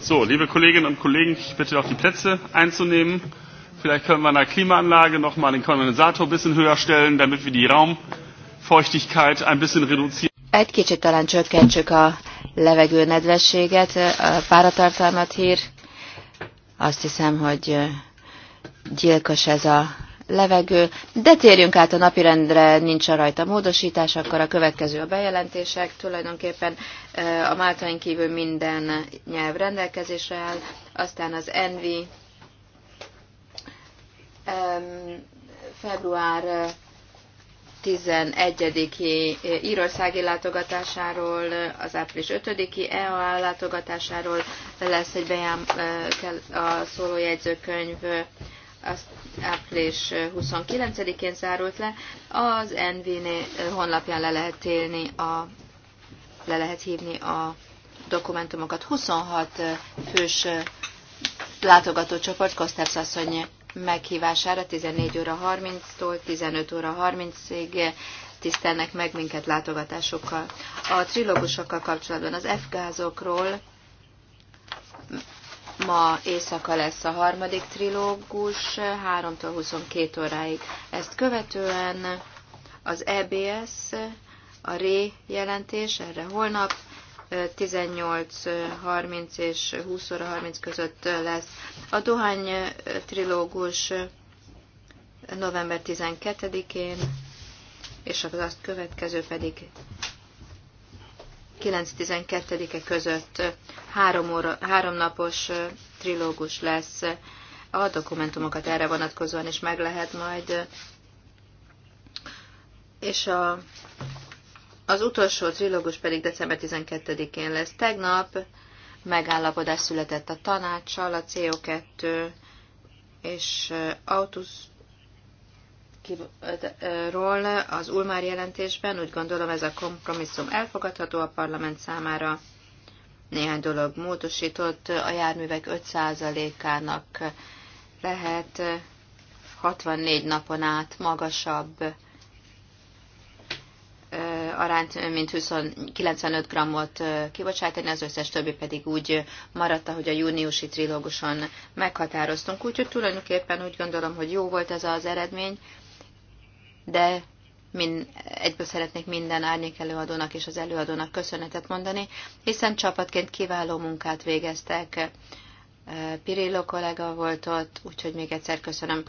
So, liebe Kolleginnen und Kollegen, ich bitte auch die Plätze einzunehmen. Vielleicht können wir an der Klimaanlage noch mal den Kondensator ein bisschen höher stellen, damit wir die Raumfeuchtigkeit ein bisschen reduzieren. Egy kicsit talán csökkentsük a levegő nedvességet, a páratartalmat hír. Azt hiszem, hogy gyilkos ez a levegő, de térjünk át a napirendre, nincs a rajta módosítás, akkor a következő a bejelentések. Tulajdonképpen eh, a Máltain kívül minden nyelv rendelkezésre áll, aztán az Envi február 11-i eh, eh, írországi látogatásáról, az április 5-i EA látogatásáról lesz egy bejám, a szólójegyzőkönyv azt április 29-én zárult le, az NVN honlapján le lehet, élni a, le lehet hívni a dokumentumokat. 26 fős látogatócsoport Kosztevsz asszony meghívására 14 óra 30-tól 15 óra 30-ig tisztelnek meg minket látogatásokkal. A trilógusokkal kapcsolatban az F-gázokról Ma éjszaka lesz a harmadik trilógus, 3-tól 22 óráig. Ezt követően az EBS, a RÉ jelentés, erre holnap 18.30 és 20 óra 30 között lesz. A Dohány trilógus november 12-én, és az azt következő pedig 9-12-e között három, óra, három napos trilógus lesz. A dokumentumokat erre vonatkozóan is meg lehet majd. És a, az utolsó trilógus pedig december 12-én lesz. Tegnap megállapodás született a tanácssal, a CO2 és autóz ról az Ulmár jelentésben. Úgy gondolom ez a kompromisszum elfogadható a parlament számára. Néhány dolog módosított, a járművek 5%-ának lehet 64 napon át magasabb arányt, mint 95 grammot kibocsátani, az összes többi pedig úgy maradt, ahogy a júniusi trilóguson meghatároztunk. Úgyhogy tulajdonképpen úgy gondolom, hogy jó volt ez az eredmény, de min, egyből szeretnék minden árnyék előadónak és az előadónak köszönetet mondani, hiszen csapatként kiváló munkát végeztek. Pirillo kollega volt ott, úgyhogy még egyszer köszönöm.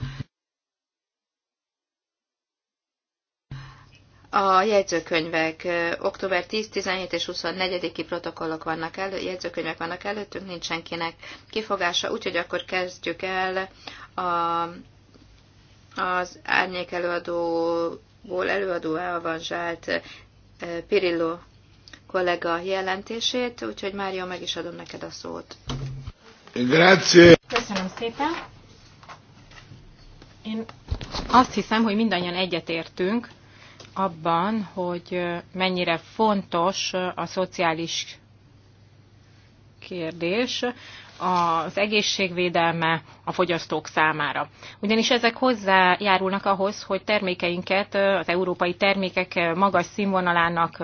A jegyzőkönyvek október 10, 17 és 24-i protokollok vannak elő, jegyzőkönyvek vannak előttünk, nincs senkinek kifogása, úgyhogy akkor kezdjük el a az árnyék előadóból előadó elvanzsált eh, Pirillo kollega jelentését, úgyhogy Mária, meg is adom neked a szót. Grazie. Köszönöm szépen. Én azt hiszem, hogy mindannyian egyetértünk abban, hogy eh, mennyire fontos eh, a szociális kérdés az egészségvédelme a fogyasztók számára. Ugyanis ezek hozzájárulnak ahhoz, hogy termékeinket, az európai termékek magas színvonalának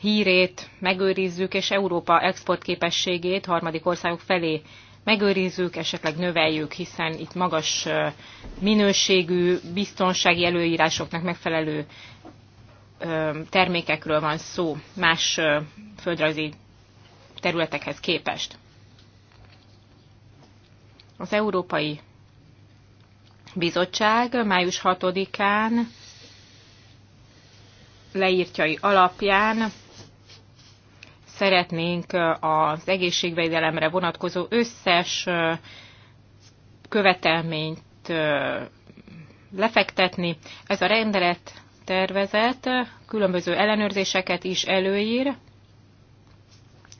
hírét megőrizzük, és Európa exportképességét harmadik országok felé megőrizzük, esetleg növeljük, hiszen itt magas minőségű, biztonsági előírásoknak megfelelő termékekről van szó más földrajzi területekhez képest. Az Európai Bizottság május 6-án leírtjai alapján szeretnénk az egészségvédelemre vonatkozó összes követelményt lefektetni. Ez a rendelet tervezet különböző ellenőrzéseket is előír,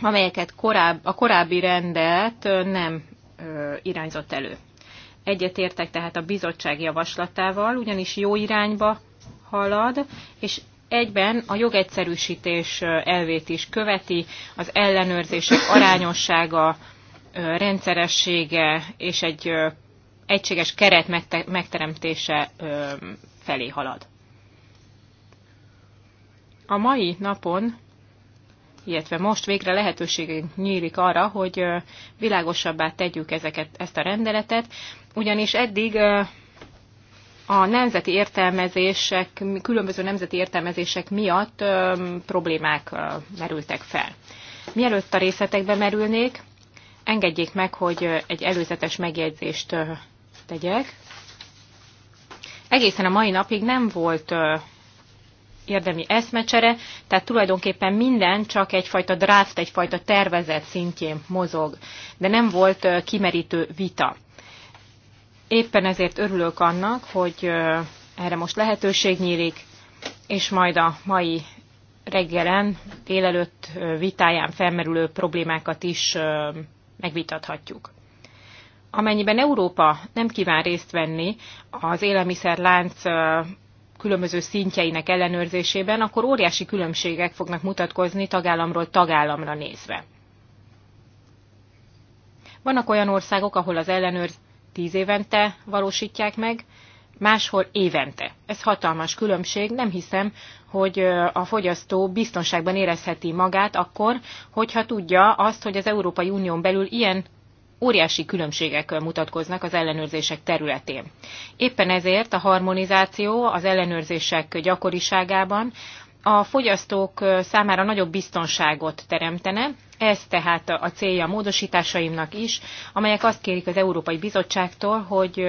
amelyeket koráb, a korábbi rendelet nem irányzott elő. Egyetértek tehát a bizottság javaslatával, ugyanis jó irányba halad, és egyben a jogegyszerűsítés elvét is követi, az ellenőrzések arányossága, rendszeressége és egy egységes keret megteremtése felé halad. A mai napon illetve most végre lehetőségünk nyílik arra, hogy világosabbá tegyük ezeket, ezt a rendeletet, ugyanis eddig a nemzeti értelmezések, különböző nemzeti értelmezések miatt problémák merültek fel. Mielőtt a részletekbe merülnék, engedjék meg, hogy egy előzetes megjegyzést tegyek. Egészen a mai napig nem volt érdemi eszmecsere, tehát tulajdonképpen minden csak egyfajta draft, egyfajta tervezet szintjén mozog, de nem volt kimerítő vita. Éppen ezért örülök annak, hogy erre most lehetőség nyílik, és majd a mai reggelen, délelőtt vitáján felmerülő problémákat is megvitathatjuk. Amennyiben Európa nem kíván részt venni az élelmiszerlánc különböző szintjeinek ellenőrzésében, akkor óriási különbségek fognak mutatkozni tagállamról tagállamra nézve. Vannak olyan országok, ahol az ellenőrz tíz évente valósítják meg, máshol évente. Ez hatalmas különbség, nem hiszem, hogy a fogyasztó biztonságban érezheti magát akkor, hogyha tudja azt, hogy az Európai Unión belül ilyen óriási különbségek mutatkoznak az ellenőrzések területén. Éppen ezért a harmonizáció az ellenőrzések gyakoriságában a fogyasztók számára nagyobb biztonságot teremtene, ez tehát a célja a módosításaimnak is, amelyek azt kérik az Európai Bizottságtól, hogy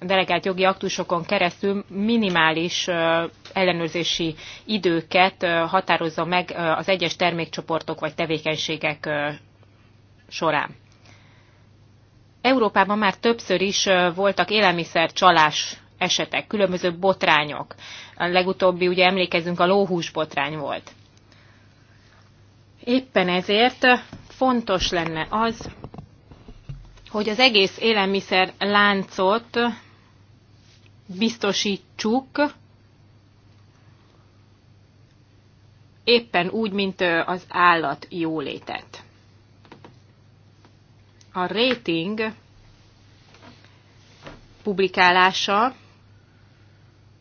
delegált jogi aktusokon keresztül minimális ellenőrzési időket határozza meg az egyes termékcsoportok vagy tevékenységek során. Európában már többször is voltak élelmiszer csalás esetek, különböző botrányok. A legutóbbi, ugye emlékezünk, a lóhús botrány volt. Éppen ezért fontos lenne az, hogy az egész élelmiszer láncot biztosítsuk, éppen úgy, mint az állat jólétet a rating publikálása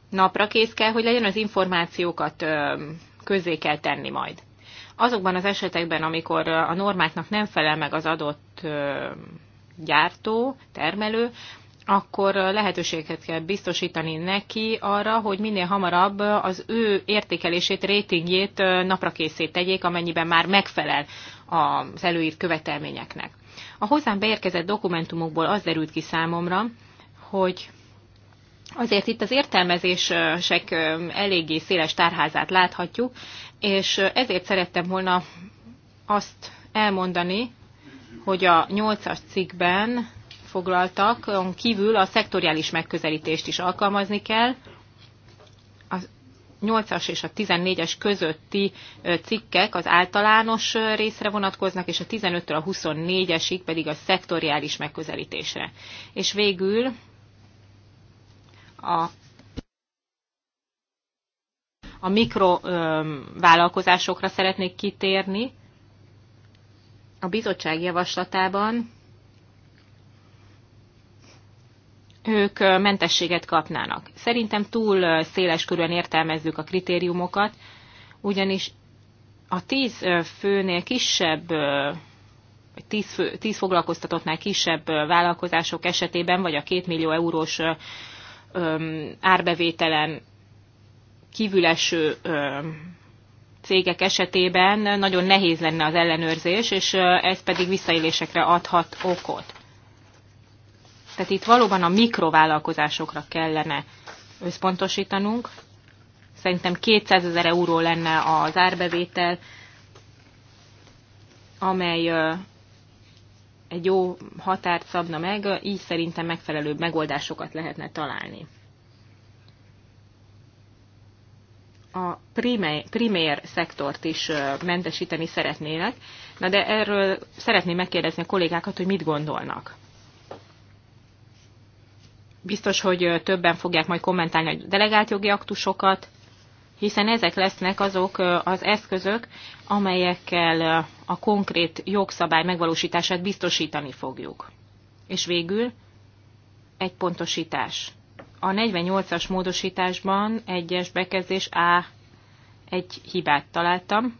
napra kész kell, hogy legyen, az információkat közzé kell tenni majd. Azokban az esetekben, amikor a normáknak nem felel meg az adott gyártó, termelő, akkor lehetőséget kell biztosítani neki arra, hogy minél hamarabb az ő értékelését, rétingjét napra készét tegyék, amennyiben már megfelel az előírt követelményeknek. A hozzám beérkezett dokumentumokból az derült ki számomra, hogy azért itt az értelmezések eléggé széles tárházát láthatjuk, és ezért szerettem volna azt elmondani, hogy a nyolcas cikkben foglaltak, kívül a szektoriális megközelítést is alkalmazni kell, 8-as és a 14-es közötti cikkek az általános részre vonatkoznak, és a 15-től a 24-esig pedig a szektoriális megközelítésre. És végül a a mikrovállalkozásokra szeretnék kitérni. A bizottság javaslatában ők mentességet kapnának. Szerintem túl széles körülön értelmezzük a kritériumokat, ugyanis a tíz főnél kisebb, vagy tíz, fő, tíz foglalkoztatottnál kisebb vállalkozások esetében, vagy a két millió eurós árbevételen kívüleső cégek esetében nagyon nehéz lenne az ellenőrzés, és ez pedig visszaélésekre adhat okot. Tehát itt valóban a mikrovállalkozásokra kellene összpontosítanunk. Szerintem 200 ezer euró lenne az árbevétel, amely egy jó határt szabna meg, így szerintem megfelelőbb megoldásokat lehetne találni. A primér, szektort is mentesíteni szeretnének, na de erről szeretném megkérdezni a kollégákat, hogy mit gondolnak. Biztos, hogy többen fogják majd kommentálni a delegált jogi aktusokat, hiszen ezek lesznek azok az eszközök, amelyekkel a konkrét jogszabály megvalósítását biztosítani fogjuk. És végül egy pontosítás. A 48-as módosításban egyes bekezdés A egy hibát találtam,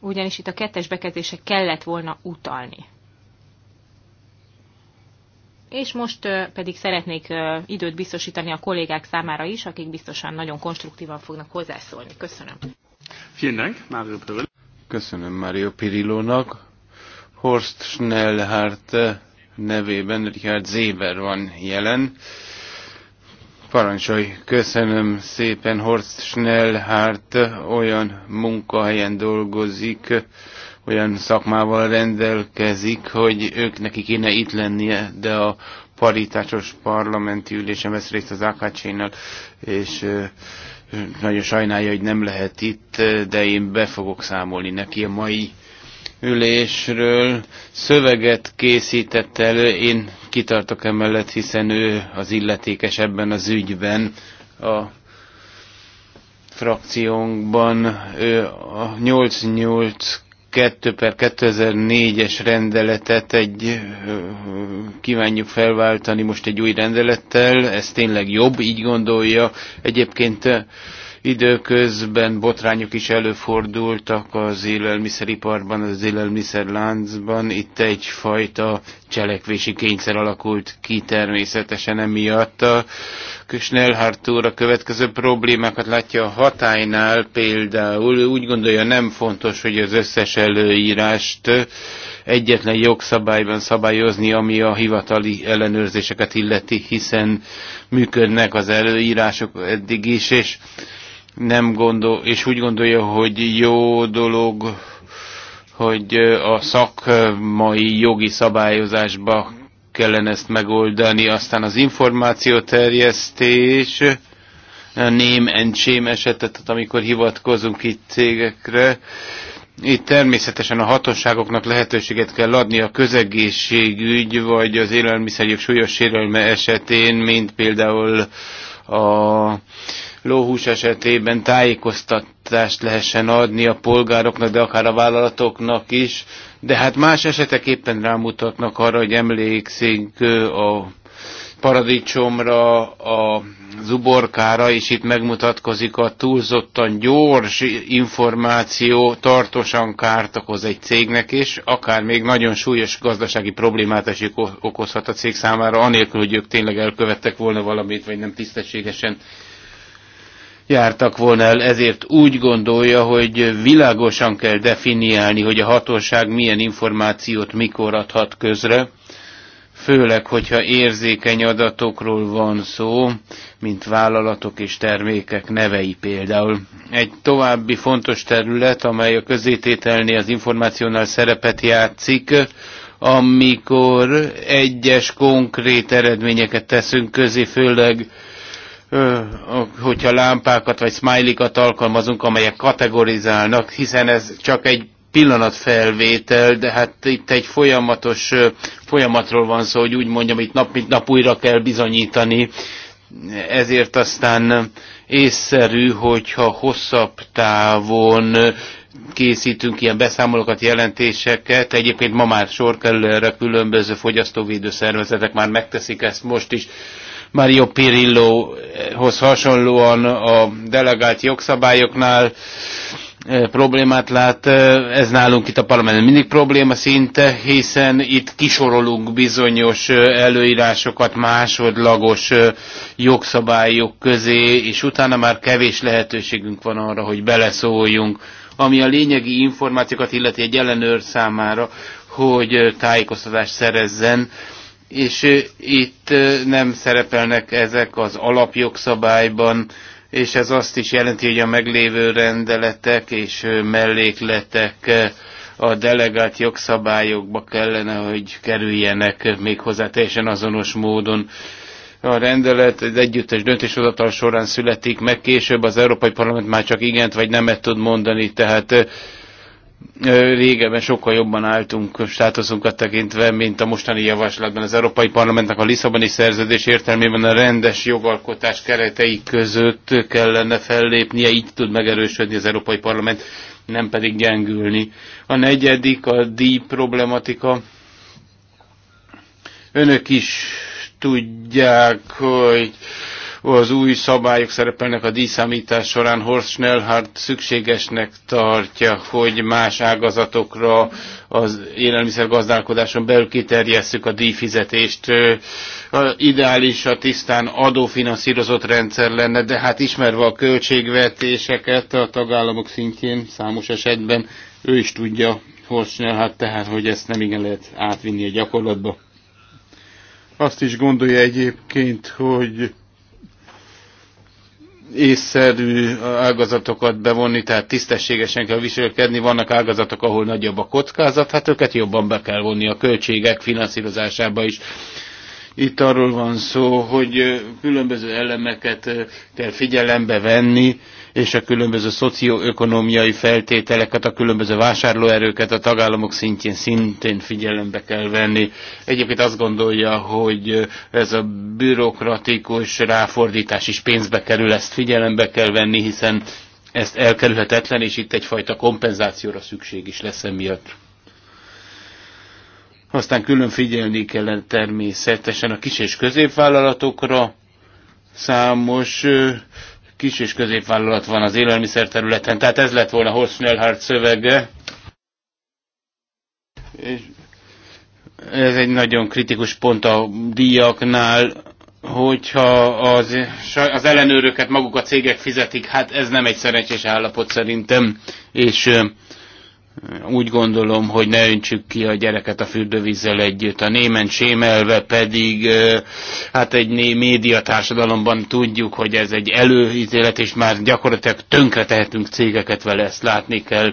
ugyanis itt a kettes bekezdése kellett volna utalni. És most pedig szeretnék időt biztosítani a kollégák számára is, akik biztosan nagyon konstruktívan fognak hozzászólni. Köszönöm. Köszönöm Mário Pirillónak. Horst Schnellhardt eh, nevében Richard Zéber van jelen. Parancsolj, köszönöm szépen, Horst Schnellhardt eh, olyan munkahelyen dolgozik, olyan szakmával rendelkezik, hogy ők neki kéne itt lennie, de a paritásos parlamenti ülésen vesz részt az akc és nagyon sajnálja, hogy nem lehet itt, de én be fogok számolni neki a mai ülésről. Szöveget készített elő, én kitartok emellett, hiszen ő az illetékes ebben az ügyben a frakciónkban. Ő a 88 2 per 2004-es rendeletet egy kívánjuk felváltani most egy új rendelettel, ez tényleg jobb, így gondolja. Egyébként Időközben botrányok is előfordultak az élelmiszeriparban, az élelmiszerláncban. Itt egyfajta cselekvési kényszer alakult ki természetesen emiatt. A Kösnelhárt úr a következő problémákat látja a hatálynál például. Úgy gondolja nem fontos, hogy az összes előírást egyetlen jogszabályban szabályozni, ami a hivatali ellenőrzéseket illeti, hiszen működnek az előírások eddig is, és nem gondol, és úgy gondolja, hogy jó dolog, hogy a szakmai jogi szabályozásba kellene ezt megoldani. Aztán az információterjesztés, a ném encsém esetet, amikor hivatkozunk itt cégekre. Itt természetesen a hatóságoknak lehetőséget kell adni a közegészségügy, vagy az élelmiszerjog súlyos sérelme esetén, mint például a lóhús esetében tájékoztatást lehessen adni a polgároknak, de akár a vállalatoknak is. De hát más esetek éppen rámutatnak arra, hogy emlékszünk a paradicsomra, a zuborkára, és itt megmutatkozik a túlzottan gyors információ tartósan kárt okoz egy cégnek, és akár még nagyon súlyos gazdasági problémát is okozhat a cég számára, anélkül, hogy ők tényleg elkövettek volna valamit, vagy nem tisztességesen jártak volna el, ezért úgy gondolja, hogy világosan kell definiálni, hogy a hatóság milyen információt mikor adhat közre, főleg, hogyha érzékeny adatokról van szó, mint vállalatok és termékek nevei például. Egy további fontos terület, amely a közétételnél az információnál szerepet játszik, amikor egyes konkrét eredményeket teszünk közé, főleg hogyha lámpákat vagy smileykat alkalmazunk, amelyek kategorizálnak, hiszen ez csak egy pillanatfelvétel, de hát itt egy folyamatos folyamatról van szó, hogy úgy mondjam, itt nap mint nap újra kell bizonyítani, ezért aztán észszerű, hogyha hosszabb távon készítünk ilyen beszámolókat, jelentéseket. Egyébként ma már sor kerül erre, különböző fogyasztóvédő szervezetek már megteszik ezt most is. Mario Pirillohoz hasonlóan a delegált jogszabályoknál eh, problémát lát. Eh, ez nálunk itt a parlamentben mindig probléma szinte, hiszen itt kisorolunk bizonyos eh, előírásokat másodlagos jogszabályok közé, és utána már kevés lehetőségünk van arra, hogy beleszóljunk, ami a lényegi információkat illeti egy ellenőr számára, hogy tájékoztatást szerezzen és itt nem szerepelnek ezek az alapjogszabályban, és ez azt is jelenti, hogy a meglévő rendeletek és mellékletek a delegált jogszabályokba kellene, hogy kerüljenek méghozzá teljesen azonos módon. A rendelet az együttes döntéshozatal során születik meg, később az Európai Parlament már csak igent vagy nemet tud mondani, tehát régebben sokkal jobban álltunk státuszunkat tekintve, mint a mostani javaslatban. Az Európai Parlamentnek a Lisszaboni szerződés értelmében a rendes jogalkotás keretei között kellene fellépnie, így tud megerősödni az Európai Parlament, nem pedig gyengülni. A negyedik a díj problematika. Önök is tudják, hogy az új szabályok szerepelnek a díjszámítás során. Horst Schnellhardt szükségesnek tartja, hogy más ágazatokra az élelmiszergazdálkodáson belül kiterjesszük a díjfizetést. Ideális a tisztán adófinanszírozott rendszer lenne, de hát ismerve a költségvetéseket a tagállamok szintjén számos esetben ő is tudja, Horst Schnellhardt, tehát hogy ezt nem igen lehet átvinni a gyakorlatba. Azt is gondolja egyébként, hogy észszerű ágazatokat bevonni, tehát tisztességesen kell viselkedni. Vannak ágazatok, ahol nagyobb a kockázat, hát őket jobban be kell vonni a költségek finanszírozásába is. Itt arról van szó, hogy különböző elemeket kell figyelembe venni, és a különböző szocioökonomiai feltételeket, a különböző vásárlóerőket a tagállamok szintjén szintén figyelembe kell venni. Egyébként azt gondolja, hogy ez a bürokratikus ráfordítás is pénzbe kerül, ezt figyelembe kell venni, hiszen ezt elkerülhetetlen, és itt egyfajta kompenzációra szükség is lesz emiatt. Aztán külön figyelni kell természetesen a kis és középvállalatokra, számos kis és középvállalat van az élelmiszer területen. Tehát ez lett volna Horst szövege. És ez egy nagyon kritikus pont a díjaknál, hogyha az, az ellenőröket maguk a cégek fizetik, hát ez nem egy szerencsés állapot szerintem, és úgy gondolom, hogy ne öntsük ki a gyereket a fürdővízzel együtt. A némen sémelve pedig, hát egy médiatársadalomban tudjuk, hogy ez egy előítélet, és már gyakorlatilag tönkre tehetünk cégeket vele, ezt látni kell.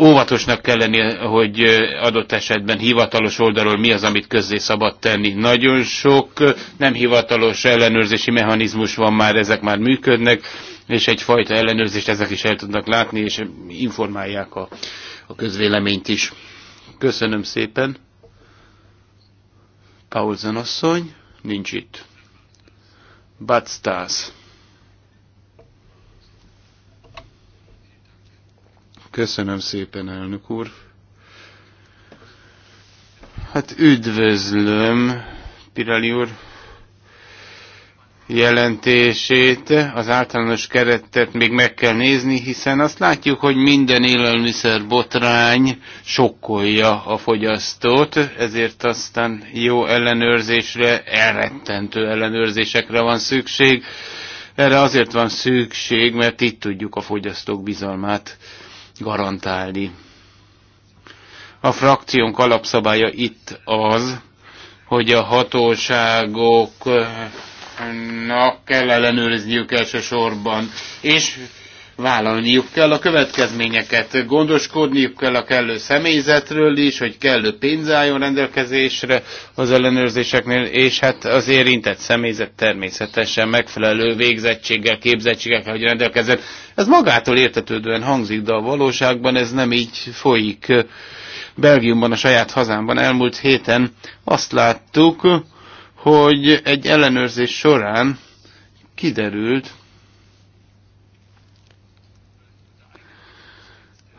Óvatosnak kell lenni, hogy adott esetben hivatalos oldalról mi az, amit közzé szabad tenni. Nagyon sok nem hivatalos ellenőrzési mechanizmus van már, ezek már működnek és egyfajta ellenőrzést ezek is el tudnak látni, és informálják a, a közvéleményt is. Köszönöm szépen. Paulzen asszony, nincs itt. Bud Köszönöm szépen, elnök úr. Hát üdvözlöm, Pirali úr, jelentését, az általános keretet még meg kell nézni, hiszen azt látjuk, hogy minden élelmiszer botrány sokkolja a fogyasztót, ezért aztán jó ellenőrzésre, elrettentő ellenőrzésekre van szükség. Erre azért van szükség, mert itt tudjuk a fogyasztók bizalmát garantálni. A frakciónk alapszabálya itt az, hogy a hatóságok na kell ellenőrizniük elsősorban, és vállalniuk kell a következményeket, gondoskodniuk kell a kellő személyzetről is, hogy kellő pénz álljon rendelkezésre az ellenőrzéseknél, és hát az érintett személyzet természetesen megfelelő végzettséggel, képzettségekkel hogy rendelkezzen. Ez magától értetődően hangzik, de a valóságban ez nem így folyik. Belgiumban, a saját hazámban elmúlt héten azt láttuk, hogy egy ellenőrzés során kiderült,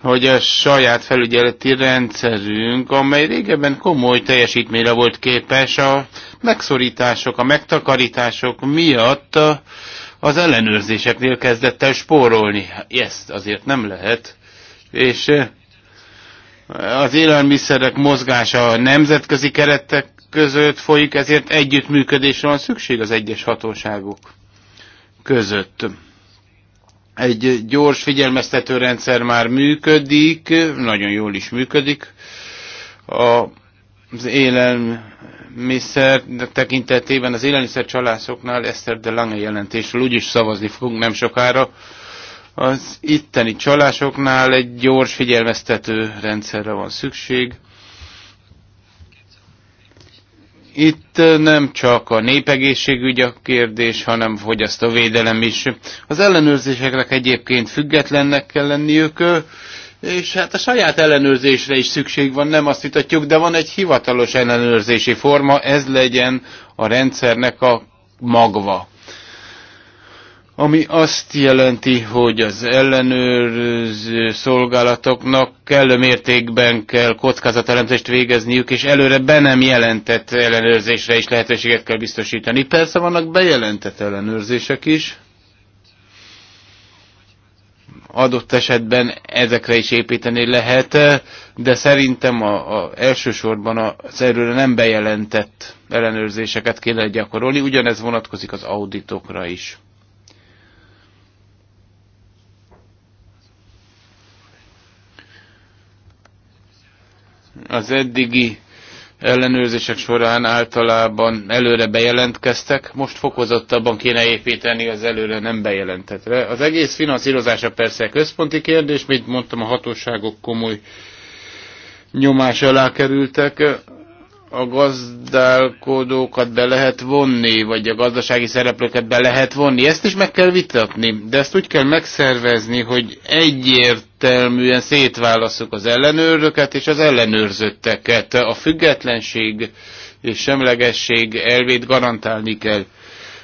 hogy a saját felügyeleti rendszerünk, amely régebben komoly teljesítményre volt képes, a megszorítások, a megtakarítások miatt az ellenőrzéseknél kezdett el spórolni. Ezt azért nem lehet. És az élelmiszerek mozgása a nemzetközi keretek között folyik, ezért együttműködésre van szükség az egyes hatóságok között. Egy gyors figyelmeztető rendszer már működik, nagyon jól is működik. A az élelmiszer tekintetében, az élelmiszer csalászoknál Eszter de Lange jelentésről úgyis szavazni fogunk nem sokára. Az itteni csalásoknál egy gyors figyelmeztető rendszerre van szükség. Itt nem csak a népegészségügy a kérdés, hanem hogy ezt a védelem is. Az ellenőrzéseknek egyébként függetlennek kell lenniük, és hát a saját ellenőrzésre is szükség van, nem azt vitatjuk, de van egy hivatalos ellenőrzési forma, ez legyen a rendszernek a magva ami azt jelenti, hogy az ellenőrző szolgálatoknak kellő mértékben kell kockázatelemzést végezniük, és előre be nem jelentett ellenőrzésre is lehetőséget kell biztosítani. Persze vannak bejelentett ellenőrzések is, adott esetben ezekre is építeni lehet, de szerintem a, a elsősorban az előre nem bejelentett ellenőrzéseket kéne gyakorolni, ugyanez vonatkozik az auditokra is. Az eddigi ellenőrzések során általában előre bejelentkeztek, most fokozottabban kéne építeni az előre nem bejelentetre. Az egész finanszírozása persze központi kérdés, mint mondtam, a hatóságok komoly nyomás alá kerültek a gazdálkodókat be lehet vonni, vagy a gazdasági szereplőket be lehet vonni. Ezt is meg kell vitatni, de ezt úgy kell megszervezni, hogy egyértelműen szétválasszuk az ellenőröket és az ellenőrzötteket. A függetlenség és semlegesség elvét garantálni kell.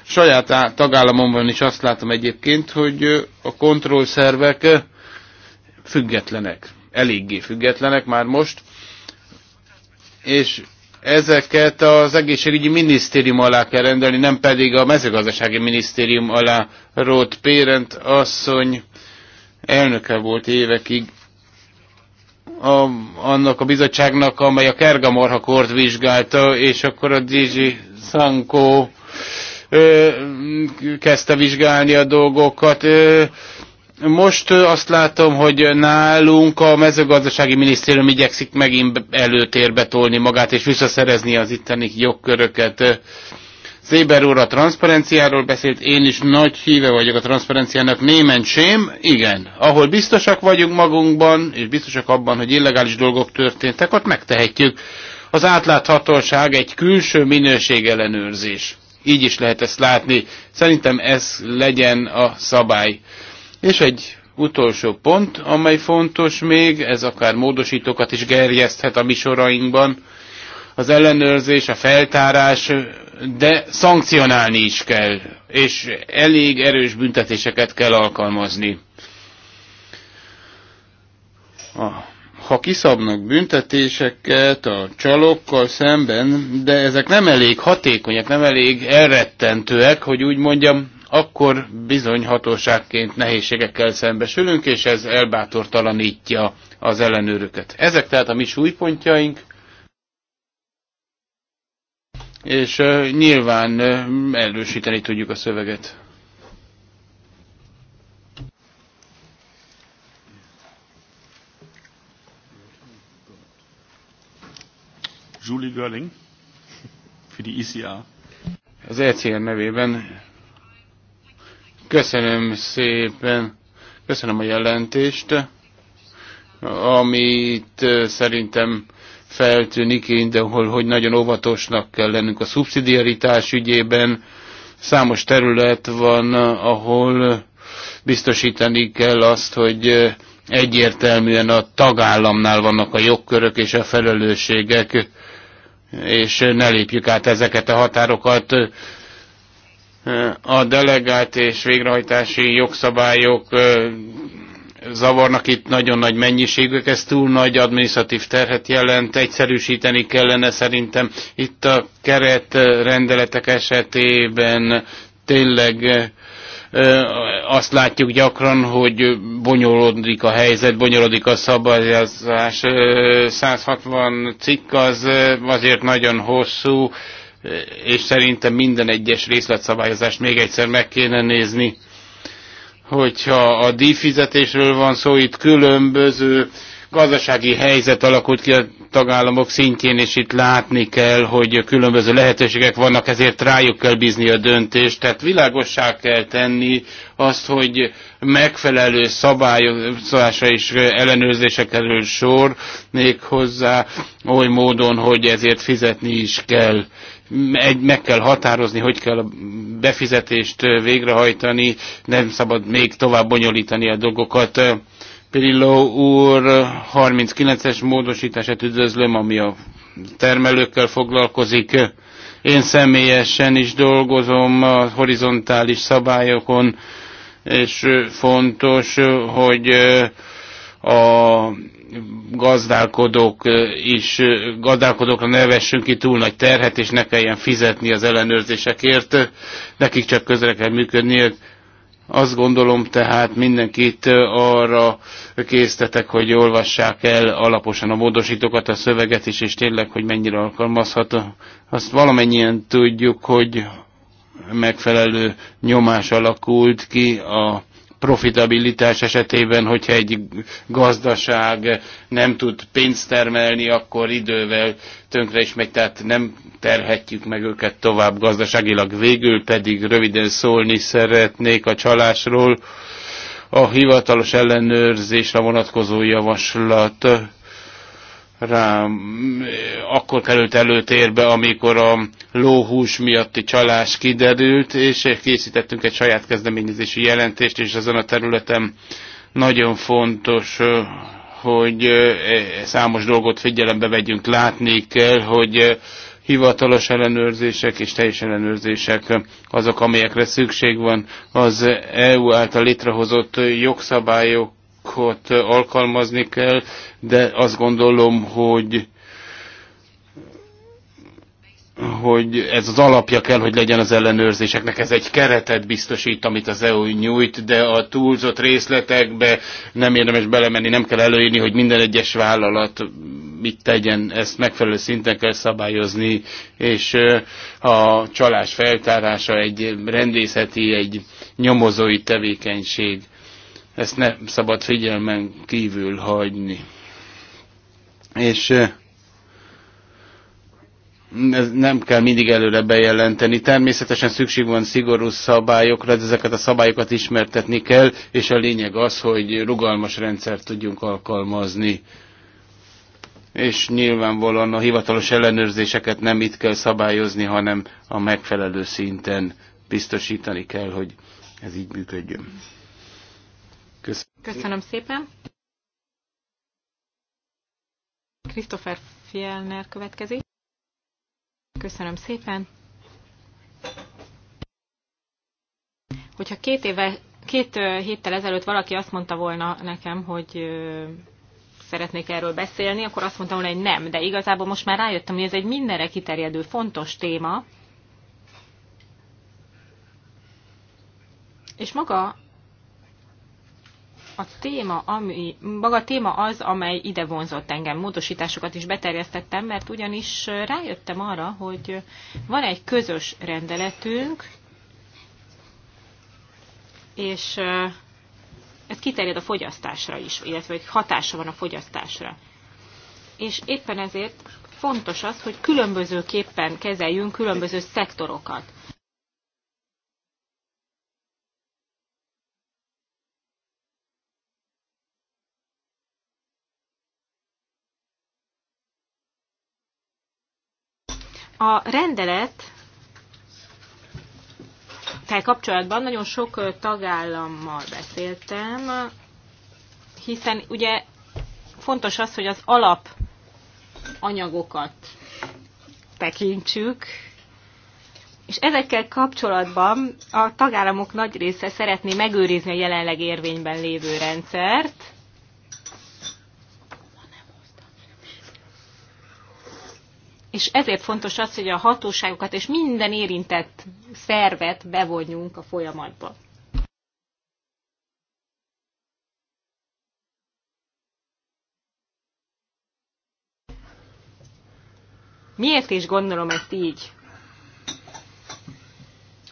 Saját tagállamomban is azt látom egyébként, hogy a kontrollszervek függetlenek, eléggé függetlenek már most, és ezeket az egészségügyi minisztérium alá kell rendelni, nem pedig a mezőgazdasági minisztérium alá. Rót Pérent asszony elnöke volt évekig a, annak a bizottságnak, amely a kergamorha kort vizsgálta, és akkor a Dizsi Szankó kezdte vizsgálni a dolgokat. Ö, most azt látom, hogy nálunk a mezőgazdasági minisztérium igyekszik megint előtérbe tolni magát, és visszaszerezni az itteni jogköröket. Széber úr a transzparenciáról beszélt, én is nagy híve vagyok a transzparenciának, némen sém, igen. Ahol biztosak vagyunk magunkban, és biztosak abban, hogy illegális dolgok történtek, ott megtehetjük. Az átláthatóság egy külső ellenőrzés. Így is lehet ezt látni. Szerintem ez legyen a szabály. És egy utolsó pont, amely fontos még, ez akár módosítókat is gerjeszthet a mi sorainkban, az ellenőrzés, a feltárás, de szankcionálni is kell, és elég erős büntetéseket kell alkalmazni. Ha kiszabnak büntetéseket a csalókkal szemben, de ezek nem elég hatékonyak, nem elég elrettentőek, hogy úgy mondjam, akkor bizony hatóságként nehézségekkel szembesülünk, és ez elbátortalanítja az ellenőröket. Ezek tehát a mi súlypontjaink, és nyilván erősíteni tudjuk a szöveget. Julie Görling, für die ICA. E az ECR nevében Köszönöm szépen. Köszönöm a jelentést, amit szerintem feltűnik mindenhol, hogy nagyon óvatosnak kell lennünk a szubszidiaritás ügyében. Számos terület van, ahol biztosítani kell azt, hogy egyértelműen a tagállamnál vannak a jogkörök és a felelősségek, és ne lépjük át ezeket a határokat a delegált és végrehajtási jogszabályok zavarnak itt nagyon nagy mennyiségük, ez túl nagy adminisztratív terhet jelent, egyszerűsíteni kellene szerintem. Itt a keret rendeletek esetében tényleg azt látjuk gyakran, hogy bonyolódik a helyzet, bonyolódik a szabályozás. 160 cikk az azért nagyon hosszú, és szerintem minden egyes részletszabályozást még egyszer meg kéne nézni. Hogyha a díjfizetésről van szó, itt különböző gazdasági helyzet alakult ki a tagállamok szintjén, és itt látni kell, hogy különböző lehetőségek vannak, ezért rájuk kell bízni a döntést. Tehát világossá kell tenni azt, hogy megfelelő szabályozásra és ellenőrzése kerül sor, méghozzá oly módon, hogy ezért fizetni is kell egy, meg kell határozni, hogy kell a befizetést végrehajtani, nem szabad még tovább bonyolítani a dolgokat. Pirilló úr 39-es módosítását üdvözlöm, ami a termelőkkel foglalkozik. Én személyesen is dolgozom a horizontális szabályokon, és fontos, hogy a gazdálkodók is, gazdálkodókra ne vessünk ki túl nagy terhet, és ne kelljen fizetni az ellenőrzésekért, nekik csak közre kell működniük. Azt gondolom tehát mindenkit arra késztetek, hogy olvassák el alaposan a módosítókat, a szöveget is, és tényleg, hogy mennyire alkalmazható. Azt valamennyien tudjuk, hogy megfelelő nyomás alakult ki a profitabilitás esetében, hogyha egy gazdaság nem tud pénzt termelni, akkor idővel tönkre is megy, tehát nem terhetjük meg őket tovább gazdaságilag. Végül pedig röviden szólni szeretnék a csalásról. A hivatalos ellenőrzésre vonatkozó javaslat rá akkor került előtérbe, amikor a lóhús miatti csalás kiderült, és készítettünk egy saját kezdeményezési jelentést, és azon a területen nagyon fontos, hogy e, számos dolgot figyelembe vegyünk. Látni kell, hogy hivatalos ellenőrzések és teljes ellenőrzések azok, amelyekre szükség van. Az EU által létrehozott jogszabályok jogot alkalmazni kell, de azt gondolom, hogy hogy ez az alapja kell, hogy legyen az ellenőrzéseknek. Ez egy keretet biztosít, amit az EU nyújt, de a túlzott részletekbe nem érdemes belemenni, nem kell előírni, hogy minden egyes vállalat mit tegyen, ezt megfelelő szinten kell szabályozni, és a csalás feltárása egy rendészeti, egy nyomozói tevékenység. Ezt nem szabad figyelmen kívül hagyni. És ez nem kell mindig előre bejelenteni. Természetesen szükség van szigorú szabályokra, de ezeket a szabályokat ismertetni kell, és a lényeg az, hogy rugalmas rendszert tudjunk alkalmazni. És nyilvánvalóan a hivatalos ellenőrzéseket nem itt kell szabályozni, hanem a megfelelő szinten biztosítani kell, hogy ez így működjön. Köszönöm, Köszönöm szépen. Christopher Fielner következik. Köszönöm szépen. Hogyha két, éve, két héttel ezelőtt valaki azt mondta volna nekem, hogy szeretnék erről beszélni, akkor azt mondtam volna, hogy nem, de igazából most már rájöttem, hogy ez egy mindenre kiterjedő, fontos téma. És maga a téma, ami, maga a téma az, amely ide vonzott engem. Módosításokat is beterjesztettem, mert ugyanis rájöttem arra, hogy van egy közös rendeletünk, és ez kiterjed a fogyasztásra is, illetve egy hatása van a fogyasztásra. És éppen ezért fontos az, hogy különbözőképpen kezeljünk különböző szektorokat. A rendelet tehát kapcsolatban nagyon sok tagállammal beszéltem, hiszen ugye fontos az, hogy az alap anyagokat tekintsük, és ezekkel kapcsolatban a tagállamok nagy része szeretné megőrizni a jelenleg érvényben lévő rendszert, és ezért fontos az, hogy a hatóságokat és minden érintett szervet bevonjunk a folyamatba. Miért is gondolom ezt így?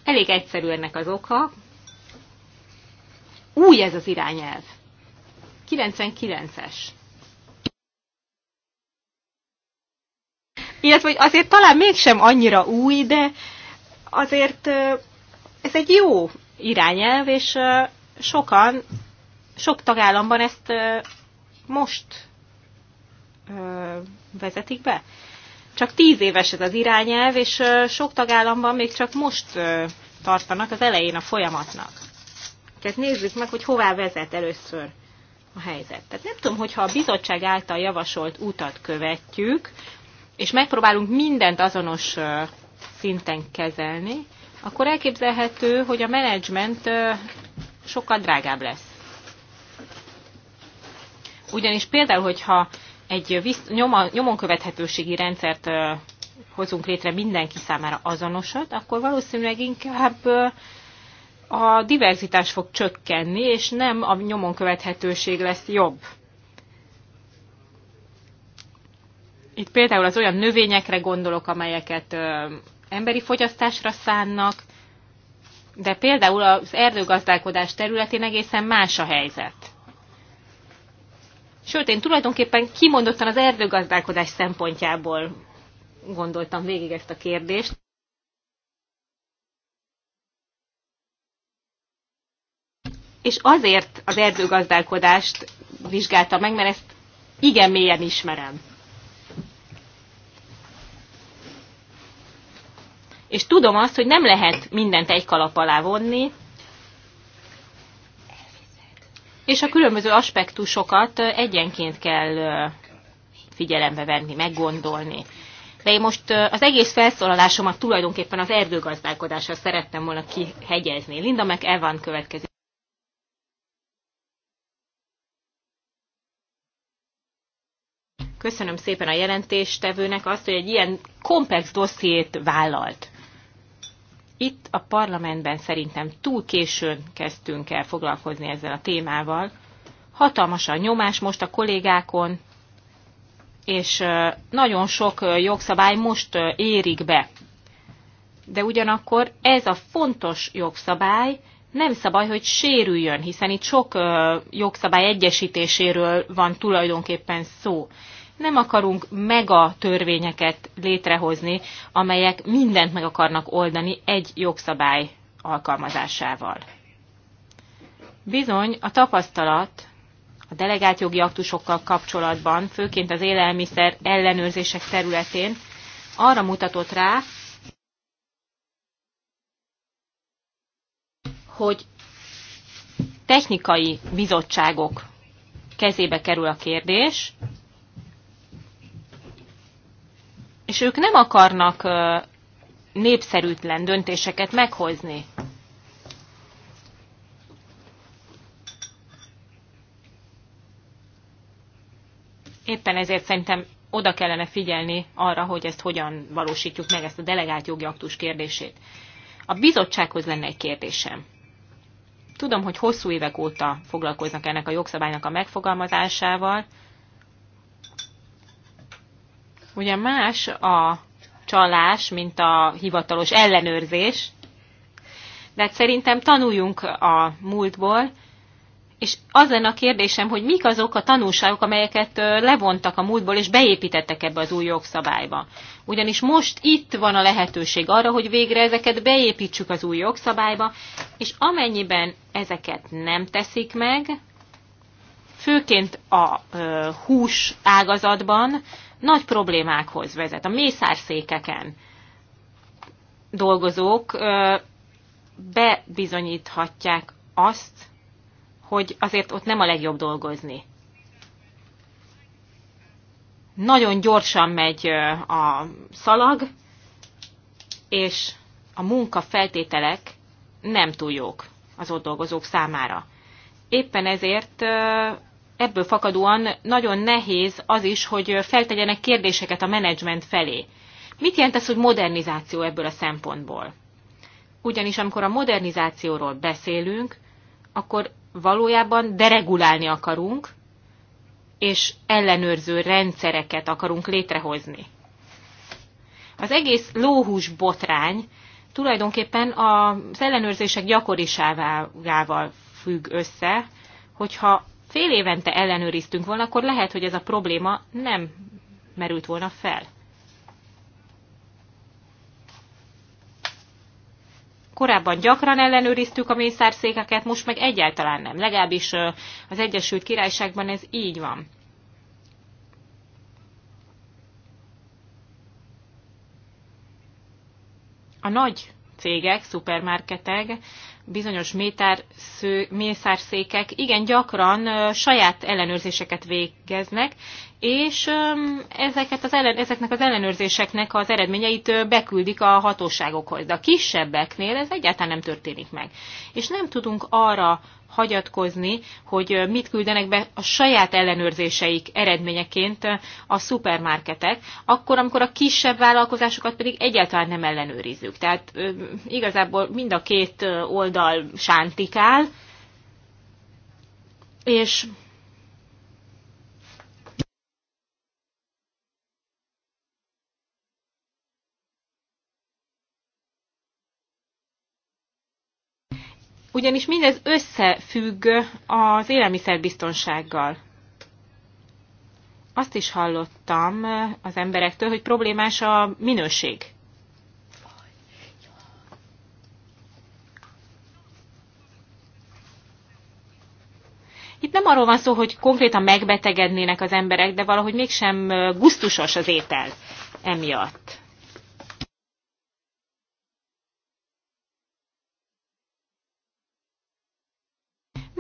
Elég egyszerű ennek az oka. Új ez az irányelv. 99-es. illetve hogy azért talán mégsem annyira új, de azért ez egy jó irányelv, és sokan, sok tagállamban ezt most vezetik be. Csak tíz éves ez az irányelv, és sok tagállamban még csak most tartanak az elején a folyamatnak. Tehát nézzük meg, hogy hová vezet először a helyzet. Tehát nem tudom, hogyha a bizottság által javasolt utat követjük, és megpróbálunk mindent azonos szinten kezelni, akkor elképzelhető, hogy a menedzsment sokkal drágább lesz. Ugyanis például, hogyha egy nyomon követhetőségi rendszert hozunk létre mindenki számára azonosat, akkor valószínűleg inkább a diverzitás fog csökkenni, és nem a nyomon követhetőség lesz jobb. Itt például az olyan növényekre gondolok, amelyeket emberi fogyasztásra szánnak, de például az erdőgazdálkodás területén egészen más a helyzet. Sőt, én tulajdonképpen kimondottan az erdőgazdálkodás szempontjából gondoltam végig ezt a kérdést. És azért az erdőgazdálkodást vizsgáltam meg, mert ezt igen mélyen ismerem. és tudom azt, hogy nem lehet mindent egy kalap alá vonni, és a különböző aspektusokat egyenként kell figyelembe venni, meggondolni. De én most az egész felszólalásomat tulajdonképpen az erdőgazdálkodásra szerettem volna kihegyezni. Linda meg Evan következik. Köszönöm szépen a jelentéstevőnek azt, hogy egy ilyen komplex dossziét vállalt. Itt a parlamentben szerintem túl későn kezdtünk el foglalkozni ezzel a témával. Hatalmas a nyomás most a kollégákon, és nagyon sok jogszabály most érik be. De ugyanakkor ez a fontos jogszabály nem szabály, hogy sérüljön, hiszen itt sok jogszabály egyesítéséről van tulajdonképpen szó nem akarunk mega törvényeket létrehozni, amelyek mindent meg akarnak oldani egy jogszabály alkalmazásával. Bizony, a tapasztalat a delegált jogi aktusokkal kapcsolatban, főként az élelmiszer ellenőrzések területén arra mutatott rá, hogy technikai bizottságok kezébe kerül a kérdés, és ők nem akarnak népszerűtlen döntéseket meghozni. Éppen ezért szerintem oda kellene figyelni arra, hogy ezt hogyan valósítjuk meg, ezt a delegált jogi aktus kérdését. A bizottsághoz lenne egy kérdésem. Tudom, hogy hosszú évek óta foglalkoznak ennek a jogszabálynak a megfogalmazásával, Ugye más a csalás, mint a hivatalos ellenőrzés, de hát szerintem tanuljunk a múltból, és az lenne a kérdésem, hogy mik azok a tanulságok, amelyeket levontak a múltból, és beépítettek ebbe az új jogszabályba. Ugyanis most itt van a lehetőség arra, hogy végre ezeket beépítsük az új jogszabályba, és amennyiben ezeket nem teszik meg, főként a hús ágazatban, nagy problémákhoz vezet. A mészárszékeken dolgozók bebizonyíthatják azt, hogy azért ott nem a legjobb dolgozni. Nagyon gyorsan megy a szalag, és a munka feltételek nem túl jók az ott dolgozók számára. Éppen ezért ebből fakadóan nagyon nehéz az is, hogy feltegyenek kérdéseket a menedzsment felé. Mit jelent ez, hogy modernizáció ebből a szempontból? Ugyanis amikor a modernizációról beszélünk, akkor valójában deregulálni akarunk, és ellenőrző rendszereket akarunk létrehozni. Az egész lóhús botrány tulajdonképpen az ellenőrzések gyakorisávával függ össze, hogyha fél évente ellenőriztünk volna, akkor lehet, hogy ez a probléma nem merült volna fel. Korábban gyakran ellenőriztük a mészárszékeket, most meg egyáltalán nem. Legalábbis az Egyesült Királyságban ez így van. A nagy cégek, szupermarketek bizonyos mészárszékek igen gyakran saját ellenőrzéseket végeznek, és ezeket az ellen, ezeknek az ellenőrzéseknek az eredményeit beküldik a hatóságokhoz. De a kisebbeknél ez egyáltalán nem történik meg. És nem tudunk arra hagyatkozni, hogy mit küldenek be a saját ellenőrzéseik eredményeként a szupermarketek, akkor, amikor a kisebb vállalkozásokat pedig egyáltalán nem ellenőrizzük. Tehát igazából mind a két oldal sántikál, és ugyanis mindez összefügg az élelmiszerbiztonsággal. Azt is hallottam az emberektől, hogy problémás a minőség. Itt nem arról van szó, hogy konkrétan megbetegednének az emberek, de valahogy mégsem gusztusos az étel emiatt.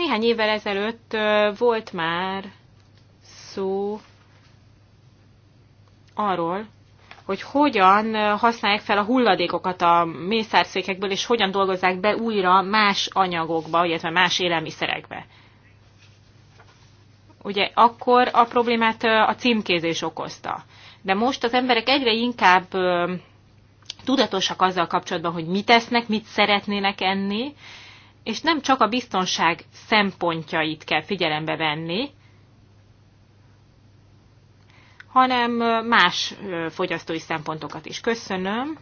Néhány évvel ezelőtt volt már szó arról, hogy hogyan használják fel a hulladékokat a mészárszékekből, és hogyan dolgozzák be újra más anyagokba, illetve más élelmiszerekbe. Ugye akkor a problémát a címkézés okozta. De most az emberek egyre inkább tudatosak azzal kapcsolatban, hogy mit esznek, mit szeretnének enni, és nem csak a biztonság szempontjait kell figyelembe venni, hanem más fogyasztói szempontokat is. Köszönöm.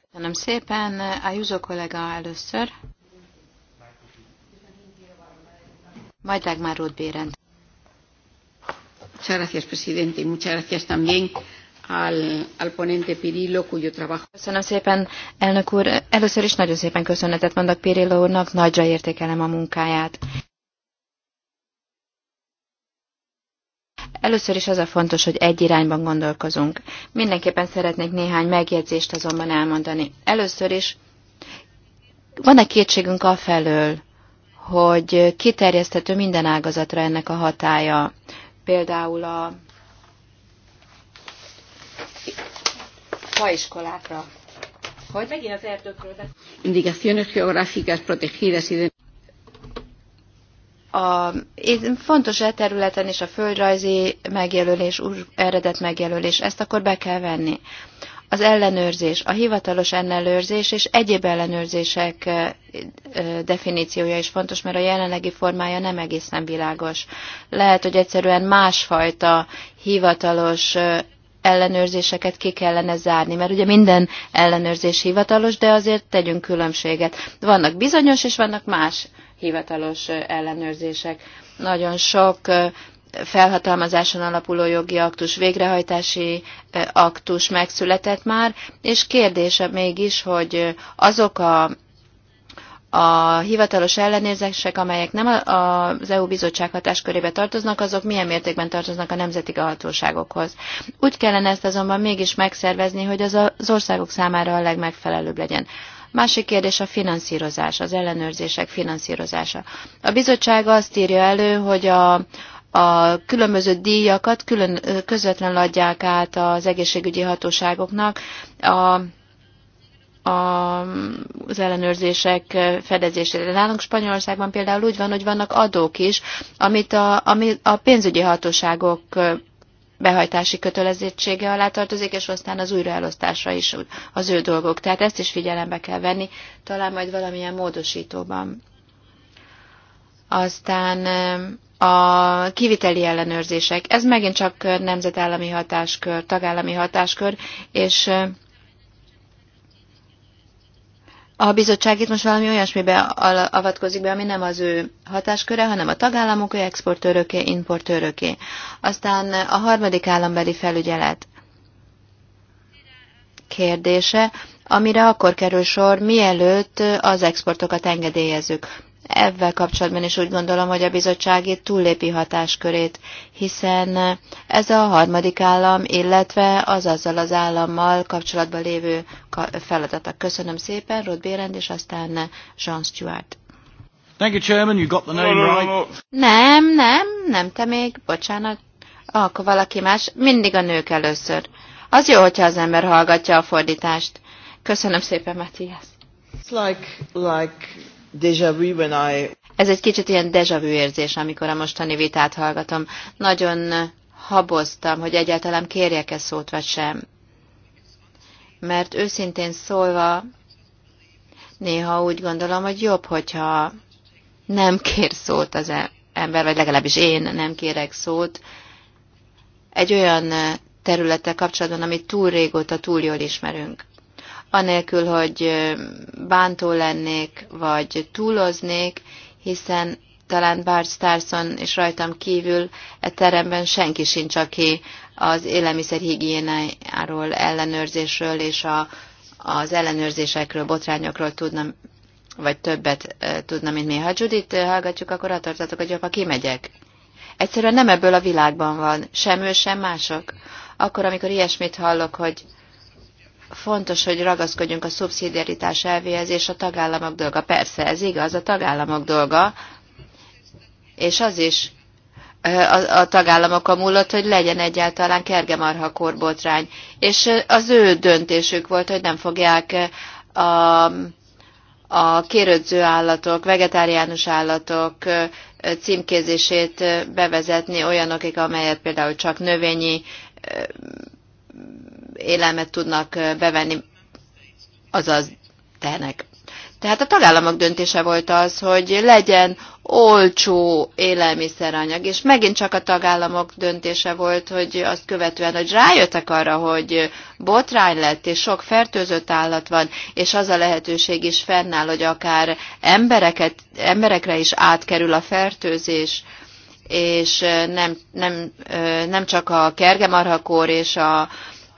Köszönöm szépen. A Juzó kollega először. Majd Dagmar Ruth Bérend. Muchas gracias, presidente, muchas gracias también al, al ponente Pirillo, cuyo trabajo... Köszönöm szépen, elnök úr. Először is nagyon szépen köszönetet mondok Pirillo úrnak, nagyra értékelem a munkáját. Először is az a fontos, hogy egy irányban gondolkozunk. Mindenképpen szeretnék néhány megjegyzést azonban elmondani. Először is van-e kétségünk afelől, hogy kiterjesztető minden ágazatra ennek a hatája? Például a faiskolákra. Hogy? Megint az erdőkről beszélünk. Indikációs geográficas protegidas ide. a, fontos e területen is a földrajzi megjelölés, eredet megjelölés, ezt akkor be kell venni. Az ellenőrzés, a hivatalos ellenőrzés és egyéb ellenőrzések e, e, definíciója is fontos, mert a jelenlegi formája nem egészen világos. Lehet, hogy egyszerűen másfajta hivatalos e, ellenőrzéseket ki kellene zárni, mert ugye minden ellenőrzés hivatalos, de azért tegyünk különbséget. Vannak bizonyos és vannak más hivatalos ellenőrzések. Nagyon sok felhatalmazáson alapuló jogi aktus, végrehajtási aktus megszületett már, és kérdése mégis, hogy azok a a hivatalos ellenérzések, amelyek nem az EU bizottság hatáskörébe tartoznak, azok milyen mértékben tartoznak a nemzeti hatóságokhoz. Úgy kellene ezt azonban mégis megszervezni, hogy az az országok számára a legmegfelelőbb legyen. Másik kérdés a finanszírozás, az ellenőrzések finanszírozása. A bizottság azt írja elő, hogy a, a különböző díjakat külön, közvetlenül adják át az egészségügyi hatóságoknak. A, az ellenőrzések fedezésére. Nálunk Spanyolországban például úgy van, hogy vannak adók is, amit a, ami a pénzügyi hatóságok behajtási kötelezettsége alá tartozik, és aztán az újraelosztásra is az ő dolgok. Tehát ezt is figyelembe kell venni, talán majd valamilyen módosítóban. Aztán a kiviteli ellenőrzések. Ez megint csak nemzetállami hatáskör, tagállami hatáskör, és a bizottság itt most valami olyasmibe avatkozik be, ami nem az ő hatásköre, hanem a tagállamok, exportőröké, importőröké. Aztán a harmadik állambeli felügyelet kérdése, amire akkor kerül sor, mielőtt az exportokat engedélyezzük ebben kapcsolatban is úgy gondolom, hogy a bizottság itt túllépi hatáskörét, hiszen ez a harmadik állam, illetve az azzal az állammal kapcsolatban lévő feladatok. Köszönöm szépen, Rod Bérend, és aztán Jean Stewart. Thank you, Chairman. You got the name right. Nem, nem, nem te még, bocsánat. Ah, akkor valaki más, mindig a nők először. Az jó, hogyha az ember hallgatja a fordítást. Köszönöm szépen, Matthias. It's like, like ez egy kicsit ilyen déjà vu érzés, amikor a mostani vitát hallgatom. Nagyon haboztam, hogy egyáltalán kérjek-e szót, vagy sem. Mert őszintén szólva, néha úgy gondolom, hogy jobb, hogyha nem kér szót az ember, vagy legalábbis én nem kérek szót egy olyan területtel kapcsolatban, amit túl régóta túl jól ismerünk anélkül, hogy bántó lennék, vagy túloznék, hiszen talán Bart Starson és rajtam kívül e teremben senki sincs, aki az élelmiszerhigiénáról, ellenőrzésről és a, az ellenőrzésekről, botrányokról tudna, vagy többet tudna, mint mi. Ha Judit hallgatjuk, akkor atartatok, hogy apa, kimegyek. Egyszerűen nem ebből a világban van, sem ő, sem mások. Akkor, amikor ilyesmit hallok, hogy fontos, hogy ragaszkodjunk a szubszidiaritás elvéhez, és a tagállamok dolga. Persze, ez igaz, a tagállamok dolga, és az is a, a tagállamokon múlott, hogy legyen egyáltalán kergemarha korbotrány. És az ő döntésük volt, hogy nem fogják a, a kérődző állatok, vegetáriánus állatok címkézését bevezetni olyanok, amelyet például csak növényi élelmet tudnak bevenni, azaz tehenek. Tehát a tagállamok döntése volt az, hogy legyen olcsó élelmiszeranyag, és megint csak a tagállamok döntése volt, hogy azt követően, hogy rájöttek arra, hogy botrány lett, és sok fertőzött állat van, és az a lehetőség is fennáll, hogy akár embereket, emberekre is átkerül a fertőzés, és nem, nem, nem csak a kergemarhakór és a,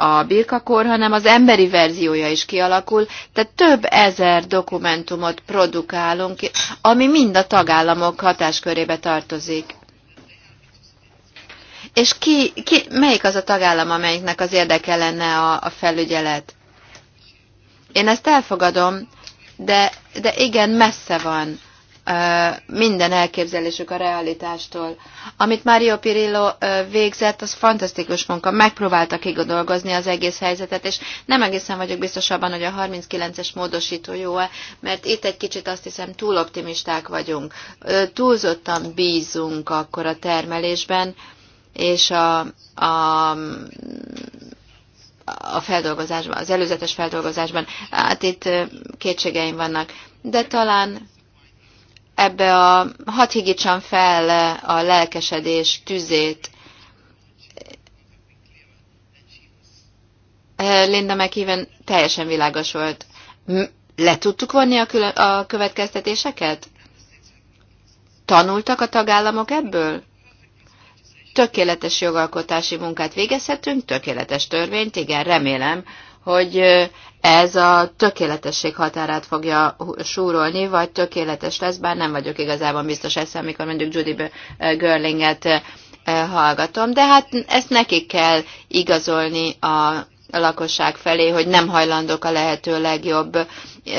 a birkakor, hanem az emberi verziója is kialakul, tehát több ezer dokumentumot produkálunk, ami mind a tagállamok hatáskörébe tartozik. És ki, ki, melyik az a tagállam, amelyiknek az érdeke lenne a, a felügyelet? Én ezt elfogadom, de, de igen, messze van minden elképzelésük a realitástól. Amit Mario Pirillo végzett, az fantasztikus munka. Megpróbáltak kigodolgozni az egész helyzetet, és nem egészen vagyok biztos abban, hogy a 39-es módosító jó-e, mert itt egy kicsit azt hiszem túl optimisták vagyunk. Túlzottan bízunk akkor a termelésben, és a, a a feldolgozásban, az előzetes feldolgozásban. Hát itt kétségeim vannak. De talán ebbe a hat higítsam fel a lelkesedés tüzét. Linda McEwen teljesen világos volt. Le tudtuk vonni a, a következtetéseket? Tanultak a tagállamok ebből? Tökéletes jogalkotási munkát végezhetünk, tökéletes törvényt, igen, remélem, hogy ez a tökéletesség határát fogja súrolni, vagy tökéletes lesz, bár nem vagyok igazából biztos ezt, amikor mondjuk Judy Görlinget eh, hallgatom, de hát ezt nekik kell igazolni a a lakosság felé, hogy nem hajlandók a lehető legjobb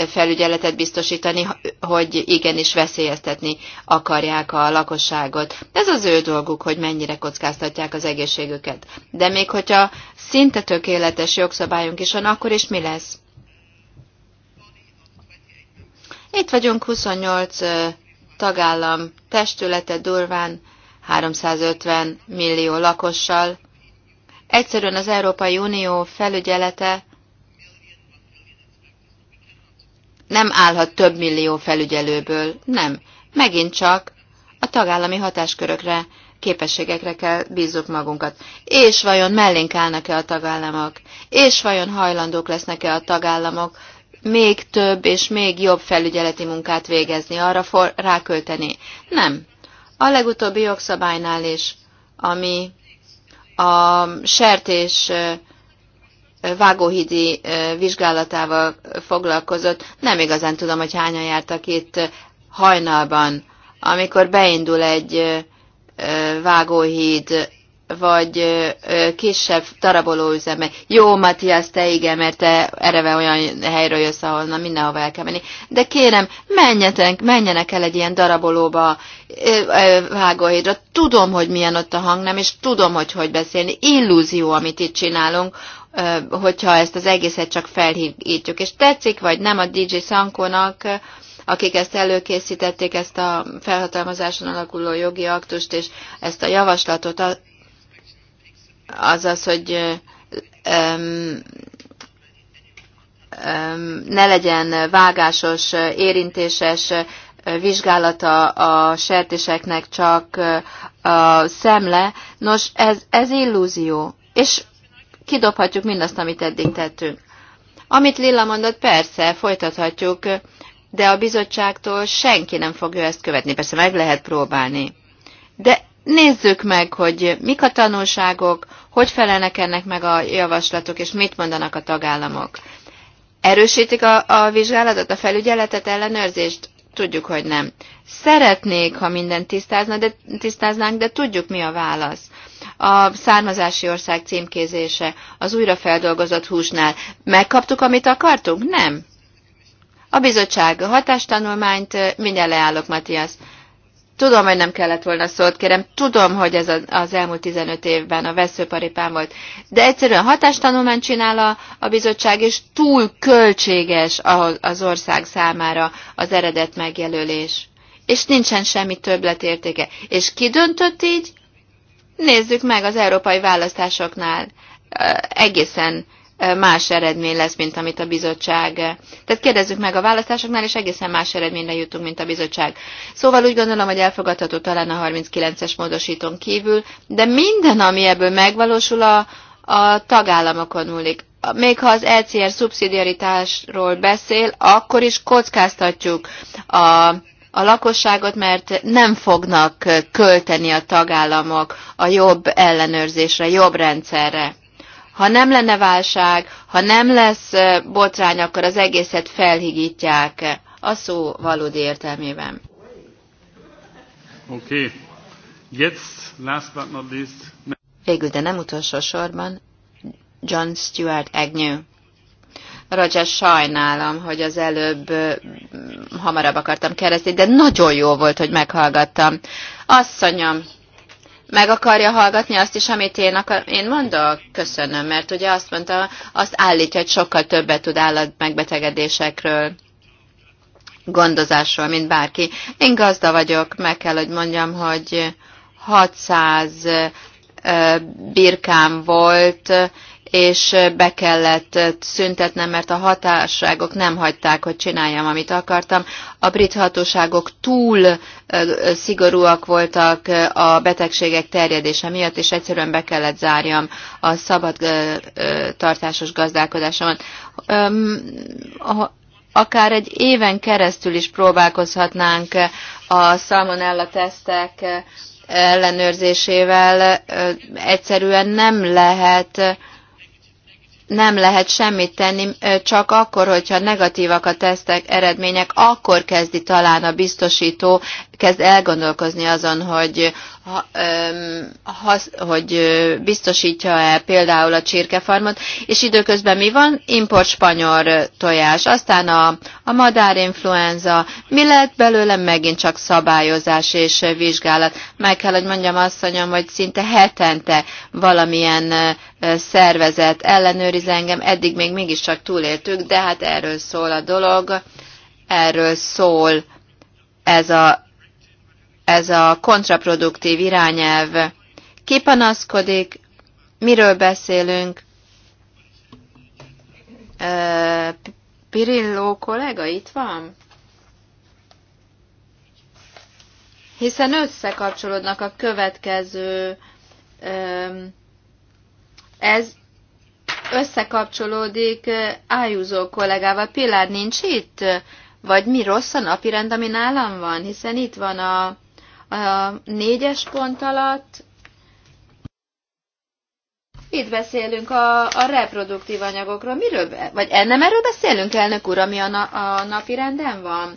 felügyeletet biztosítani, hogy igenis veszélyeztetni akarják a lakosságot. Ez az ő dolguk, hogy mennyire kockáztatják az egészségüket. De még hogyha szinte tökéletes jogszabályunk is van, akkor is mi lesz? Itt vagyunk 28 tagállam testülete durván 350 millió lakossal, Egyszerűen az Európai Unió felügyelete nem állhat több millió felügyelőből, nem. Megint csak a tagállami hatáskörökre, képességekre kell bízzuk magunkat. És vajon mellénk állnak-e a tagállamok? És vajon hajlandók lesznek-e a tagállamok még több és még jobb felügyeleti munkát végezni, arra for, rákölteni? Nem. A legutóbbi jogszabálynál is, ami a sertés vágóhidi vizsgálatával foglalkozott. Nem igazán tudom, hogy hányan jártak itt hajnalban, amikor beindul egy vágóhíd vagy kisebb darabolóüzeme. Jó, Matthias, te igen, mert te ereve olyan helyről jössz, ahonnan mindenhova el kell menni. De kérem, menjetek, menjenek el egy ilyen darabolóba, vágóhídra. Tudom, hogy milyen ott a hang, nem és tudom, hogy hogy beszélni. Illúzió, amit itt csinálunk, hogyha ezt az egészet csak felhívítjuk. És tetszik, vagy nem a DJ Sankónak, akik ezt előkészítették, ezt a felhatalmazáson alakuló jogi aktust, és ezt a javaslatot azaz, hogy um, um, ne legyen vágásos, érintéses vizsgálata a sertéseknek csak a szemle. Nos, ez, ez illúzió, és kidobhatjuk mindazt, amit eddig tettünk. Amit Lilla mondott, persze, folytathatjuk, de a bizottságtól senki nem fogja ezt követni. Persze meg lehet próbálni. De Nézzük meg, hogy mik a tanulságok, hogy felelnek ennek meg a javaslatok, és mit mondanak a tagállamok. Erősítik a, a vizsgálatot, a felügyeletet, ellenőrzést? Tudjuk, hogy nem. Szeretnék, ha mindent tisztázna, de, tisztáznánk, de tudjuk, mi a válasz. A származási ország címkézése az újrafeldolgozott húsnál. Megkaptuk, amit akartunk? Nem. A bizottság hatástanulmányt, mindjárt leállok, Matthias. Tudom, hogy nem kellett volna szót, kérem, tudom, hogy ez az elmúlt 15 évben a veszőparipán volt, de egyszerűen hatástanulmányt csinál a, a bizottság, és túl költséges az ország számára az eredet megjelölés. És nincsen semmi többletértéke. És ki döntött így? Nézzük meg az európai választásoknál. Egészen más eredmény lesz, mint amit a bizottság. Tehát kérdezzük meg a választásoknál, és egészen más eredményre jutunk, mint a bizottság. Szóval úgy gondolom, hogy elfogadható talán a 39-es módosítón kívül, de minden, ami ebből megvalósul, a, a tagállamokon múlik. Még ha az LCR szubszidiaritásról beszél, akkor is kockáztatjuk a a lakosságot, mert nem fognak költeni a tagállamok a jobb ellenőrzésre, jobb rendszerre. Ha nem lenne válság, ha nem lesz botrány, akkor az egészet felhigítják a szó valódi értelmében. Oké. Okay. Jetzt, last but not least. Végül, de nem utolsó sorban, John Stuart Agnew. Roger, sajnálom, hogy az előbb hamarabb akartam keresni, de nagyon jó volt, hogy meghallgattam. Asszonyom, meg akarja hallgatni azt is, amit én, akar, én mondok? Köszönöm, mert ugye azt mondta, azt állítja, hogy sokkal többet tud állat megbetegedésekről, gondozásról, mint bárki. Én gazda vagyok, meg kell, hogy mondjam, hogy 600 birkám volt, és be kellett szüntetnem, mert a hatáságok nem hagyták, hogy csináljam, amit akartam. A brit hatóságok túl szigorúak voltak a betegségek terjedése miatt, és egyszerűen be kellett zárjam a szabad tartásos gazdálkodásomat. Akár egy éven keresztül is próbálkozhatnánk a salmonella tesztek ellenőrzésével egyszerűen nem lehet nem lehet semmit tenni, csak akkor, hogyha negatívak a tesztek eredmények, akkor kezdi talán a biztosító, kezd elgondolkozni azon, hogy, ha, hogy biztosítja-e például a csirkefarmot, és időközben mi van? Import spanyol tojás, aztán a, a madárinfluenza, mi lett belőle? Megint csak szabályozás és vizsgálat. Meg kell, hogy mondjam asszonyom, hogy szinte hetente valamilyen szervezet ellenőriz, nézze engem, eddig még mégiscsak túléltük, de hát erről szól a dolog, erről szól ez a, ez a kontraproduktív irányelv. Ki panaszkodik, miről beszélünk? Pirilló kollega itt van? Hiszen összekapcsolódnak a következő ez összekapcsolódik Ájúzó kollégával. Pilár nincs itt? Vagy mi rossz a napirend, ami nálam van? Hiszen itt van a, a négyes pont alatt. Itt beszélünk a, a reproduktív anyagokról. Miről, vagy nem erről beszélünk, elnök úr, ami a, a napi renden van?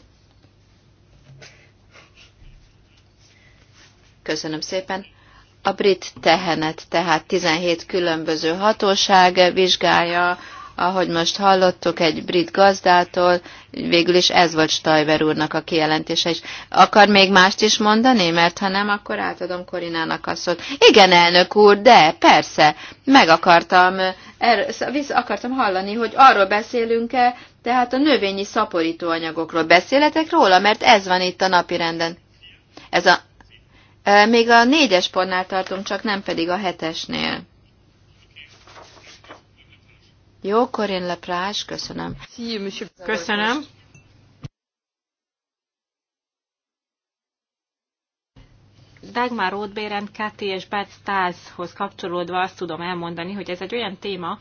Köszönöm szépen. A brit tehenet, tehát 17 különböző hatóság vizsgálja, ahogy most hallottuk egy brit gazdától, végül is ez volt Stajver úrnak a kijelentése is. Akar még mást is mondani? Mert ha nem, akkor átadom Korinának a szót. Igen, elnök úr, de persze, meg akartam, er, visz, akartam hallani, hogy arról beszélünk-e, tehát a növényi szaporítóanyagokról beszéletek róla, mert ez van itt a napirenden. Ez a, még a négyes pontnál tartom, csak nem pedig a hetesnél. Jó, Korin Leprás, köszönöm. Köszönöm. Dagmar Rothbérend, Kati és Bert Stázhoz kapcsolódva azt tudom elmondani, hogy ez egy olyan téma,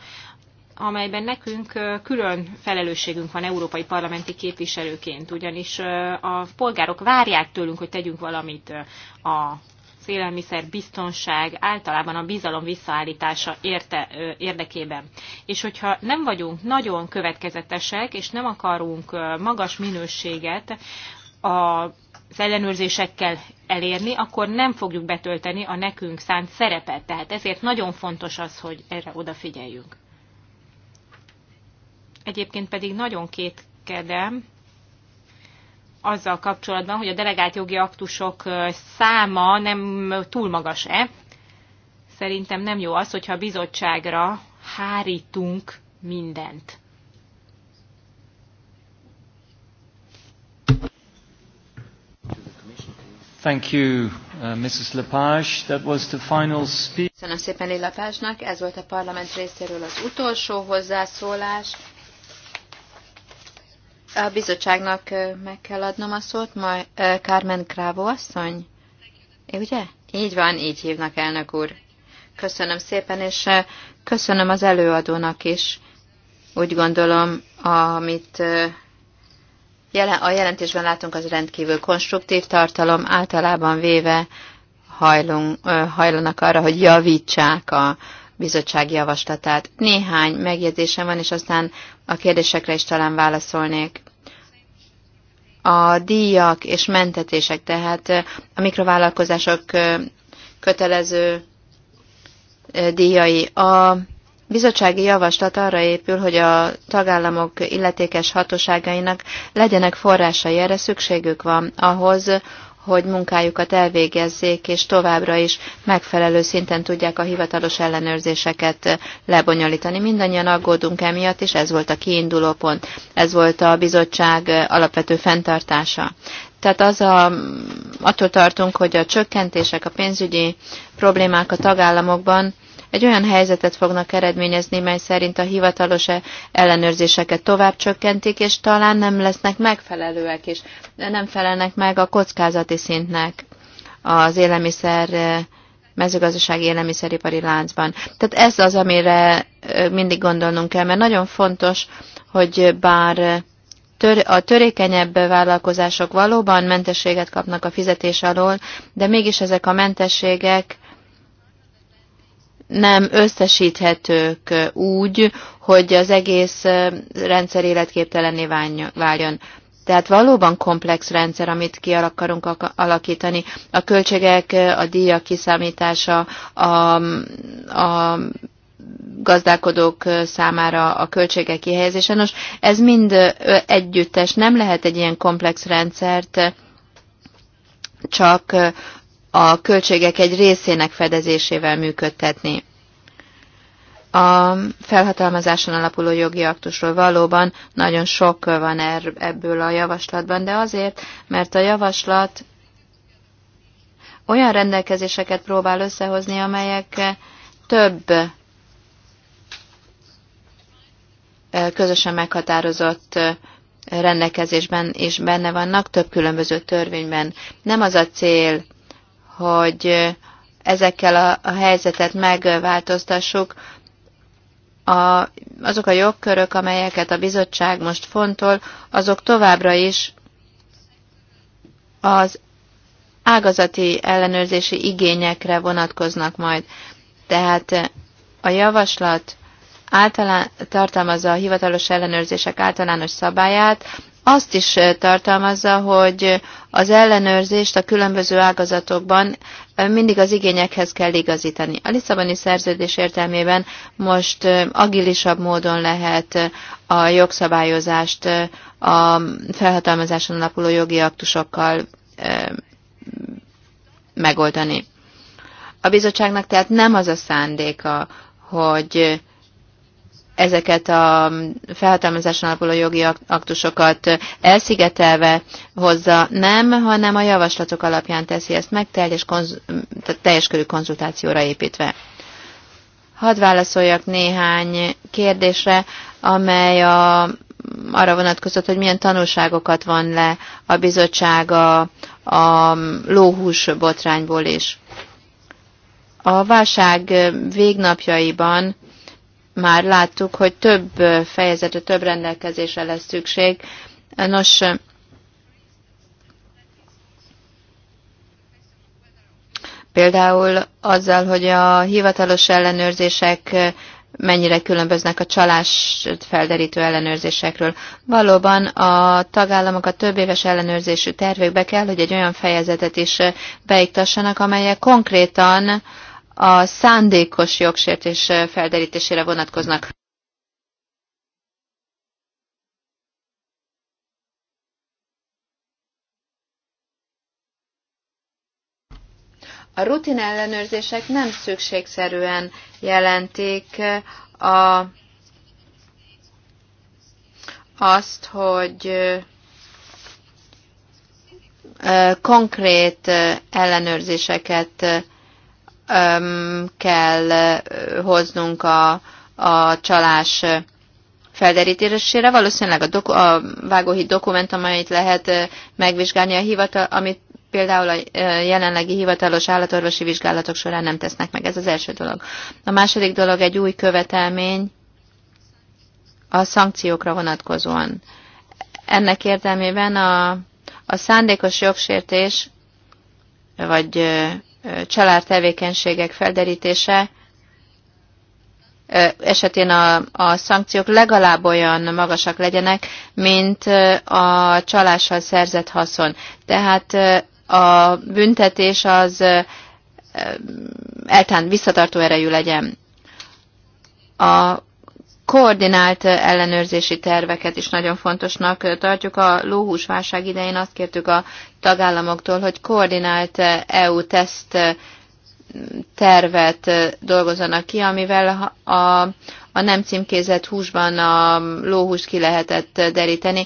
amelyben nekünk külön felelősségünk van európai parlamenti képviselőként, ugyanis a polgárok várják tőlünk, hogy tegyünk valamit a élelmiszer biztonság, általában a bizalom visszaállítása érte, érdekében. És hogyha nem vagyunk nagyon következetesek, és nem akarunk magas minőséget a az ellenőrzésekkel elérni, akkor nem fogjuk betölteni a nekünk szánt szerepet. Tehát ezért nagyon fontos az, hogy erre odafigyeljünk. Egyébként pedig nagyon kétkedem azzal kapcsolatban, hogy a delegált jogi aktusok száma nem túl magas-e. Szerintem nem jó az, hogyha a bizottságra hárítunk mindent. Thank you, uh, Mrs. Lepage. That was the final speech. Köszönöm szépen Lé Lapázsnak. Ez volt a parlament részéről az utolsó hozzászólás. A bizottságnak meg kell adnom a szót, majd Carmen Krávó asszony. É, ugye? Így van, így hívnak elnök úr. Köszönöm szépen, és köszönöm az előadónak is. Úgy gondolom, amit a jelentésben látunk, az rendkívül konstruktív tartalom. Általában véve hajlunk, hajlanak arra, hogy javítsák a bizottság javaslatát. Néhány megjegyzésem van, és aztán a kérdésekre is talán válaszolnék a díjak és mentetések, tehát a mikrovállalkozások kötelező díjai. A bizottsági javaslat arra épül, hogy a tagállamok illetékes hatóságainak legyenek forrásai, erre szükségük van ahhoz, hogy munkájukat elvégezzék, és továbbra is megfelelő szinten tudják a hivatalos ellenőrzéseket lebonyolítani. Mindannyian aggódunk emiatt, és ez volt a kiinduló pont. Ez volt a bizottság alapvető fenntartása. Tehát az a, attól tartunk, hogy a csökkentések, a pénzügyi problémák a tagállamokban egy olyan helyzetet fognak eredményezni, mely szerint a hivatalos e- ellenőrzéseket tovább csökkentik, és talán nem lesznek megfelelőek, és nem felelnek meg a kockázati szintnek az élelmiszer e- mezőgazdasági élelmiszeripari láncban. Tehát ez az, amire e- mindig gondolnunk kell, mert nagyon fontos, hogy bár a törékenyebb vállalkozások valóban mentességet kapnak a fizetés alól, de mégis ezek a mentességek nem összesíthetők úgy, hogy az egész rendszer életképtelenné váljon. Tehát valóban komplex rendszer, amit ki akarunk alakítani. A költségek, a díjak kiszámítása, a, a gazdálkodók számára a költségek kihelyezése. Nos, ez mind együttes. Nem lehet egy ilyen komplex rendszert csak a költségek egy részének fedezésével működtetni. A felhatalmazáson alapuló jogi aktusról valóban nagyon sok van er, ebből a javaslatban, de azért, mert a javaslat olyan rendelkezéseket próbál összehozni, amelyek több közösen meghatározott rendelkezésben is benne vannak, több különböző törvényben. Nem az a cél, hogy ezekkel a, a helyzetet megváltoztassuk. A, azok a jogkörök, amelyeket a bizottság most fontol, azok továbbra is az ágazati ellenőrzési igényekre vonatkoznak majd. Tehát a javaslat általán, tartalmazza a hivatalos ellenőrzések általános szabályát, azt is tartalmazza, hogy az ellenőrzést a különböző ágazatokban mindig az igényekhez kell igazítani. A Lisszaboni szerződés értelmében most agilisabb módon lehet a jogszabályozást a felhatalmazáson alapuló jogi aktusokkal megoldani. A bizottságnak tehát nem az a szándéka, hogy ezeket a felhatalmazáson alapuló jogi aktusokat elszigetelve hozza, nem, hanem a javaslatok alapján teszi ezt meg, teljes, konz, teljes körű konzultációra építve. Hadd válaszoljak néhány kérdésre, amely a, arra vonatkozott, hogy milyen tanulságokat van le a bizottság a, a lóhús botrányból is. A válság végnapjaiban már láttuk, hogy több fejezetre, több rendelkezésre lesz szükség. Nos, például azzal, hogy a hivatalos ellenőrzések mennyire különböznek a csalás felderítő ellenőrzésekről. Valóban a tagállamok a több éves ellenőrzésű tervekbe kell, hogy egy olyan fejezetet is beiktassanak, amelyek konkrétan a szándékos jogsértés eh, felderítésére vonatkoznak. A rutin ellenőrzések nem szükségszerűen jelentik eh, a, azt, hogy eh, konkrét ellenőrzéseket kell hoznunk a, a csalás felderítésére. Valószínűleg a, doku, a vágóhíd amit lehet megvizsgálni a hivatal, amit például a jelenlegi hivatalos állatorvosi vizsgálatok során nem tesznek meg. Ez az első dolog. A második dolog egy új követelmény a szankciókra vonatkozóan. Ennek értelmében a, a szándékos jogsértés vagy család tevékenységek felderítése esetén a, a szankciók legalább olyan magasak legyenek, mint a csalással szerzett haszon. Tehát a büntetés az eltán visszatartó erejű legyen. A koordinált ellenőrzési terveket is nagyon fontosnak tartjuk. A lóhús válság idején azt kértük a tagállamoktól, hogy koordinált EU teszt tervet dolgozzanak ki, amivel a, a nem címkézett húsban a lóhúst ki lehetett deríteni,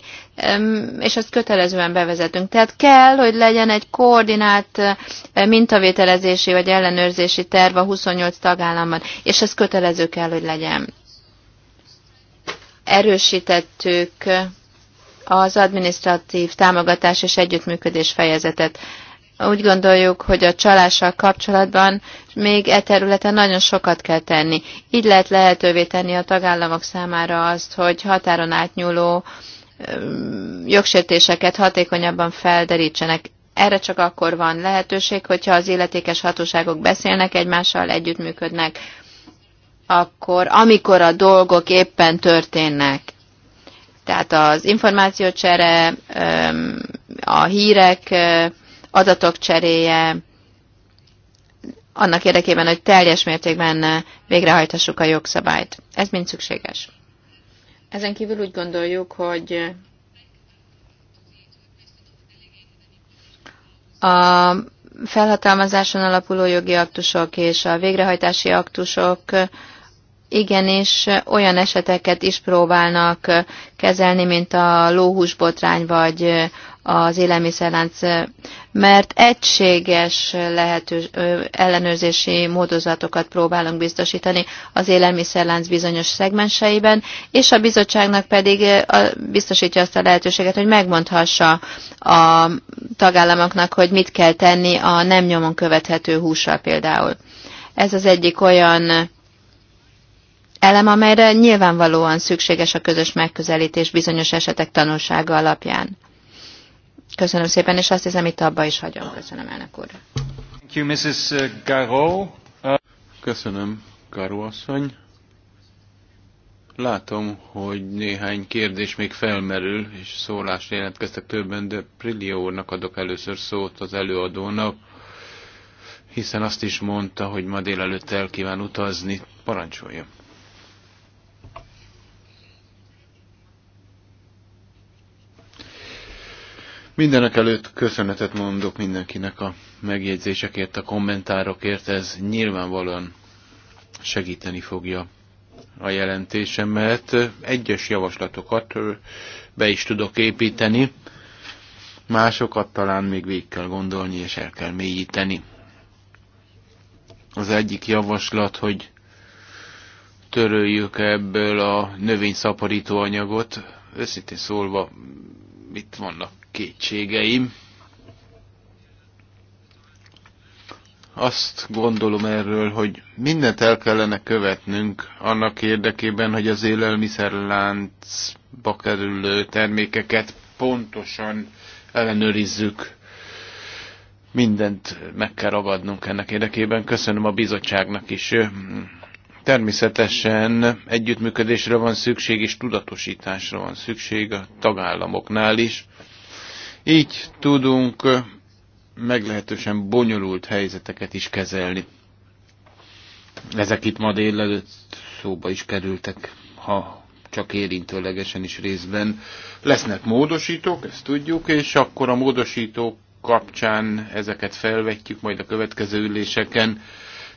és azt kötelezően bevezetünk. Tehát kell, hogy legyen egy koordinált mintavételezési vagy ellenőrzési terv a 28 tagállamban, és ez kötelező kell, hogy legyen erősítettük az adminisztratív támogatás és együttműködés fejezetet. Úgy gondoljuk, hogy a csalással kapcsolatban még e területen nagyon sokat kell tenni. Így lehet lehetővé tenni a tagállamok számára azt, hogy határon átnyúló jogsértéseket hatékonyabban felderítsenek. Erre csak akkor van lehetőség, hogyha az illetékes hatóságok beszélnek egymással, együttműködnek akkor, amikor a dolgok éppen történnek. Tehát az információcsere, a hírek, adatok cseréje, annak érdekében, hogy teljes mértékben végrehajtassuk a jogszabályt. Ez mind szükséges. Ezen kívül úgy gondoljuk, hogy a felhatalmazáson alapuló jogi aktusok és a végrehajtási aktusok igen, és olyan eseteket is próbálnak kezelni, mint a lóhús botrány vagy az élelmiszerlánc, mert egységes lehető ellenőrzési módozatokat próbálunk biztosítani az élelmiszerlánc bizonyos szegmenseiben, és a bizottságnak pedig biztosítja azt a lehetőséget, hogy megmondhassa a tagállamoknak, hogy mit kell tenni a nem nyomon követhető hússal például. Ez az egyik olyan elem, amelyre nyilvánvalóan szükséges a közös megközelítés bizonyos esetek tanulsága alapján. Köszönöm szépen, és azt hiszem, itt abba is hagyom. Köszönöm, elnök úr. Thank you, Mrs. Garó. Uh, Köszönöm, Garó asszony. Látom, hogy néhány kérdés még felmerül, és szólásra jelentkeztek többen, de Prillió úrnak adok először szót az előadónak, hiszen azt is mondta, hogy ma délelőtt el kíván utazni. Parancsoljon! Mindenek előtt köszönetet mondok mindenkinek a megjegyzésekért, a kommentárokért, ez nyilvánvalóan segíteni fogja a mert Egyes javaslatokat be is tudok építeni, másokat talán még végig kell gondolni és el kell mélyíteni. Az egyik javaslat, hogy töröljük ebből a növényszaporító anyagot. Őszintén szólva, itt vannak kétségeim. Azt gondolom erről, hogy mindent el kellene követnünk annak érdekében, hogy az élelmiszerláncba kerülő termékeket pontosan ellenőrizzük. Mindent meg kell ragadnunk ennek érdekében. Köszönöm a bizottságnak is. Természetesen együttműködésre van szükség, és tudatosításra van szükség a tagállamoknál is. Így tudunk meglehetősen bonyolult helyzeteket is kezelni. Ezek itt ma délelőtt szóba is kerültek, ha csak érintőlegesen is részben. Lesznek módosítók, ezt tudjuk, és akkor a módosítók kapcsán ezeket felvetjük majd a következő üléseken,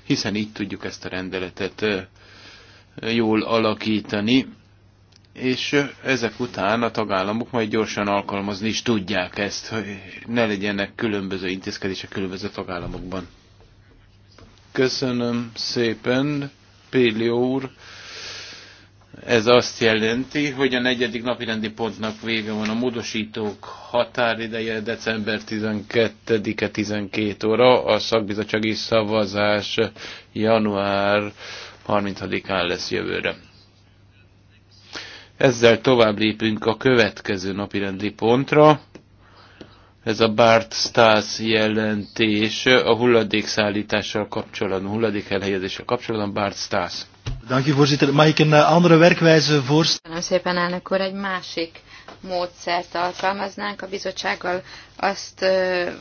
hiszen így tudjuk ezt a rendeletet jól alakítani és ezek után a tagállamok majd gyorsan alkalmazni is tudják ezt, hogy ne legyenek különböző intézkedések különböző tagállamokban. Köszönöm szépen, Pélió úr. Ez azt jelenti, hogy a negyedik napirendi pontnak vége van a módosítók határideje december 12-e 12 óra, a szakbizottsági szavazás január 30-án lesz jövőre. Ezzel tovább lépünk a következő napirendi pontra. Ez a Bart Stas jelentés a hulladékszállítással kapcsolatban, hulladék elhelyezéssel kapcsolatban Bart Stas. Dank u voorzitter. Mag ik een eh, andere werkwijze voorstellen? Szépen elnök úr, egy másik módszert alkalmaznánk a bizottsággal. Azt eh,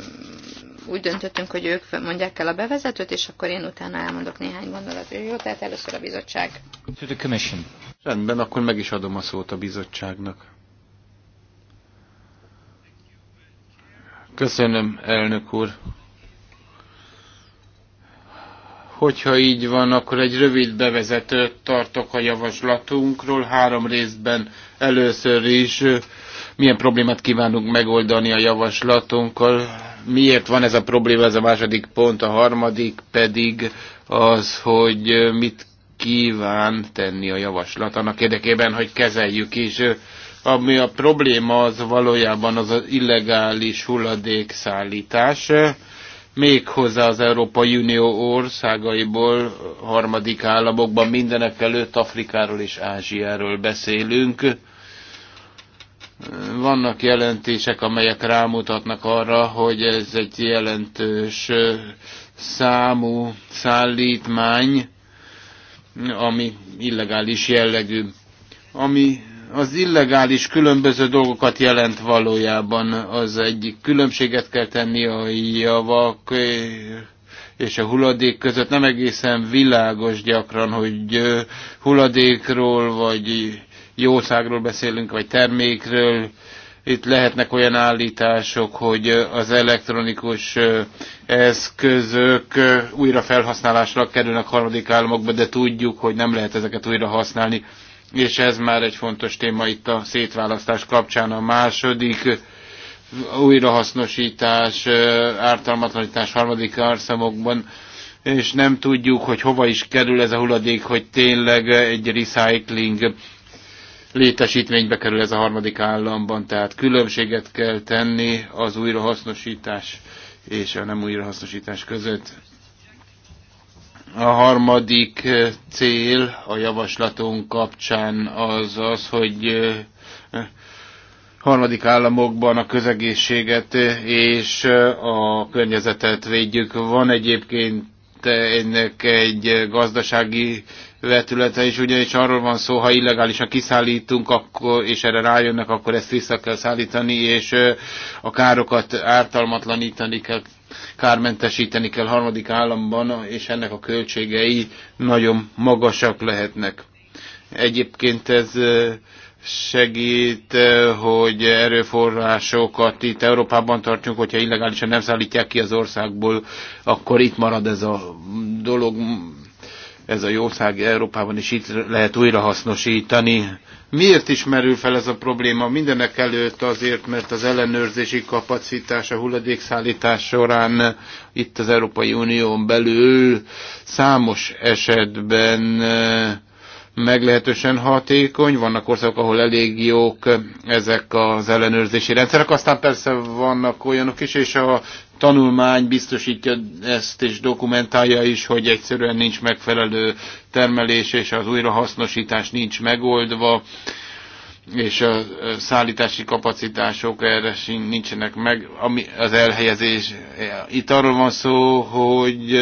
úgy döntöttünk, hogy ők mondják el a bevezetőt, és akkor én utána elmondok néhány gondolatot. Jó, tehát először a bizottság. To the commission. Rendben, akkor meg is adom a szót a bizottságnak. Köszönöm, elnök úr. Hogyha így van, akkor egy rövid bevezetőt tartok a javaslatunkról három részben. Először is milyen problémát kívánunk megoldani a javaslatunkkal miért van ez a probléma, ez a második pont, a harmadik pedig az, hogy mit kíván tenni a javaslat annak érdekében, hogy kezeljük is. Ami a probléma az valójában az, az illegális hulladékszállítás, méghozzá az Európai Unió országaiból, harmadik államokban mindenek előtt Afrikáról és Ázsiáról beszélünk vannak jelentések, amelyek rámutatnak arra, hogy ez egy jelentős számú szállítmány, ami illegális jellegű. Ami az illegális különböző dolgokat jelent valójában. Az egyik különbséget kell tenni a javak és a hulladék között. Nem egészen világos gyakran, hogy hulladékról vagy jószágról beszélünk, vagy termékről. Itt lehetnek olyan állítások, hogy az elektronikus eszközök újra felhasználásra kerülnek harmadik államokba, de tudjuk, hogy nem lehet ezeket újra használni. És ez már egy fontos téma itt a szétválasztás kapcsán. A második újrahasznosítás, ártalmatlanítás harmadik országokban, és nem tudjuk, hogy hova is kerül ez a hulladék, hogy tényleg egy recycling létesítménybe kerül ez a harmadik államban, tehát különbséget kell tenni az újrahasznosítás és a nem újrahasznosítás között. A harmadik cél a javaslatunk kapcsán az az, hogy harmadik államokban a közegészséget és a környezetet védjük. Van egyébként ennek egy gazdasági vetülete is, ugye, és arról van szó, ha illegálisan kiszállítunk, akkor, és erre rájönnek, akkor ezt vissza kell szállítani, és a károkat ártalmatlanítani kell, kármentesíteni kell harmadik államban, és ennek a költségei nagyon magasak lehetnek. Egyébként ez segít, hogy erőforrásokat itt Európában tartjunk, hogyha illegálisan nem szállítják ki az országból, akkor itt marad ez a dolog, ez a jószág Európában is itt lehet újrahasznosítani. Miért is merül fel ez a probléma? Mindenek előtt azért, mert az ellenőrzési kapacitás a hulladékszállítás során itt az Európai Unión belül számos esetben eh, meglehetősen hatékony, vannak országok, ahol elég jók ezek az ellenőrzési rendszerek, aztán persze vannak olyanok is, és a tanulmány biztosítja ezt, és dokumentálja is, hogy egyszerűen nincs megfelelő termelés, és az újrahasznosítás nincs megoldva, és a szállítási kapacitások erre nincsenek meg, ami az elhelyezés. Itt arról van szó, hogy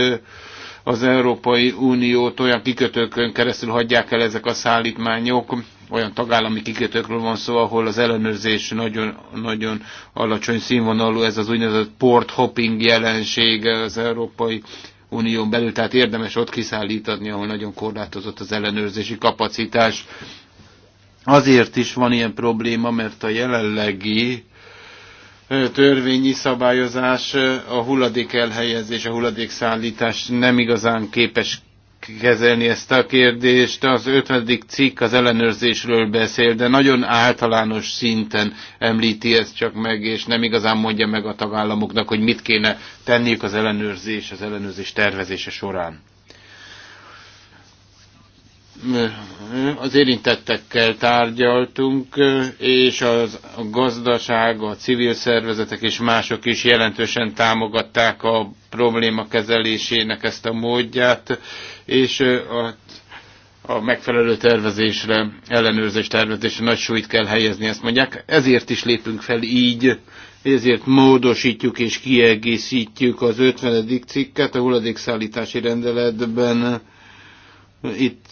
az Európai Uniót olyan kikötőkön keresztül hagyják el ezek a szállítmányok, olyan tagállami kikötőkről van szó, ahol az ellenőrzés nagyon, nagyon alacsony színvonalú, ez az úgynevezett port hopping jelensége az Európai Unión belül, tehát érdemes ott kiszállítani, ahol nagyon korlátozott az ellenőrzési kapacitás. Azért is van ilyen probléma, mert a jelenlegi törvényi szabályozás a hulladék elhelyezés, a hulladékszállítás nem igazán képes kezelni ezt a kérdést. Az 50. cikk az ellenőrzésről beszél, de nagyon általános szinten említi ezt csak meg, és nem igazán mondja meg a tagállamoknak, hogy mit kéne tenniük az ellenőrzés, az ellenőrzés tervezése során az érintettekkel tárgyaltunk, és az, a gazdaság, a civil szervezetek és mások is jelentősen támogatták a probléma kezelésének ezt a módját, és a, a megfelelő tervezésre, ellenőrzés tervezésre nagy súlyt kell helyezni, ezt mondják. Ezért is lépünk fel így, ezért módosítjuk és kiegészítjük az 50. cikket a hulladékszállítási rendeletben. Itt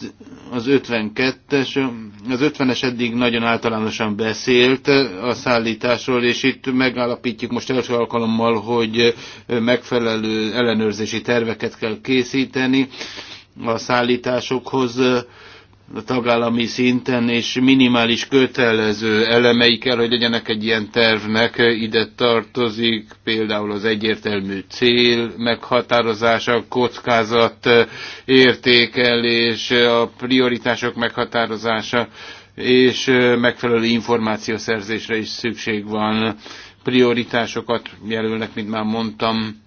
az 52-es, az 50-es eddig nagyon általánosan beszélt a szállításról, és itt megállapítjuk most első alkalommal, hogy megfelelő ellenőrzési terveket kell készíteni a szállításokhoz a tagállami szinten, és minimális kötelező elemei kell, hogy legyenek egy ilyen tervnek. Ide tartozik például az egyértelmű cél meghatározása, a kockázat értékelés, a prioritások meghatározása, és megfelelő információszerzésre is szükség van. Prioritásokat jelölnek, mint már mondtam,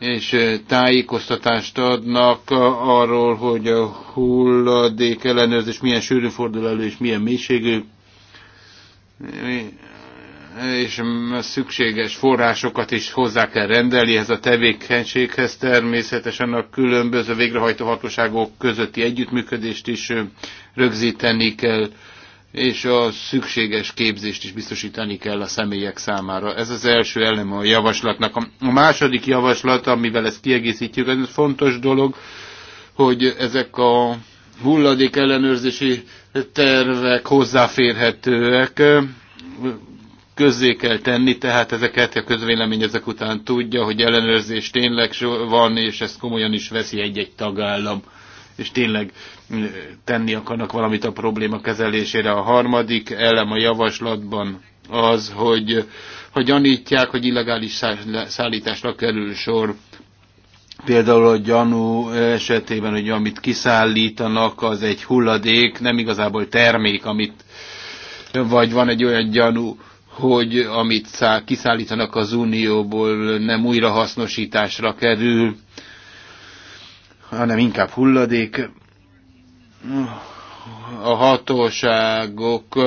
és tájékoztatást adnak arról, hogy a hulladék ellenőrzés milyen sűrű fordul elő, és milyen mélységű, és szükséges forrásokat is hozzá kell rendelni ez a tevékenységhez. Természetesen a különböző végrehajtó hatóságok közötti együttműködést is rögzíteni kell és a szükséges képzést is biztosítani kell a személyek számára. Ez az első eleme a javaslatnak. A második javaslat, amivel ezt kiegészítjük, ez fontos dolog, hogy ezek a hulladék ellenőrzési tervek hozzáférhetőek, közzé kell tenni, tehát ezeket a közvélemény ezek után tudja, hogy ellenőrzés tényleg van, és ezt komolyan is veszi egy-egy tagállam, és tényleg tenni akarnak valamit a probléma kezelésére. A harmadik elem a javaslatban az, hogy hogy gyanítják, hogy illegális szállításra kerül sor, például a gyanú esetében, hogy amit kiszállítanak, az egy hulladék, nem igazából termék, amit vagy van egy olyan gyanú, hogy amit száll, kiszállítanak az unióból nem újrahasznosításra kerül, hanem inkább hulladék a hatóságok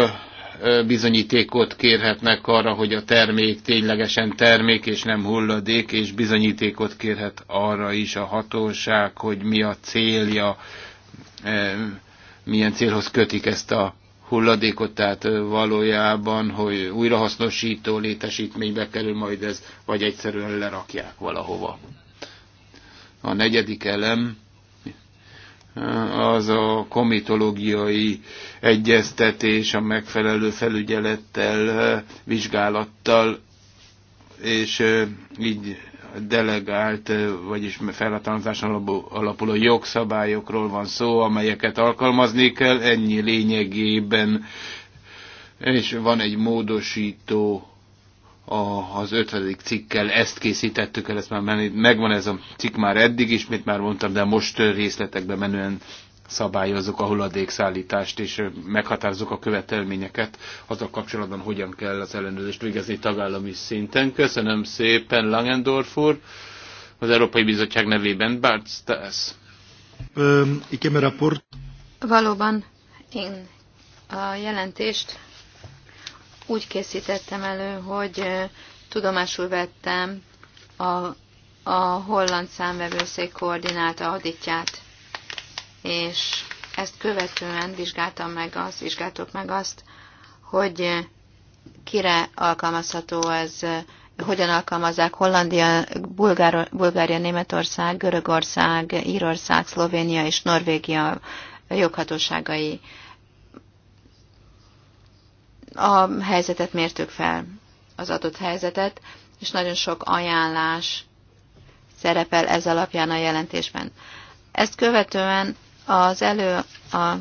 bizonyítékot kérhetnek arra, hogy a termék ténylegesen termék és nem hulladék, és bizonyítékot kérhet arra is a hatóság, hogy mi a célja, milyen célhoz kötik ezt a hulladékot, tehát valójában, hogy újrahasznosító létesítménybe kerül majd ez, vagy egyszerűen lerakják valahova. A negyedik elem az a komitológiai egyeztetés a megfelelő felügyelettel, vizsgálattal, és így delegált, vagyis felhatalmazáson alapuló jogszabályokról van szó, amelyeket alkalmazni kell, ennyi lényegében, és van egy módosító a, az ötödik cikkkel ezt készítettük el, ezt már megvan ez a cikk már eddig is, mint már mondtam, de most részletekbe menően szabályozok a hulladékszállítást, és meghatározok a követelményeket azzal kapcsolatban, hogyan kell az ellenőrzést végezni tagállami szinten. Köszönöm szépen, Langendorf úr, az Európai Bizottság nevében, te ez? Valóban én a jelentést úgy készítettem elő, hogy tudomásul vettem a, a holland számvevőszék koordinálta auditját, és ezt követően vizsgáltam meg azt, vizsgáltok meg azt, hogy kire alkalmazható ez, hogyan alkalmazzák Hollandia, Bulgária, Bulgária Németország, Görögország, Írország, Szlovénia és Norvégia joghatóságai a helyzetet mértük fel, az adott helyzetet, és nagyon sok ajánlás szerepel ez alapján a jelentésben. Ezt követően az elő a, a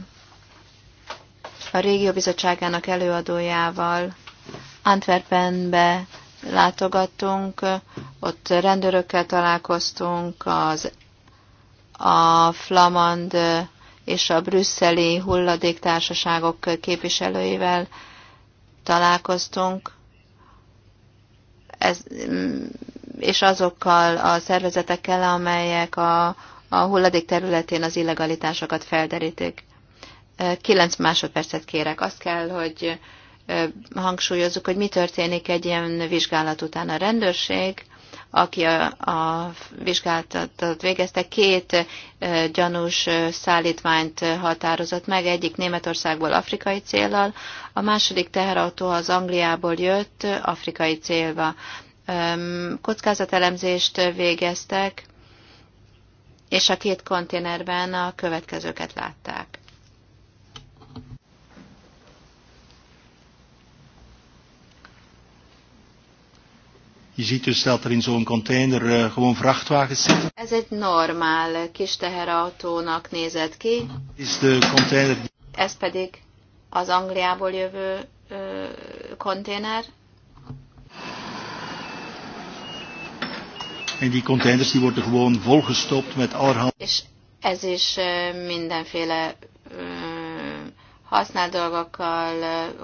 régió bizottságának előadójával Antwerpenbe látogattunk, ott rendőrökkel találkoztunk, az, a flamand és a brüsszeli hulladéktársaságok képviselőivel találkoztunk, ez, és azokkal a szervezetekkel, amelyek a, a hulladék területén az illegalitásokat felderítik. Kilenc másodpercet kérek. Azt kell, hogy hangsúlyozzuk, hogy mi történik egy ilyen vizsgálat után. A rendőrség aki a, a vizsgálatot végezte, két gyanús szállítmányt határozott meg, egyik Németországból afrikai célral, a második teherautó az Angliából jött afrikai célba. Kockázatelemzést végeztek, és a két konténerben a következőket látták. Je ziet dus dat er in zo'n container uh, gewoon vrachtwagens zitten. Ez egy normál kis teherautónak nézett ki. Is de container... Ez pedig az Angliából jövő ö, konténer. En die containers die worden gewoon volgestopt met allerhand... És ez is uh, mindenféle uh, használt dolgokkal,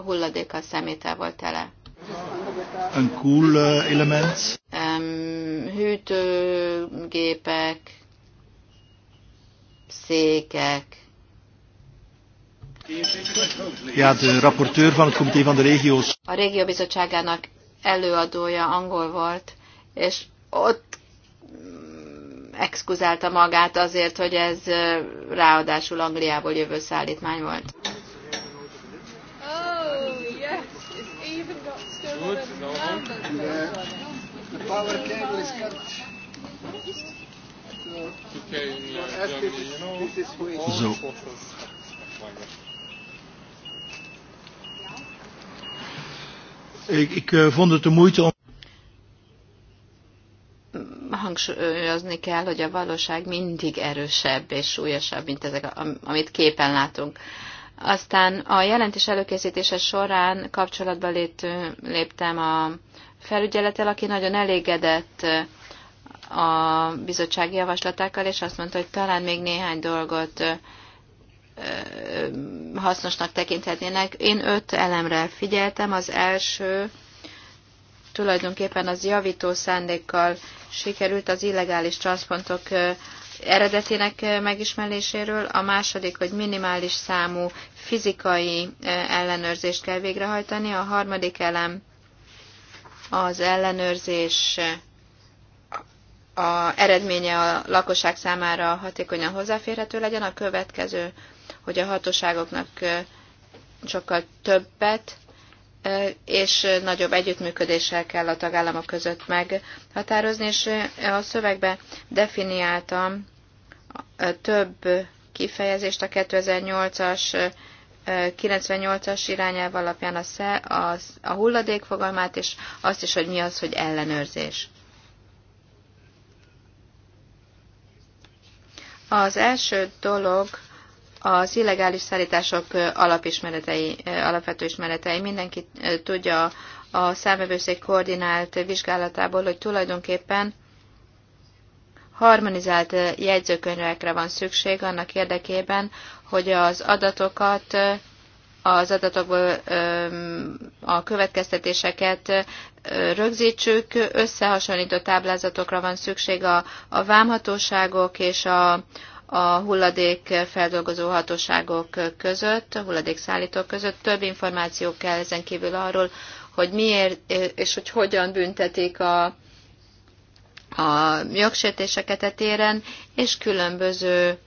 hulladékkal, szemétel volt tele koel cool uh, element. Um, hűtőgépek, székek. Ja, de rapporteur van het comité van de regio's. A régió bizottságának előadója angol volt, és ott exkuzálta magát azért, hogy ez ráadásul Angliából jövő szállítmány volt. Gut, sauber. The, the power cable is cut. So, okay, in Germany, you know, this is way. So. Ik, ik uh, vond het de moeite om hangsúlyozni kell, hogy a valóság mindig erősebb és súlyosabb, mint ezek, amit képen látunk. Uh, aztán a jelentés előkészítése során kapcsolatba léptem a felügyeletel, aki nagyon elégedett a bizottsági javaslatákkal, és azt mondta, hogy talán még néhány dolgot hasznosnak tekinthetnének. Én öt elemre figyeltem. Az első tulajdonképpen az javító szándékkal sikerült az illegális transzpontok eredetének eh, megismeréséről, a második, hogy minimális számú fizikai eh, ellenőrzést kell végrehajtani, a harmadik elem az ellenőrzés a eredménye a lakosság számára hatékonyan hozzáférhető legyen, a következő, hogy a hatóságoknak eh, sokkal többet és nagyobb együttműködéssel kell a tagállamok között meghatározni, és a szövegbe definiáltam több kifejezést a 2008-as 98-as irányelv alapján a, sze, az, a hulladék fogalmát, és azt is, hogy mi az, hogy ellenőrzés. Az első dolog az illegális szállítások alapismeretei, alapvető ismeretei. Mindenki tudja a számövőszék koordinált vizsgálatából, hogy tulajdonképpen harmonizált jegyzőkönyvekre van szükség annak érdekében, hogy az adatokat, az adatokból a következtetéseket rögzítsük, összehasonlító táblázatokra van szükség a, a vámhatóságok és a, a hulladék feldolgozó hatóságok között, a hulladékszállítók között. Több információ kell ezen kívül arról, hogy miért és hogy hogyan büntetik a, a jogsértéseket a e téren, és különböző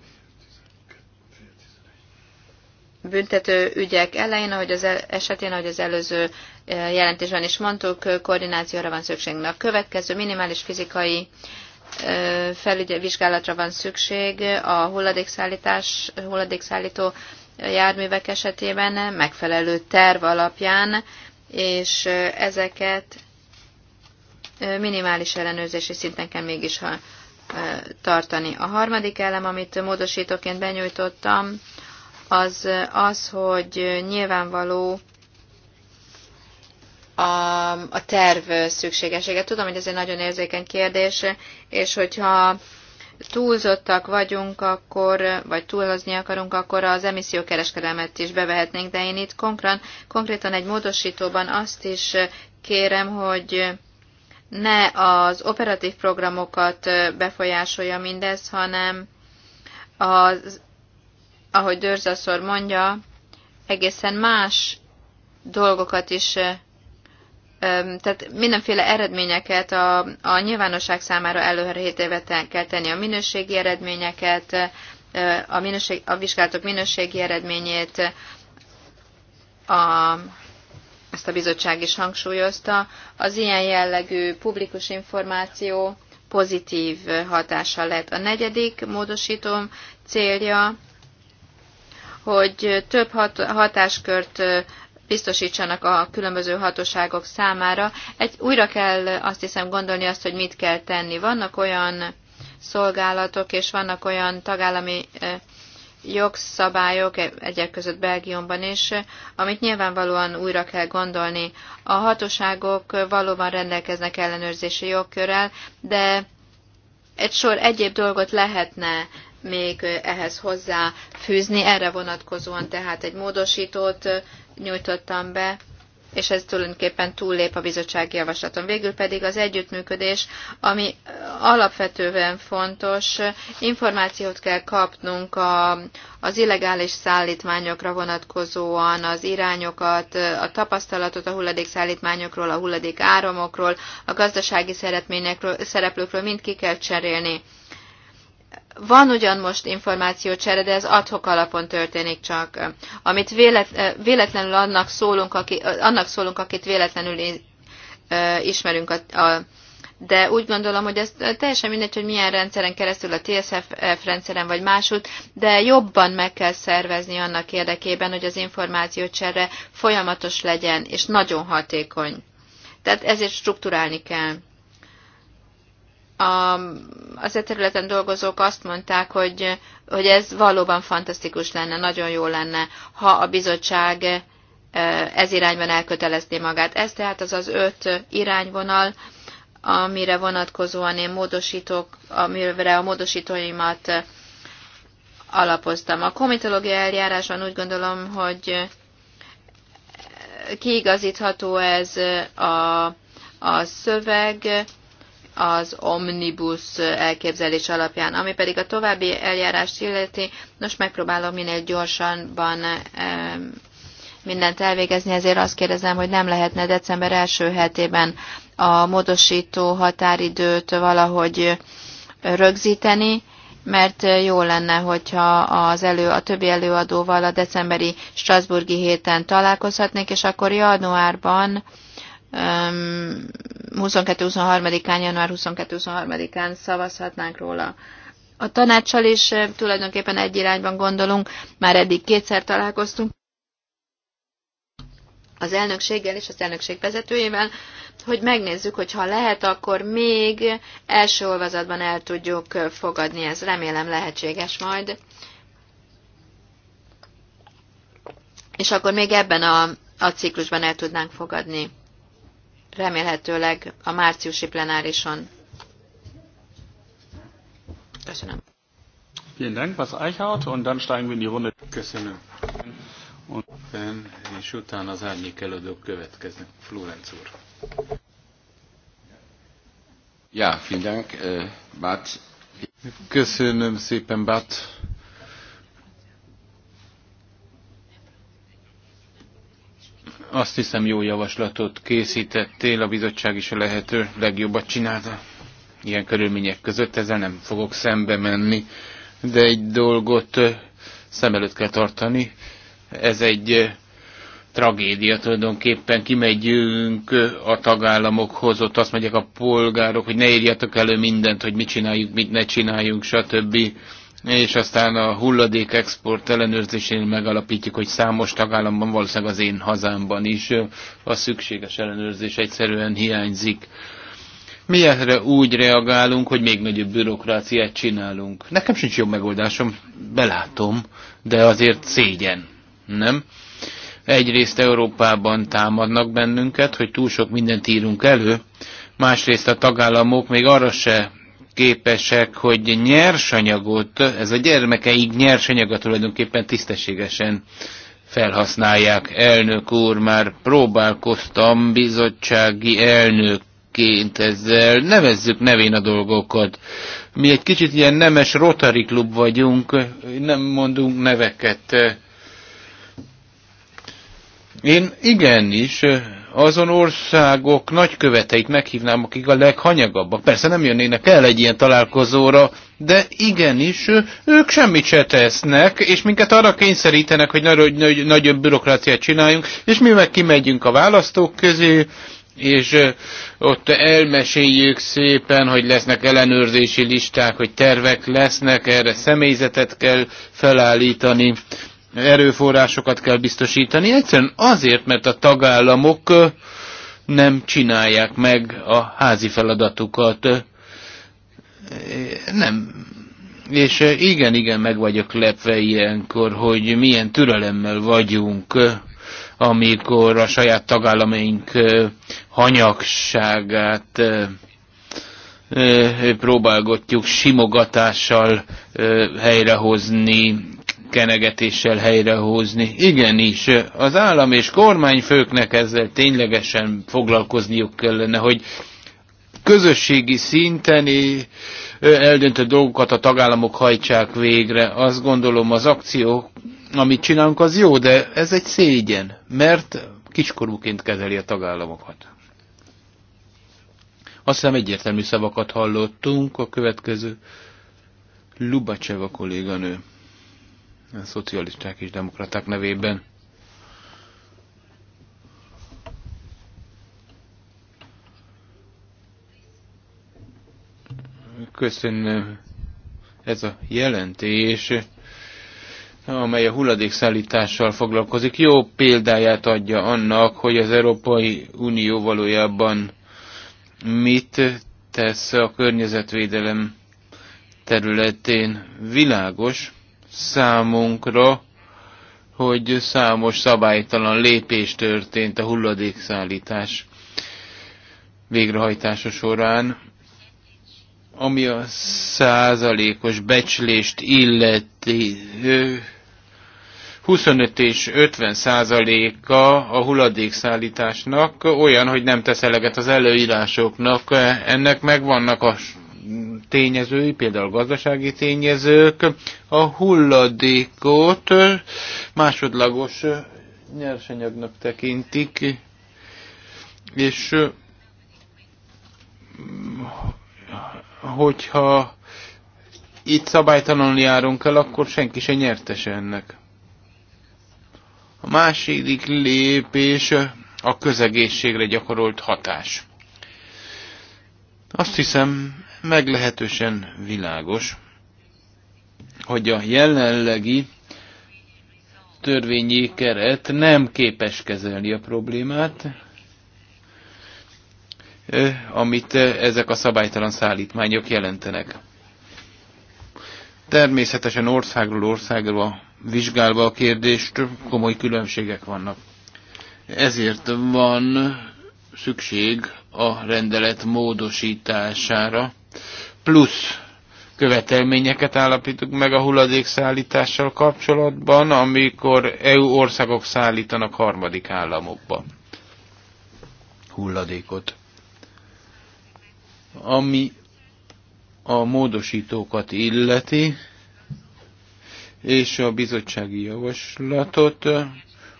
büntető ügyek elején, ahogy az esetén, ahogy az előző e, jelentésben is mondtuk, koordinációra van szükség. A következő minimális fizikai e, felügyvizsgálatra van szükség a hulladékszállítás, hulladékszállító járművek esetében megfelelő terv alapján, és ezeket minimális ellenőrzési szinten kell mégis tartani. A harmadik elem, amit módosítóként benyújtottam, az az, hogy nyilvánvaló a, a terv szükségessége. Tudom, hogy ez egy nagyon érzékeny kérdés, és hogyha túlzottak vagyunk, akkor, vagy túlozni akarunk, akkor az emissziókereskedelmet is bevehetnénk, de én itt konkrétan, konkrétan egy módosítóban azt is kérem, hogy ne az operatív programokat befolyásolja mindez, hanem az, ahogy Dörzaszor mondja, egészen más dolgokat is, tehát mindenféle eredményeket a, a nyilvánosság számára előre kell tenni, a minőségi eredményeket, a, minőség, a vizsgálatok minőségi eredményét, a ezt a bizottság is hangsúlyozta, az ilyen jellegű publikus információ pozitív hatása lett. A negyedik módosítom célja, hogy több hat hatáskört biztosítsanak a különböző hatóságok számára. Egy, újra kell azt hiszem gondolni azt, hogy mit kell tenni. Vannak olyan szolgálatok, és vannak olyan tagállami jogszabályok e- egyek között Belgiumban is, amit nyilvánvalóan újra kell gondolni. A hatóságok valóban rendelkeznek ellenőrzési jogkörrel, de egy sor egyéb dolgot lehetne még ehhez hozzáfűzni, erre vonatkozóan tehát egy módosítót nyújtottam be, és ez tulajdonképpen túllép a bizottsági javaslaton. Végül pedig az együttműködés, ami alapvetően fontos, információt kell kapnunk a, az illegális szállítmányokra vonatkozóan, az irányokat, a tapasztalatot a hulladék szállítmányokról, a hulladék áramokról, a gazdasági szereplőkről mind ki kell cserélni van ugyan most információcsere, de ez adhok alapon történik csak. Amit eh, véletlenül annak szólunk, aki, eh, annak szólunk akit véletlenül eh, ismerünk a, a de úgy gondolom, hogy ez teljesen mindegy, hogy milyen rendszeren keresztül, a TSF rendszeren vagy másút, de jobban meg kell szervezni annak érdekében, hogy az információcsere folyamatos legyen és nagyon hatékony. Tehát ezért struktúrálni kell a, az e területen dolgozók azt mondták, hogy, hogy ez valóban fantasztikus lenne, nagyon jó lenne, ha a bizottság e, ez irányban elkötelezné magát. Ez tehát az az öt irányvonal, amire vonatkozóan én módosítok, amire a módosítóimat alapoztam. A komitológia eljárásban úgy gondolom, hogy kiigazítható ez a, a szöveg, az omnibus elképzelés alapján. Ami pedig a további eljárást illeti, most megpróbálom minél gyorsanban mindent elvégezni, ezért azt kérdezem, hogy nem lehetne december első hetében a módosító határidőt valahogy rögzíteni, mert jó lenne, hogyha az elő, a többi előadóval a decemberi Strasburgi héten találkozhatnék, és akkor januárban 22-23-án, január 22-23-án szavazhatnánk róla. A tanácssal is eh, tulajdonképpen egy irányban gondolunk, már eddig kétszer találkoztunk az elnökséggel és az elnökség vezetőjével, hogy megnézzük, hogy ha lehet, akkor még első olvazatban el tudjuk eh, fogadni. Ez remélem lehetséges majd. És akkor még ebben a, a ciklusban el tudnánk fogadni remélhetőleg a márciusi plenárison. Köszönöm. Vielen Dank, Bas Eichhaut, und dann steigen wir in die Runde. Köszönöm. Und, és utána az árnyék előadók következnek. Florenc úr. Ja, vielen Dank, äh, Bát. Köszönöm szépen, Bát Azt hiszem, jó javaslatot készítettél, a bizottság is a lehető legjobbat csinálta. Ilyen körülmények között ezzel nem fogok szembe menni, de egy dolgot szem előtt kell tartani. Ez egy tragédia tulajdonképpen, kimegyünk a tagállamokhoz, ott azt mondják a polgárok, hogy ne írjatok elő mindent, hogy mit csináljuk, mit ne csináljunk, stb és aztán a hulladék export ellenőrzésén megalapítjuk, hogy számos tagállamban, valószínűleg az én hazámban is a szükséges ellenőrzés egyszerűen hiányzik. Mi erre úgy reagálunk, hogy még nagyobb bürokráciát csinálunk. Nekem sincs jobb megoldásom, belátom, de azért szégyen, nem? Egyrészt Európában támadnak bennünket, hogy túl sok mindent írunk elő, másrészt a tagállamok még arra se képesek, hogy nyersanyagot, ez a gyermekeik nyersanyagot tulajdonképpen tisztességesen felhasználják. Elnök úr, már próbálkoztam bizottsági elnökként ezzel, nevezzük nevén a dolgokat. Mi egy kicsit ilyen nemes Rotary klub vagyunk, nem mondunk neveket. Én igenis azon országok nagyköveteit meghívnám, akik a leghanyagabbak. Persze nem jönnének el egy ilyen találkozóra, de igenis, ők semmit se tesznek, és minket arra kényszerítenek, hogy nagy, nagy, nagyobb bürokráciát csináljunk, és mi meg kimegyünk a választók közé, és ott elmeséljük szépen, hogy lesznek ellenőrzési listák, hogy tervek lesznek, erre személyzetet kell felállítani, erőforrásokat kell biztosítani, egyszerűen azért, mert a tagállamok nem csinálják meg a házi feladatukat. Nem. És igen, igen, meg vagyok lepve ilyenkor, hogy milyen türelemmel vagyunk, amikor a saját tagállamaink hanyagságát próbálgatjuk simogatással helyrehozni, kenegetéssel helyrehozni. Igenis, az állam és kormányfőknek ezzel ténylegesen foglalkozniuk kellene, hogy közösségi szinten eh, eldöntött dolgokat a tagállamok hajtsák végre. Azt gondolom az akció, amit csinálunk, az jó, de ez egy szégyen, mert kiskorúként kezeli a tagállamokat. Azt hiszem egyértelmű szavakat hallottunk, a következő Lubacseva kolléganő a szocialisták és demokraták nevében. Köszönöm ez a jelentés, amely a hulladékszállítással foglalkozik, jó példáját adja annak, hogy az Európai Unió valójában mit tesz a környezetvédelem területén. Világos, számunkra, hogy számos szabálytalan lépés történt a hulladékszállítás végrehajtása során, ami a százalékos becslést illeti. 25 és 50 százaléka a hulladékszállításnak olyan, hogy nem tesz eleget az előírásoknak. Ennek vannak a tényezői, például gazdasági tényezők, a hulladékot másodlagos nyersanyagnak tekintik, és mm, hogyha itt szabálytalanul járunk el, akkor senki se nyertes ennek. A második lépés a közegészségre gyakorolt hatás. Azt hiszem, meglehetősen világos, hogy a jelenlegi törvényi keret nem képes kezelni a problémát, amit ezek a szabálytalan szállítmányok jelentenek. Természetesen országról országra vizsgálva a kérdést, komoly különbségek vannak. Ezért van szükség a rendelet módosítására, plusz követelményeket állapítunk meg a hulladékszállítással kapcsolatban, amikor EU országok szállítanak harmadik államokba hulladékot. Ami a módosítókat illeti, és a bizottsági javaslatot,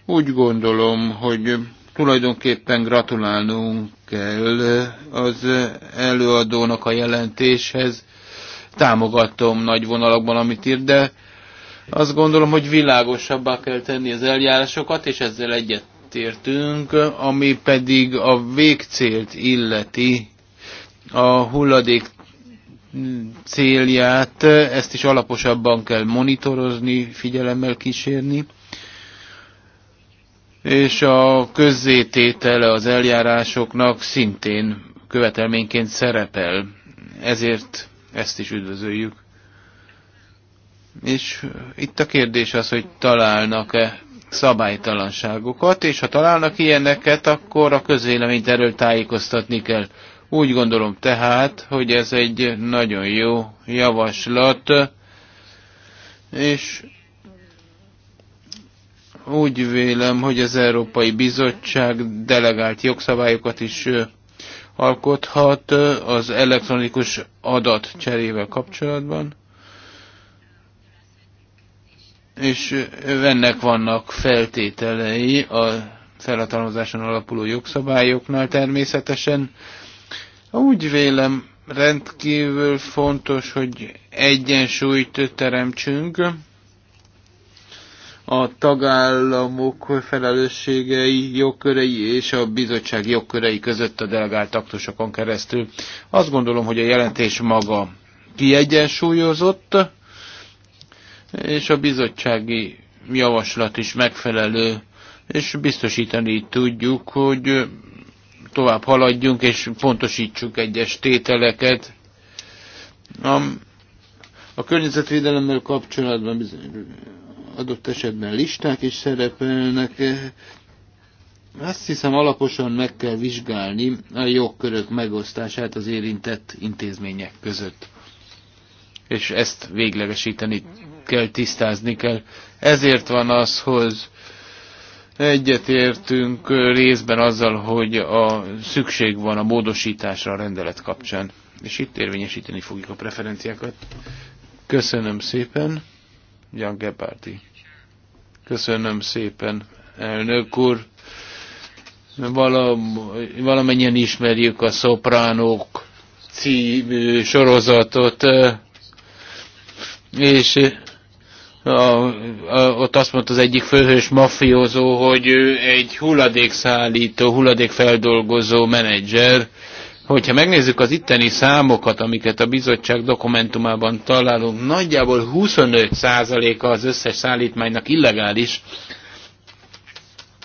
úgy gondolom, hogy tulajdonképpen gratulálnunk kell eh, az előadónak a jelentéshez. Támogatom nagy vonalakban, amit ír, de azt gondolom, hogy világosabbá kell tenni az eljárásokat, és ezzel egyetértünk, ami pedig a végcélt illeti a hulladék célját, eh, ezt is alaposabban kell monitorozni, figyelemmel kísérni és a közzététele az eljárásoknak szintén követelményként szerepel. Ezért ezt is üdvözöljük. És itt a kérdés az, hogy találnak-e szabálytalanságokat, és ha találnak ilyeneket, akkor a közvéleményt erről tájékoztatni kell. Úgy gondolom tehát, hogy ez egy nagyon jó javaslat, és úgy vélem, hogy az Európai Bizottság delegált jogszabályokat is alkothat az elektronikus adat cserével kapcsolatban. És ennek vannak feltételei a felhatalmazáson alapuló jogszabályoknál természetesen. Úgy vélem, rendkívül fontos, hogy egyensúlyt teremtsünk a tagállamok felelősségei, jogkörei és a bizottság jogkörei között a delegált aktusokon keresztül. Azt gondolom, hogy a jelentés maga kiegyensúlyozott, és a bizottsági javaslat is megfelelő, és biztosítani tudjuk, hogy tovább haladjunk és pontosítsuk egyes tételeket. A, a környezetvédelemmel kapcsolatban bizony, adott esetben listák is szerepelnek. Azt hiszem alaposan meg kell vizsgálni a jogkörök megosztását az érintett intézmények között. És ezt véglegesíteni kell, tisztázni kell. Ezért van az, hogy egyetértünk részben azzal, hogy a szükség van a módosításra a rendelet kapcsán. És itt érvényesíteni fogjuk a preferenciákat. Köszönöm szépen! Jan Gebárdi. Köszönöm szépen, elnök úr. valamennyien ismerjük a Szopránok című sorozatot, és a, a, ott azt mondta az egyik főhős mafiózó, hogy ő egy hulladékszállító, hulladékfeldolgozó menedzser, Hogyha megnézzük az itteni számokat, amiket a bizottság dokumentumában találunk, nagyjából 25%-a az összes szállítmánynak illegális,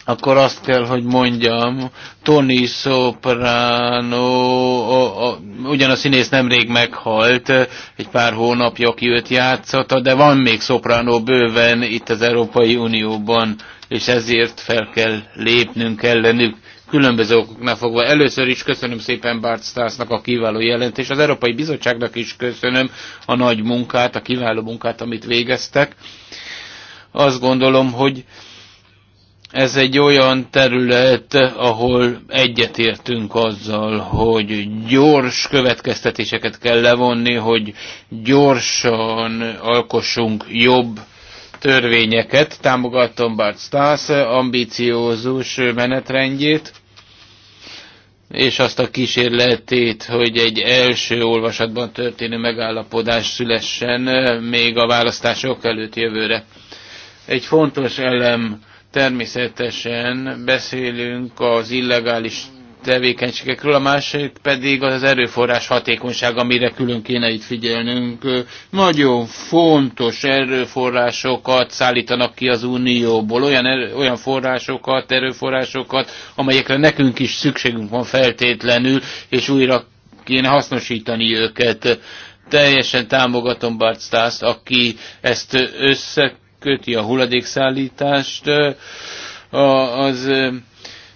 akkor azt kell, hogy mondjam, Tony Soprano, a, a, ugyan a színész nemrég meghalt, egy pár hónapja, ki őt játszotta, de van még Soprano bőven itt az Európai Unióban, és ezért fel kell lépnünk ellenük különböző okoknál fogva. Először is köszönöm szépen Bart Starsnak a kiváló jelentés, az Európai Bizottságnak is köszönöm a nagy munkát, a kiváló munkát, amit végeztek. Azt gondolom, hogy ez egy olyan terület, ahol egyetértünk azzal, hogy gyors következtetéseket kell levonni, hogy gyorsan alkossunk jobb törvényeket. Támogatom Bart Stász ambíciózus menetrendjét, és azt a kísérletét, hogy egy első olvasatban történő megállapodás szülessen eh, még a választások előtt jövőre. Egy fontos elem természetesen beszélünk az illegális tevékenységekről, a másik pedig az erőforrás hatékonyság, amire külön kéne itt figyelnünk. Nagyon fontos erőforrásokat szállítanak ki az Unióból, olyan, erő, olyan forrásokat, erőforrásokat, amelyekre nekünk is szükségünk van feltétlenül, és újra kéne hasznosítani őket. Teljesen támogatom Bart Stász, aki ezt összeköti a hulladékszállítást, az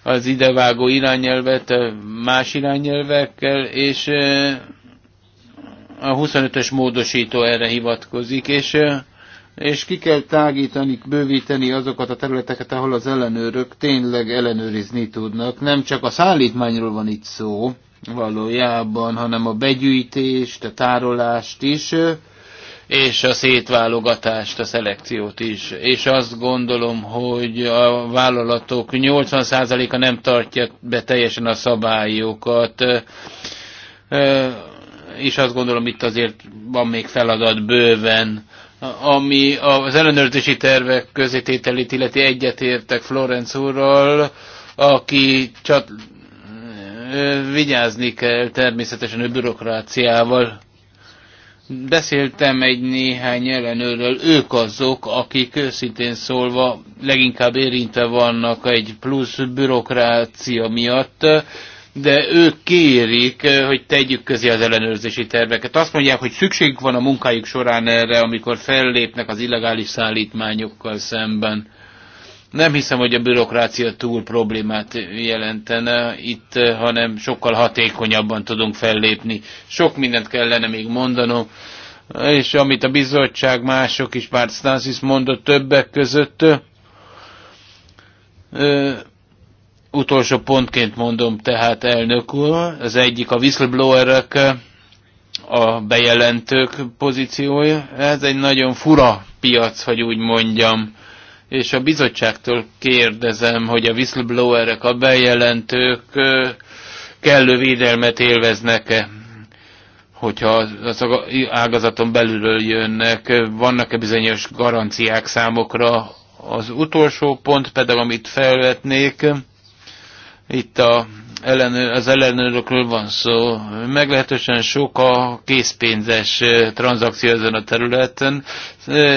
az idevágó irányelvet más irányelvekkel, és a 25-ös módosító erre hivatkozik, és, és ki kell tágítani, bővíteni azokat a területeket, ahol az ellenőrök tényleg ellenőrizni tudnak. Nem csak a szállítmányról van itt szó valójában, hanem a begyűjtést, a tárolást is és a szétválogatást, a szelekciót is. És azt gondolom, hogy a vállalatok 80%-a nem tartja be teljesen a szabályokat, és azt gondolom, itt azért van még feladat bőven. Ami az ellenőrzési tervek közétételét illeti egyetértek Florence úrral, aki csat... vigyázni kell természetesen a bürokráciával, Beszéltem egy néhány ellenőről, ők azok, akik őszintén szólva leginkább érintve vannak egy plusz bürokrácia miatt, de ők kérik, hogy tegyük közé az ellenőrzési terveket. Azt mondják, hogy szükség van a munkájuk során erre, amikor fellépnek az illegális szállítmányokkal szemben. Nem hiszem, hogy a bürokrácia túl problémát jelentene itt, hanem sokkal hatékonyabban tudunk fellépni. Sok mindent kellene még mondanom, és amit a bizottság, mások is, már Stasis mondott többek között, ö, utolsó pontként mondom tehát elnök úr, az egyik a whistleblowerek, a bejelentők pozíciója. Ez egy nagyon fura piac, hogy úgy mondjam és a bizottságtól kérdezem, hogy a whistleblowerek, a bejelentők kellő védelmet élveznek-e, hogyha az ágazaton belülről jönnek, vannak-e bizonyos garanciák számokra. Az utolsó pont pedig, amit felvetnék, itt a az ellenőrökről van szó. Meglehetősen sok a készpénzes tranzakció ezen a területen.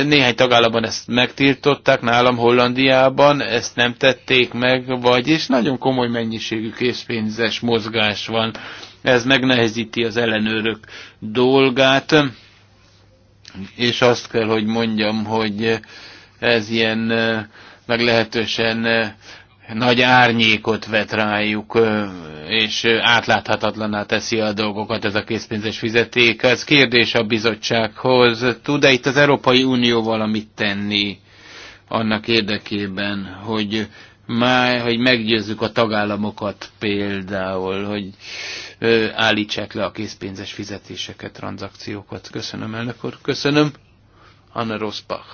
Néhány tagállamban ezt megtiltották, nálam Hollandiában ezt nem tették meg, vagyis nagyon komoly mennyiségű készpénzes mozgás van. Ez megnehezíti az ellenőrök dolgát, és azt kell, hogy mondjam, hogy ez ilyen meglehetősen nagy árnyékot vet rájuk, és átláthatatlaná teszi a dolgokat ez a készpénzes fizeték. Ez kérdés a bizottsághoz. Tud-e itt az Európai Unió valamit tenni annak érdekében, hogy, már, hogy meggyőzzük a tagállamokat például, hogy állítsák le a készpénzes fizetéseket, tranzakciókat. Köszönöm, elnök úr. Köszönöm. Anna Rosbach.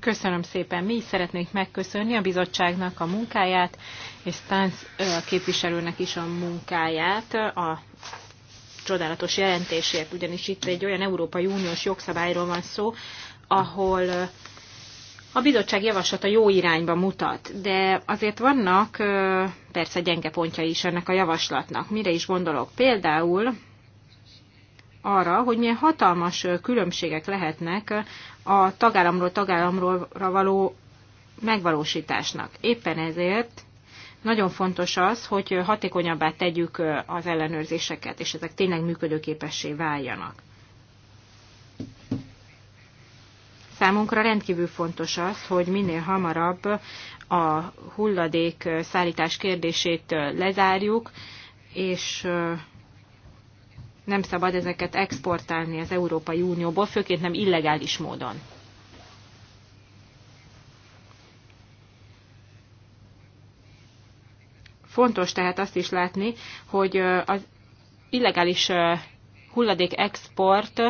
Köszönöm szépen. Mi is szeretnénk megköszönni a bizottságnak a munkáját, és Stánc képviselőnek is a munkáját a csodálatos jelentésért, ugyanis itt egy olyan Európai Uniós jogszabályról van szó, ahol a bizottság javaslata jó irányba mutat, de azért vannak persze gyenge pontja is ennek a javaslatnak. Mire is gondolok? Például arra, hogy milyen hatalmas különbségek lehetnek a tagállamról tagállamról való megvalósításnak. Éppen ezért nagyon fontos az, hogy hatékonyabbá tegyük az ellenőrzéseket, és ezek tényleg működőképessé váljanak. Számunkra rendkívül fontos az, hogy minél hamarabb a hulladék szállítás kérdését lezárjuk, és nem szabad ezeket exportálni az Európai Unióból, főként nem illegális módon. Fontos tehát azt is látni, hogy az illegális hulladék export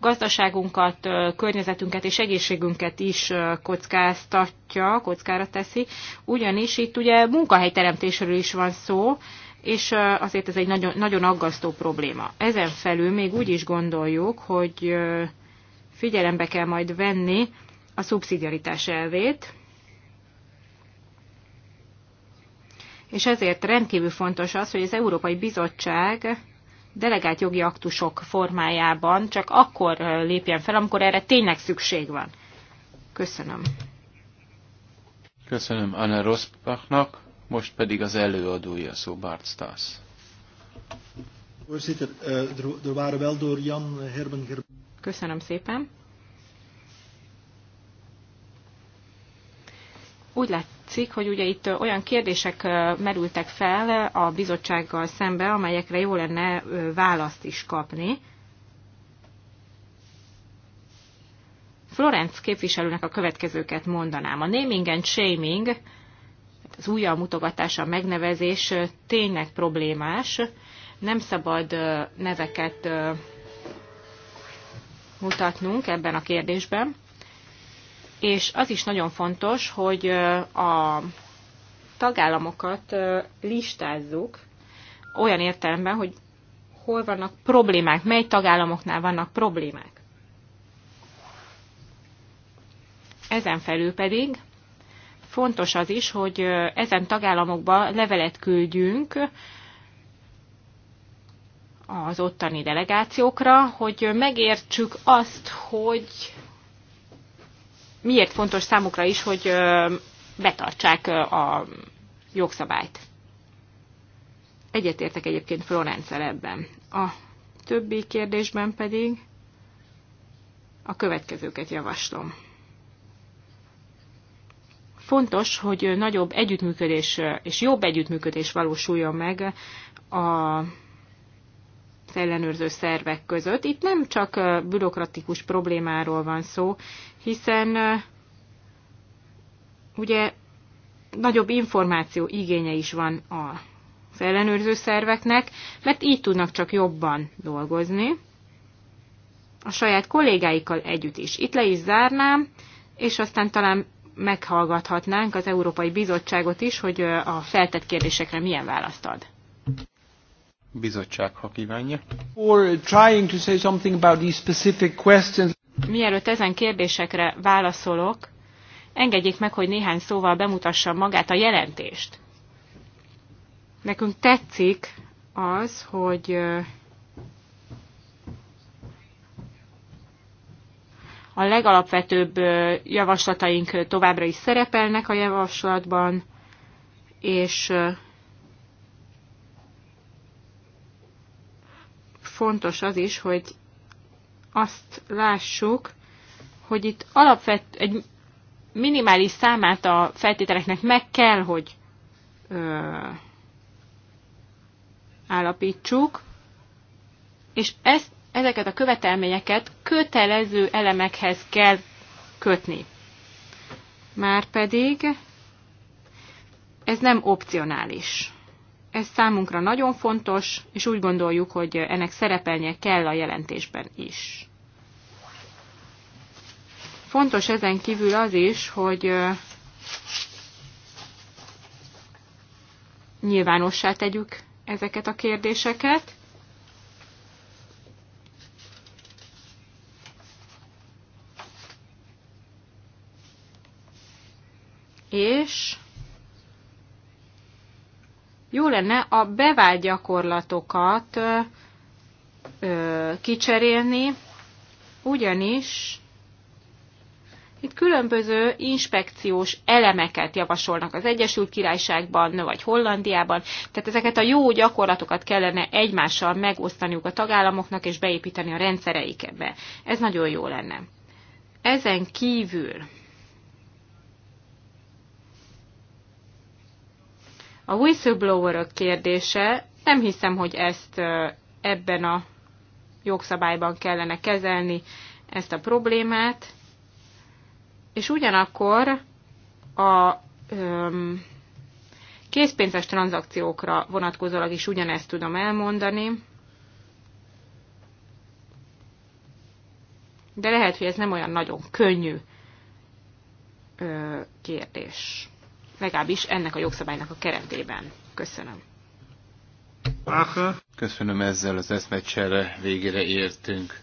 gazdaságunkat, környezetünket és egészségünket is kockáztatja, kockára teszi, ugyanis itt ugye munkahelyteremtésről is van szó, és azért ez egy nagyon, nagyon aggasztó probléma. Ezen felül még úgy is gondoljuk, hogy figyelembe kell majd venni a szubszidiaritás elvét, és ezért rendkívül fontos az, hogy az Európai Bizottság delegált jogi aktusok formájában csak akkor lépjen fel, amikor erre tényleg szükség van. Köszönöm. Köszönöm Anna Rosbachnak. Most pedig az előadója szó Bart Stas. Eh, er er Köszönöm szépen. Úgy látszik, hogy ugye itt eh, olyan kérdések eh, merültek fel a bizottsággal szembe, amelyekre jó lenne választ is kapni. Florence képviselőnek a következőket mondanám. A naming and shaming az újra mutogatása, a megnevezés tényleg problémás. Nem szabad neveket mutatnunk ebben a kérdésben. És az is nagyon fontos, hogy a tagállamokat listázzuk olyan értelemben, hogy hol vannak problémák, mely tagállamoknál vannak problémák. Ezen felül pedig fontos az is, hogy ezen tagállamokba levelet küldjünk az ottani delegációkra, hogy megértsük azt, hogy miért fontos számukra is, hogy betartsák a jogszabályt. Egyetértek egyébként florence ebben. A többi kérdésben pedig a következőket javaslom. Fontos, hogy nagyobb együttműködés és jobb együttműködés valósuljon meg a ellenőrző szervek között. Itt nem csak bürokratikus problémáról van szó, hiszen ugye nagyobb információ igénye is van a ellenőrző szerveknek, mert így tudnak csak jobban dolgozni a saját kollégáikkal együtt is. Itt le is zárnám, és aztán talán meghallgathatnánk az Európai Bizottságot is, hogy a feltett kérdésekre milyen választ ad. Bizottság, ha kívánja. Or trying to say something about these specific questions. Mielőtt ezen kérdésekre válaszolok, engedjék meg, hogy néhány szóval bemutassam magát a jelentést. Nekünk tetszik az, hogy A legalapvetőbb javaslataink továbbra is szerepelnek a javaslatban, és fontos az is, hogy azt lássuk, hogy itt alapvető, egy minimális számát a feltételeknek meg kell, hogy ö, állapítsuk, és ezt ezeket a követelményeket kötelező elemekhez kell kötni. Márpedig ez nem opcionális. Ez számunkra nagyon fontos, és úgy gondoljuk, hogy ennek szerepelnie kell a jelentésben is. Fontos ezen kívül az is, hogy nyilvánossá tegyük ezeket a kérdéseket, és jó lenne a bevált gyakorlatokat kicserélni, ugyanis itt különböző inspekciós elemeket javasolnak az Egyesült Királyságban vagy Hollandiában, tehát ezeket a jó gyakorlatokat kellene egymással megosztaniuk a tagállamoknak és beépíteni a rendszereikbe. Ez nagyon jó lenne. Ezen kívül A whistleblower kérdése, nem hiszem, hogy ezt ebben a jogszabályban kellene kezelni ezt a problémát, és ugyanakkor a öm, készpénzes tranzakciókra vonatkozólag is ugyanezt tudom elmondani, de lehet, hogy ez nem olyan nagyon könnyű ö, kérdés legalábbis ennek a jogszabálynak a keretében. Köszönöm. Köszönöm ezzel az eszmecsere végére értünk.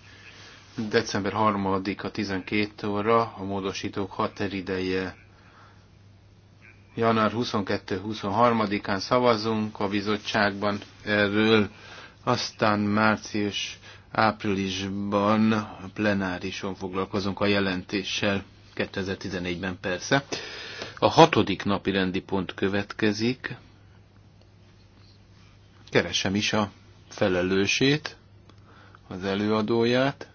December 3-a 12 óra a módosítók határideje. Január 22-23-án szavazunk a bizottságban erről, aztán március áprilisban a plenárison foglalkozunk a jelentéssel. 2014-ben persze. A hatodik napi rendi pont következik. Keresem is a felelősét, az előadóját.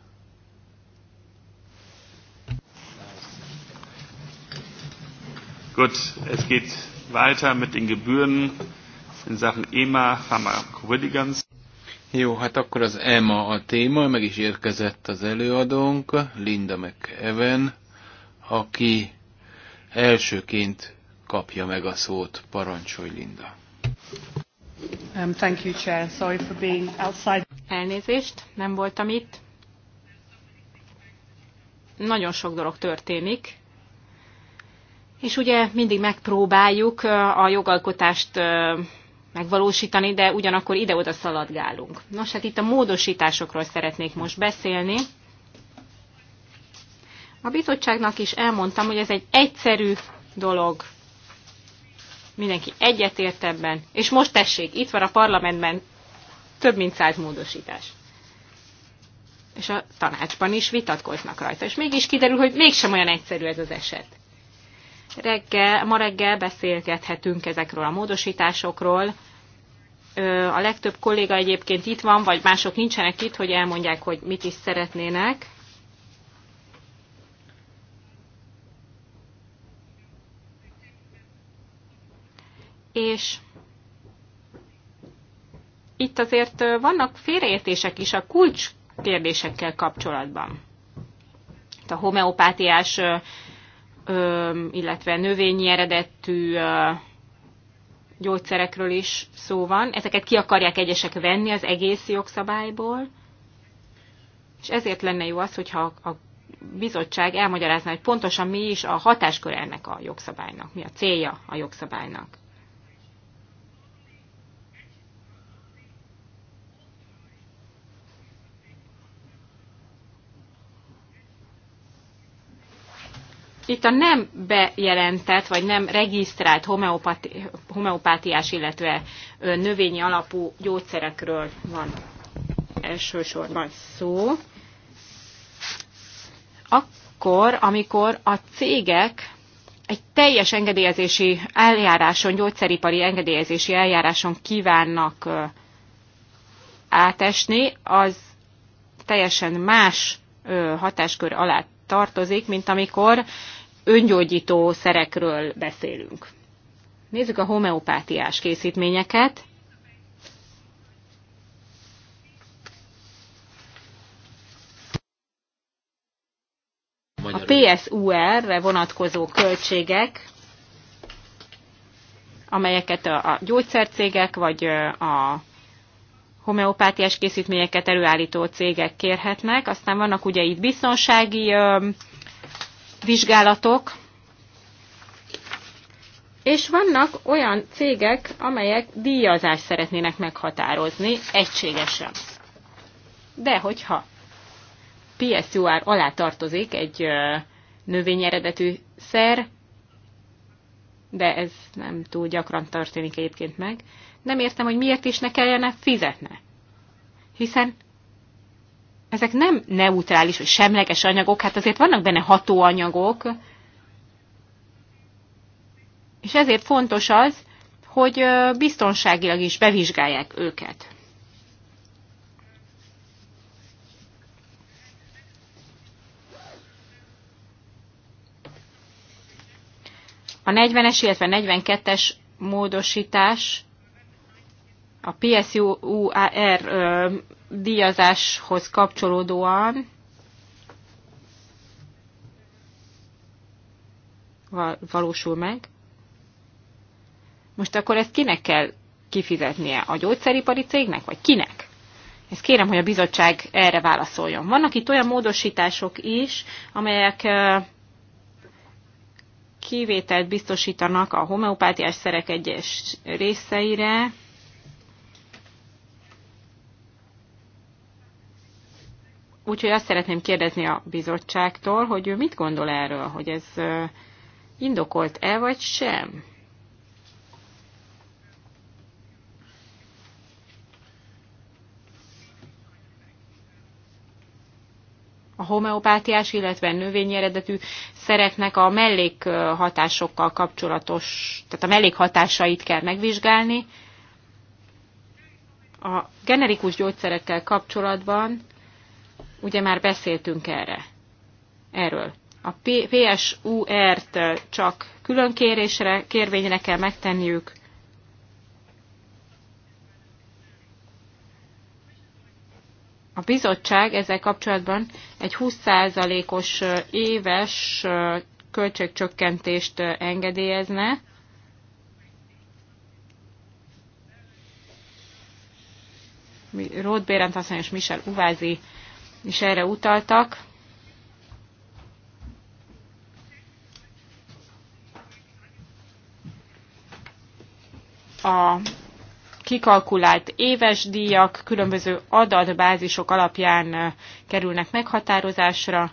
Gut, es geht weiter mit den Gebühren in Sachen EMA Pharmacovigilance. Jó, hát akkor az EMA a téma, meg is érkezett az előadónk, Linda McEwen aki elsőként kapja meg a szót. Parancsolj, Linda. Um, thank you, Chair. Sorry for being outside. Elnézést, nem voltam itt. Nagyon sok dolog történik, és ugye mindig megpróbáljuk a jogalkotást megvalósítani, de ugyanakkor ide-oda szaladgálunk. Nos, hát itt a módosításokról szeretnék most beszélni. A bizottságnak is elmondtam, hogy ez egy egyszerű dolog. Mindenki egyetért ebben. És most tessék, itt van a parlamentben több mint száz módosítás. És a tanácsban is vitatkoznak rajta. És mégis kiderül, hogy mégsem olyan egyszerű ez az eset. Reggel, ma reggel beszélgethetünk ezekről a módosításokról. A legtöbb kolléga egyébként itt van, vagy mások nincsenek itt, hogy elmondják, hogy mit is szeretnének. és itt azért vannak félreértések is a kulcs kérdésekkel kapcsolatban. Itt a homeopátiás, illetve növényi eredetű gyógyszerekről is szó van. Ezeket ki akarják egyesek venni az egész jogszabályból, és ezért lenne jó az, hogyha a bizottság elmagyarázná, hogy pontosan mi is a hatáskör ennek a jogszabálynak, mi a célja a jogszabálynak. itt a nem bejelentett, vagy nem regisztrált homeopati, homeopátiás, illetve növényi alapú gyógyszerekről van elsősorban szó. Akkor, amikor a cégek egy teljes engedélyezési eljáráson, gyógyszeripari engedélyezési eljáráson kívánnak átesni, az teljesen más hatáskör alá tartozik, mint amikor öngyógyító szerekről beszélünk. Nézzük a homeopátiás készítményeket. A PSUR-re vonatkozó költségek, amelyeket a gyógyszercégek vagy a homeopátiás készítményeket előállító cégek kérhetnek. Aztán vannak ugye itt biztonsági vizsgálatok, és vannak olyan cégek, amelyek díjazást szeretnének meghatározni egységesen. De hogyha PSUR alá tartozik egy növényeredetű szer, de ez nem túl gyakran történik egyébként meg, nem értem, hogy miért is ne kellene fizetne. Hiszen ezek nem neutrális vagy semleges anyagok, hát azért vannak benne hatóanyagok, és ezért fontos az, hogy biztonságilag is bevizsgálják őket. A 40-es, illetve 42-es módosítás a PSUAR díjazáshoz kapcsolódóan valósul meg. Most akkor ezt kinek kell kifizetnie? A gyógyszeripari cégnek, vagy kinek? Ezt kérem, hogy a bizottság erre válaszoljon. Vannak itt olyan módosítások is, amelyek kivételt biztosítanak a homeopátiás szerek egyes részeire, Úgyhogy azt szeretném kérdezni a bizottságtól, hogy ő mit gondol erről, hogy ez indokolt-e vagy sem? a homeopátiás, illetve növényi eredetű szereknek a mellékhatásokkal kapcsolatos, tehát a mellékhatásait kell megvizsgálni. A generikus gyógyszerekkel kapcsolatban Ugye már beszéltünk erre, erről. A PSUR-t csak külön kérésre, kérvényre kell megtenniük. A bizottság ezzel kapcsolatban egy 20%-os éves költségcsökkentést engedélyezne, Rót Bérent asszony és Michel Uvázi és erre utaltak. A kikalkulált éves díjak különböző adatbázisok alapján kerülnek meghatározásra.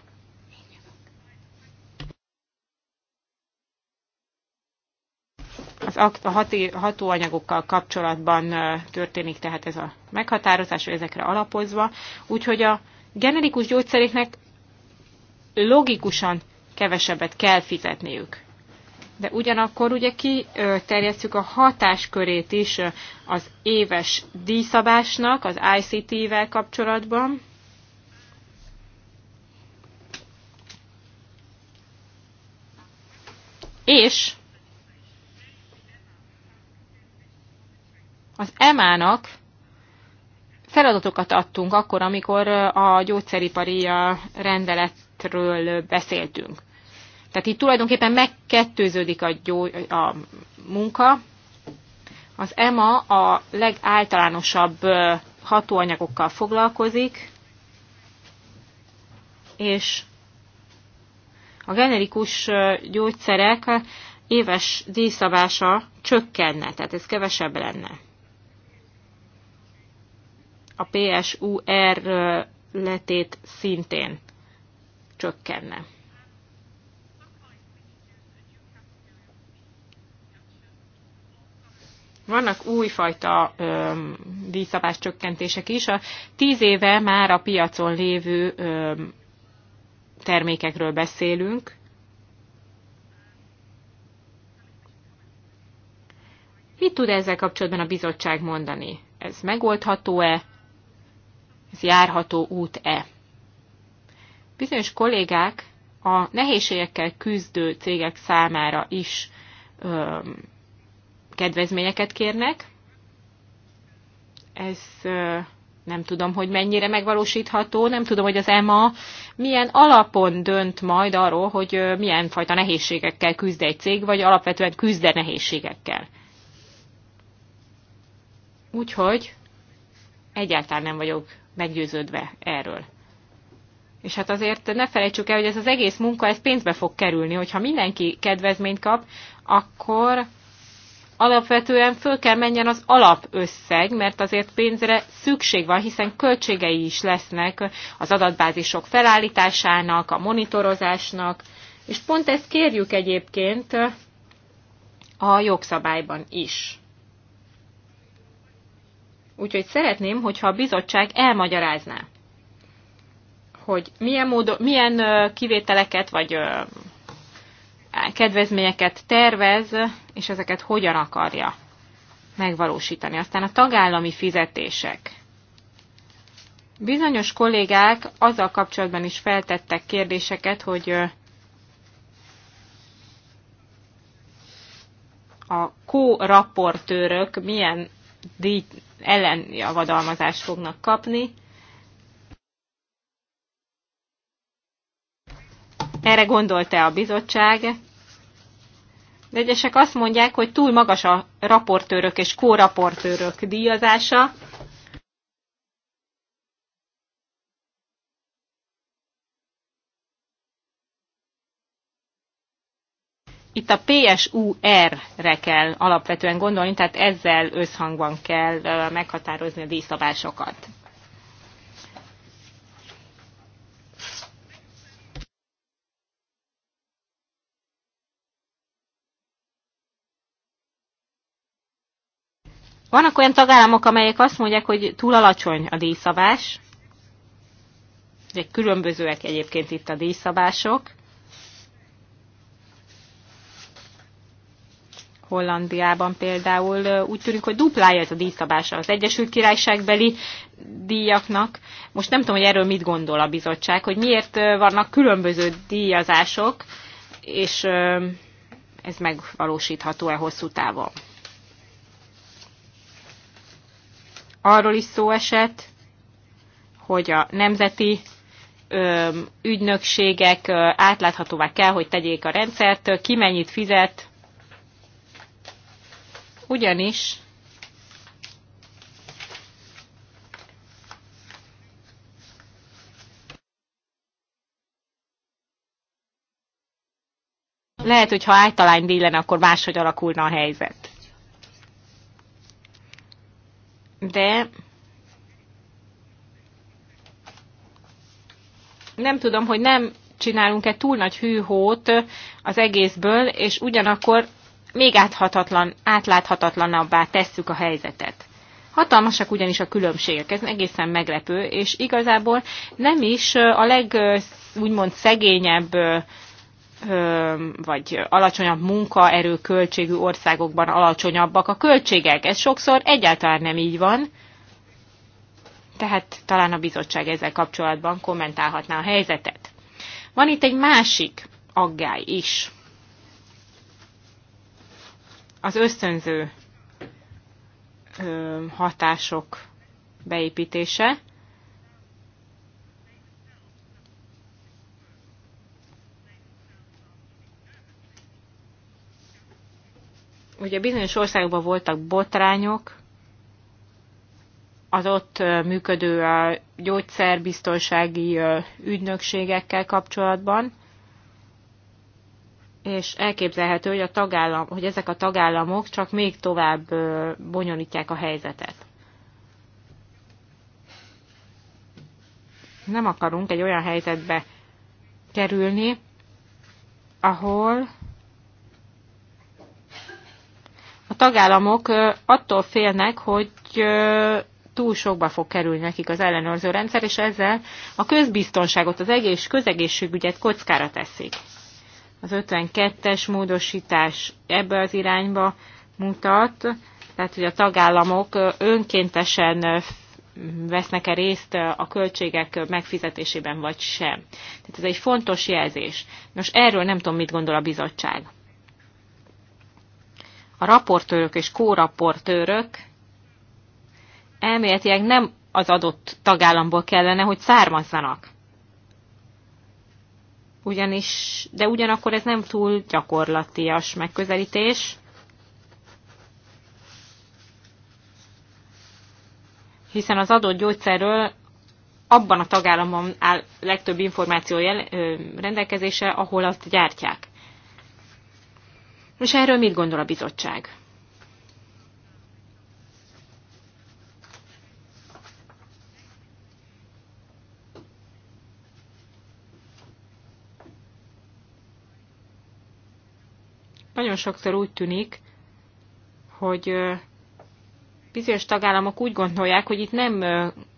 Az a hatóanyagokkal kapcsolatban történik tehát ez a meghatározás, ezekre alapozva. Úgyhogy a generikus gyógyszeréknek logikusan kevesebbet kell fizetniük. De ugyanakkor ugye kiterjesztjük a hatáskörét is az éves díjszabásnak, az ICT-vel kapcsolatban. És az EMA-nak feladatokat adtunk akkor, amikor a gyógyszeripari rendeletről beszéltünk. Tehát itt tulajdonképpen megkettőződik a, gyó, a munka. Az EMA a legáltalánosabb hatóanyagokkal foglalkozik, és a generikus gyógyszerek éves díjszabása csökkenne, tehát ez kevesebb lenne a PSUR letét szintén csökkenne. Vannak újfajta ö, díjszabás csökkentések is. A tíz éve már a piacon lévő ö, termékekről beszélünk. Mit tud ezzel kapcsolatban a bizottság mondani? Ez megoldható-e? ez járható út-e. Bizonyos kollégák a nehézségekkel küzdő cégek számára is ö, kedvezményeket kérnek. Ez ö, nem tudom, hogy mennyire megvalósítható, nem tudom, hogy az EMA milyen alapon dönt majd arról, hogy milyen fajta nehézségekkel küzd egy cég, vagy alapvetően küzde nehézségekkel. Úgyhogy egyáltalán nem vagyok meggyőződve erről. És hát azért ne felejtsük el, hogy ez az egész munka, ez pénzbe fog kerülni. Hogyha mindenki kedvezményt kap, akkor alapvetően föl kell menjen az alapösszeg, mert azért pénzre szükség van, hiszen költségei is lesznek az adatbázisok felállításának, a monitorozásnak, és pont ezt kérjük egyébként a jogszabályban is. Úgyhogy szeretném, hogyha a bizottság elmagyarázná, hogy milyen, módon, milyen kivételeket vagy kedvezményeket tervez, és ezeket hogyan akarja megvalósítani. Aztán a tagállami fizetések. Bizonyos kollégák azzal kapcsolatban is feltettek kérdéseket, hogy a kó milyen díj, ellenjavadalmazást fognak kapni. Erre gondolta a bizottság? De egyesek azt mondják, hogy túl magas a raportőrök és kóraportőrök díjazása, itt a PSUR-re kell alapvetően gondolni, tehát ezzel összhangban kell meghatározni a díjszabásokat. Vannak olyan tagállamok, amelyek azt mondják, hogy túl alacsony a díjszabás, különbözőek egyébként itt a díjszabások, Hollandiában például úgy tűnik, hogy duplája ez a díjszabása az Egyesült Királyságbeli díjaknak. Most nem tudom, hogy erről mit gondol a bizottság, hogy miért vannak különböző díjazások, és ez megvalósítható-e hosszú távon. Arról is szó esett, hogy a nemzeti ügynökségek átláthatóvá kell, hogy tegyék a rendszert, ki mennyit fizet, ugyanis lehet, hogy ha általány lenne, akkor máshogy alakulna a helyzet. De nem tudom, hogy nem csinálunk-e túl nagy hűhót az egészből, és ugyanakkor még áthatatlan, átláthatatlanabbá tesszük a helyzetet. Hatalmasak ugyanis a különbségek, ez egészen meglepő, és igazából nem is a leg úgymond szegényebb vagy alacsonyabb munkaerő költségű országokban alacsonyabbak a költségek. Ez sokszor egyáltalán nem így van. Tehát talán a bizottság ezzel kapcsolatban kommentálhatná a helyzetet. Van itt egy másik aggály is az ösztönző hatások beépítése. Ugye bizonyos országokban voltak botrányok, az ott működő gyógyszerbiztonsági ügynökségekkel kapcsolatban, és elképzelhető, hogy, a tagállam, hogy ezek a tagállamok csak még tovább bonyolítják a helyzetet. Nem akarunk egy olyan helyzetbe kerülni, ahol a tagállamok attól félnek, hogy túl sokba fog kerülni nekik az ellenőrző rendszer, és ezzel a közbiztonságot, az egész közegészségügyet kockára teszik az 52-es módosítás ebbe az irányba mutat, tehát hogy a tagállamok önkéntesen vesznek-e részt a költségek megfizetésében, vagy sem. Tehát ez egy fontos jelzés. Nos, erről nem tudom, mit gondol a bizottság. A raportőrök és kóraportőrök elméletileg nem az adott tagállamból kellene, hogy származzanak ugyanis, de ugyanakkor ez nem túl gyakorlatias megközelítés, hiszen az adott gyógyszerről abban a tagállamban áll legtöbb információ jel, ö, rendelkezése, ahol azt gyártják. És erről mit gondol a bizottság? nagyon sokszor úgy tűnik, hogy bizonyos tagállamok úgy gondolják, hogy itt nem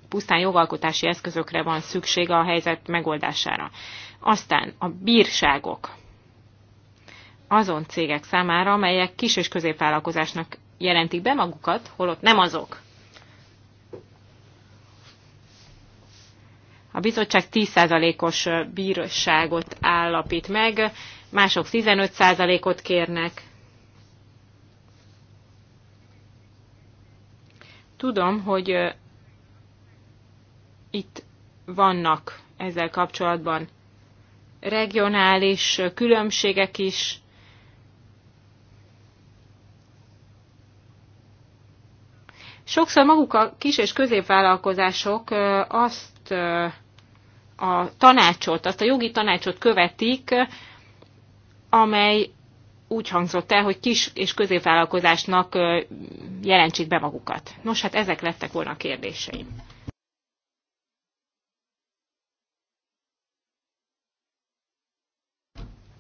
pusztán jogalkotási eszközökre van szüksége a helyzet megoldására. Aztán a bírságok azon cégek számára, amelyek kis- és középvállalkozásnak jelentik be magukat, holott nem azok. A bizottság 10%-os bírságot állapít meg, mások 15%-ot kérnek. Tudom, hogy itt vannak ezzel kapcsolatban regionális különbségek is, Sokszor maguk a kis és középvállalkozások azt a tanácsot, azt a jogi tanácsot követik, amely úgy hangzott el, hogy kis és középvállalkozásnak jelentsék be magukat. Nos, hát ezek lettek volna a kérdéseim.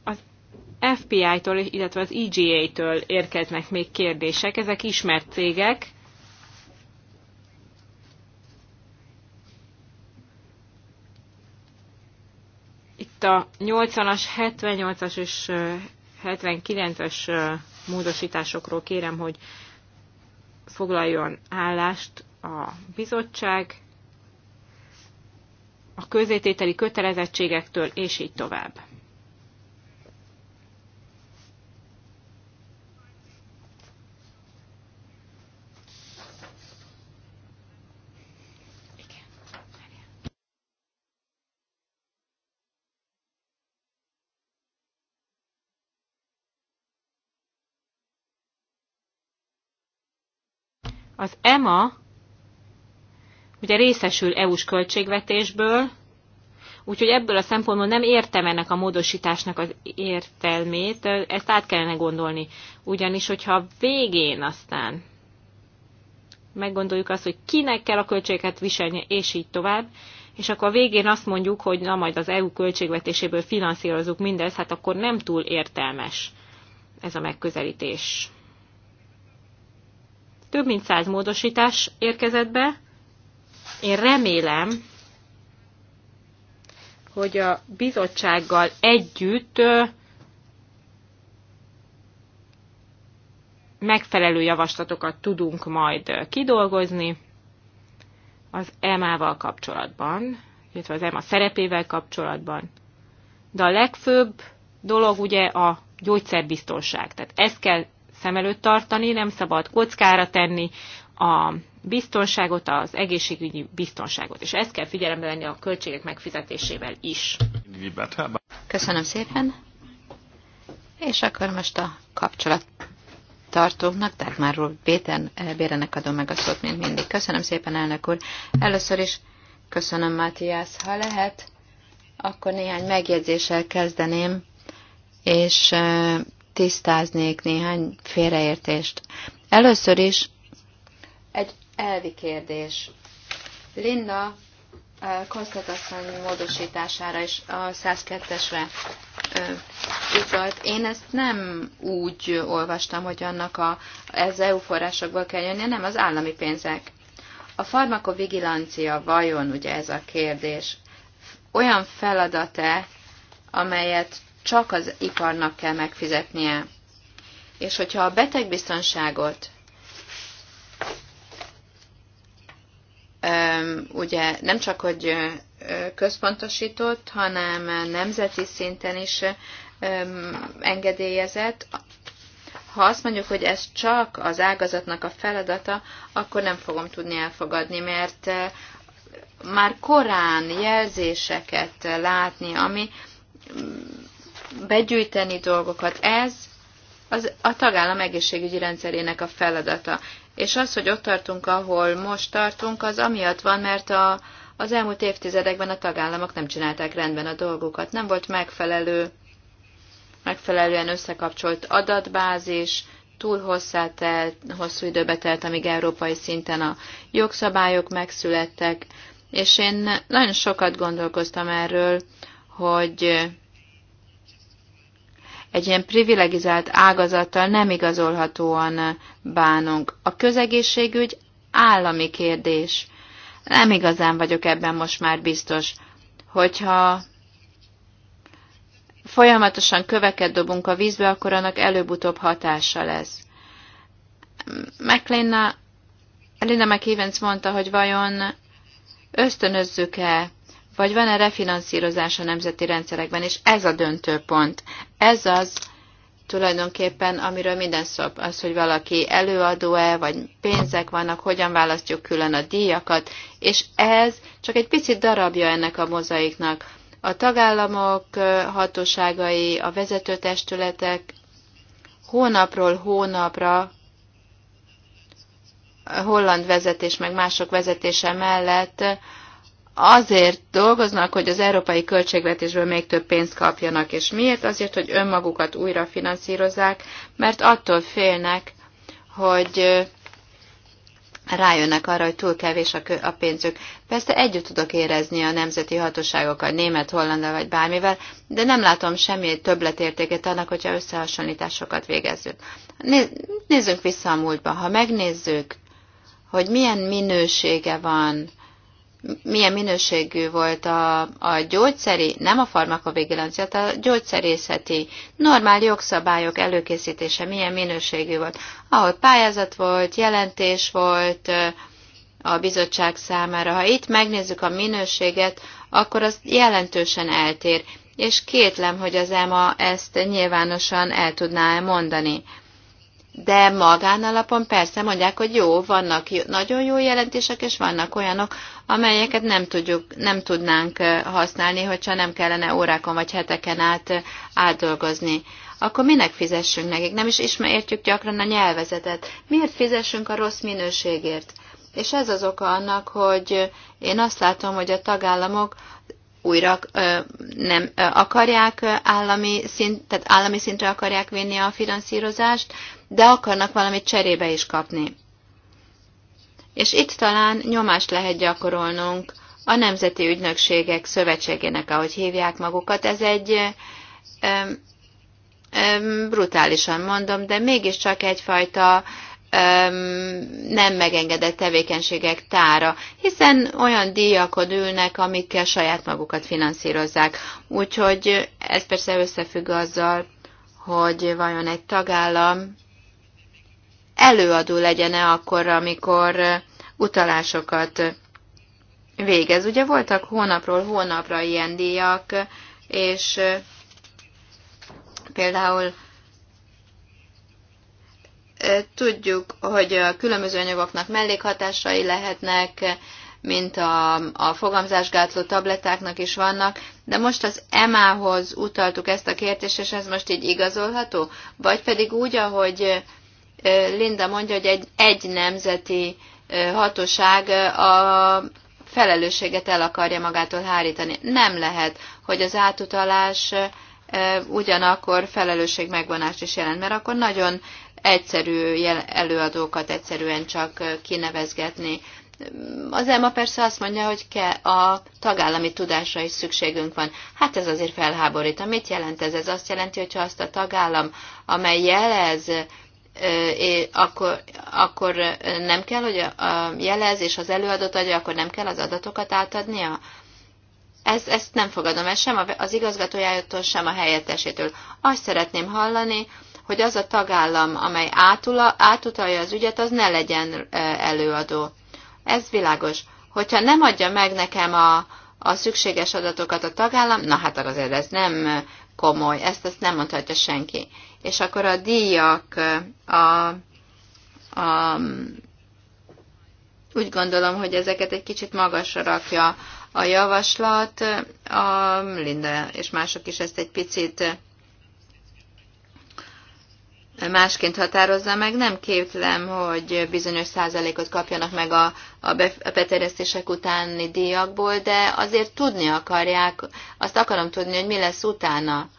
Az FPI-tól, illetve az EGA-től érkeznek még kérdések. Ezek ismert cégek, itt a 80-as, 78-as és 79-es módosításokról kérem, hogy foglaljon állást a bizottság, a közétételi kötelezettségektől, és így tovább. Az EMA ugye részesül EU-s költségvetésből, úgyhogy ebből a szempontból nem értem ennek a módosításnak az értelmét, ezt át kellene gondolni. Ugyanis, hogyha a végén aztán meggondoljuk azt, hogy kinek kell a költségeket viselni, és így tovább, és akkor a végén azt mondjuk, hogy na majd az EU költségvetéséből finanszírozunk mindezt, hát akkor nem túl értelmes ez a megközelítés. Több mint száz módosítás érkezett be. Én remélem, hogy a bizottsággal együtt megfelelő javaslatokat tudunk majd kidolgozni az EMA-val kapcsolatban, illetve az EMA szerepével kapcsolatban. De a legfőbb dolog ugye a gyógyszerbiztonság. Tehát ezt kell szem előtt tartani, nem szabad kockára tenni a biztonságot, az egészségügyi biztonságot. És ezt kell figyelembe venni a költségek megfizetésével is. Köszönöm szépen. És akkor most a kapcsolat tartóknak, Dagmar Béten, eh, Bérenek adom meg a szót, mint mindig. Köszönöm szépen, elnök úr. Először is köszönöm, Mátiász, ha lehet, akkor néhány megjegyzéssel kezdeném, és eh, tisztáznék néhány félreértést. Először is egy elvi kérdés. Linda eh, Konstantasszony módosítására és a 102-esre eh, utalt. Én ezt nem úgy olvastam, hogy annak a, ez EU forrásokból kell jönni, nem az állami pénzek. A farmakovigilancia vajon, ugye ez a kérdés, olyan feladat-e, amelyet csak az iparnak kell megfizetnie. És hogyha a betegbiztonságot ugye nem csak, hogy központosított, hanem nemzeti szinten is engedélyezett, ha azt mondjuk, hogy ez csak az ágazatnak a feladata, akkor nem fogom tudni elfogadni, mert már korán jelzéseket látni, ami begyűjteni dolgokat. Ez az a tagállam egészségügyi rendszerének a feladata. És az, hogy ott tartunk, ahol most tartunk, az amiatt van, mert a, az elmúlt évtizedekben a tagállamok nem csinálták rendben a dolgokat. Nem volt megfelelő, megfelelően összekapcsolt adatbázis, túl telt, hosszú időbe telt, amíg európai szinten a jogszabályok megszülettek, és én nagyon sokat gondolkoztam erről, hogy egy ilyen privilegizált ágazattal nem igazolhatóan bánunk. A közegészségügy állami kérdés. Nem igazán vagyok ebben most már biztos, hogyha folyamatosan köveket dobunk a vízbe, akkor annak előbb-utóbb hatása lesz. McLean, Linda McEvans mondta, hogy vajon ösztönözzük-e vagy van-e refinanszírozás a nemzeti rendszerekben, és ez a döntő pont. Ez az tulajdonképpen, amiről minden szó, az, hogy valaki előadó-e, vagy pénzek vannak, hogyan választjuk külön a díjakat, és ez csak egy picit darabja ennek a mozaiknak. A tagállamok hatóságai, a vezetőtestületek hónapról hónapra holland vezetés meg mások vezetése mellett azért dolgoznak, hogy az európai költségvetésből még több pénzt kapjanak. És miért? Azért, hogy önmagukat újra finanszírozzák, mert attól félnek, hogy rájönnek arra, hogy túl kevés a, pénzük. Persze együtt tudok érezni a nemzeti hatóságokat, német, hollanda vagy bármivel, de nem látom semmi többletértéket annak, hogyha összehasonlításokat végezzük. Nézzünk vissza a múltba. Ha megnézzük, hogy milyen minősége van milyen minőségű volt a, a gyógyszeri, nem a farmakovigilancia, a gyógyszerészeti normál jogszabályok előkészítése milyen minőségű volt, ahol pályázat volt, jelentés volt a bizottság számára. Ha itt megnézzük a minőséget, akkor az jelentősen eltér, és kétlem, hogy az EMA ezt nyilvánosan el tudná -e mondani. De magánalapon persze mondják, hogy jó, vannak jó, nagyon jó jelentések, és vannak olyanok, amelyeket nem, tudjuk, nem tudnánk használni, hogyha nem kellene órákon vagy heteken át átdolgozni. Akkor minek fizessünk nekik? Nem is ismertjük gyakran a nyelvezetet. Miért fizessünk a rossz minőségért? És ez az oka annak, hogy én azt látom, hogy a tagállamok újra nem akarják állami, szint, tehát állami szintre akarják vinni a finanszírozást, de akarnak valamit cserébe is kapni. És itt talán nyomást lehet gyakorolnunk a Nemzeti Ügynökségek Szövetségének, ahogy hívják magukat. Ez egy ö, ö, brutálisan mondom, de mégiscsak egyfajta ö, nem megengedett tevékenységek tára, hiszen olyan díjakon ülnek, amikkel saját magukat finanszírozzák. Úgyhogy ez persze összefügg azzal, hogy vajon egy tagállam előadó legyen-e akkor, amikor utalásokat végez. Ugye voltak hónapról hónapra ilyen díjak, és például tudjuk, hogy a különböző anyagoknak mellékhatásai lehetnek, mint a, a fogamzásgátló tabletáknak is vannak, de most az EMA-hoz utaltuk ezt a kérdést, és ez most így igazolható? Vagy pedig úgy, ahogy Linda mondja, hogy egy, egy nemzeti hatóság a felelősséget el akarja magától hárítani. Nem lehet, hogy az átutalás ugyanakkor felelősség megvonást is jelent, mert akkor nagyon egyszerű előadókat egyszerűen csak kinevezgetni. Az EMA persze azt mondja, hogy ke a tagállami tudásra is szükségünk van. Hát ez azért felháborít. Mit jelent ez? Ez azt jelenti, hogy ha azt a tagállam, amely jelez akkor, akkor nem kell, hogy a jelez és az előadót adja, akkor nem kell az adatokat átadnia? Ez, ezt nem fogadom, ez sem az igazgatójától, sem a helyettesétől. Azt szeretném hallani, hogy az a tagállam, amely átula, átutalja az ügyet, az ne legyen előadó. Ez világos. Hogyha nem adja meg nekem a, a szükséges adatokat a tagállam, na hát azért ez nem komoly, ezt, ezt nem mondhatja senki és akkor a díjak, a, a, úgy gondolom, hogy ezeket egy kicsit magasra rakja a javaslat, a Linda és mások is ezt egy picit másként határozza meg. Nem képtelem, hogy bizonyos százalékot kapjanak meg a, a, be, a beterjesztések utáni díjakból, de azért tudni akarják, azt akarom tudni, hogy mi lesz utána.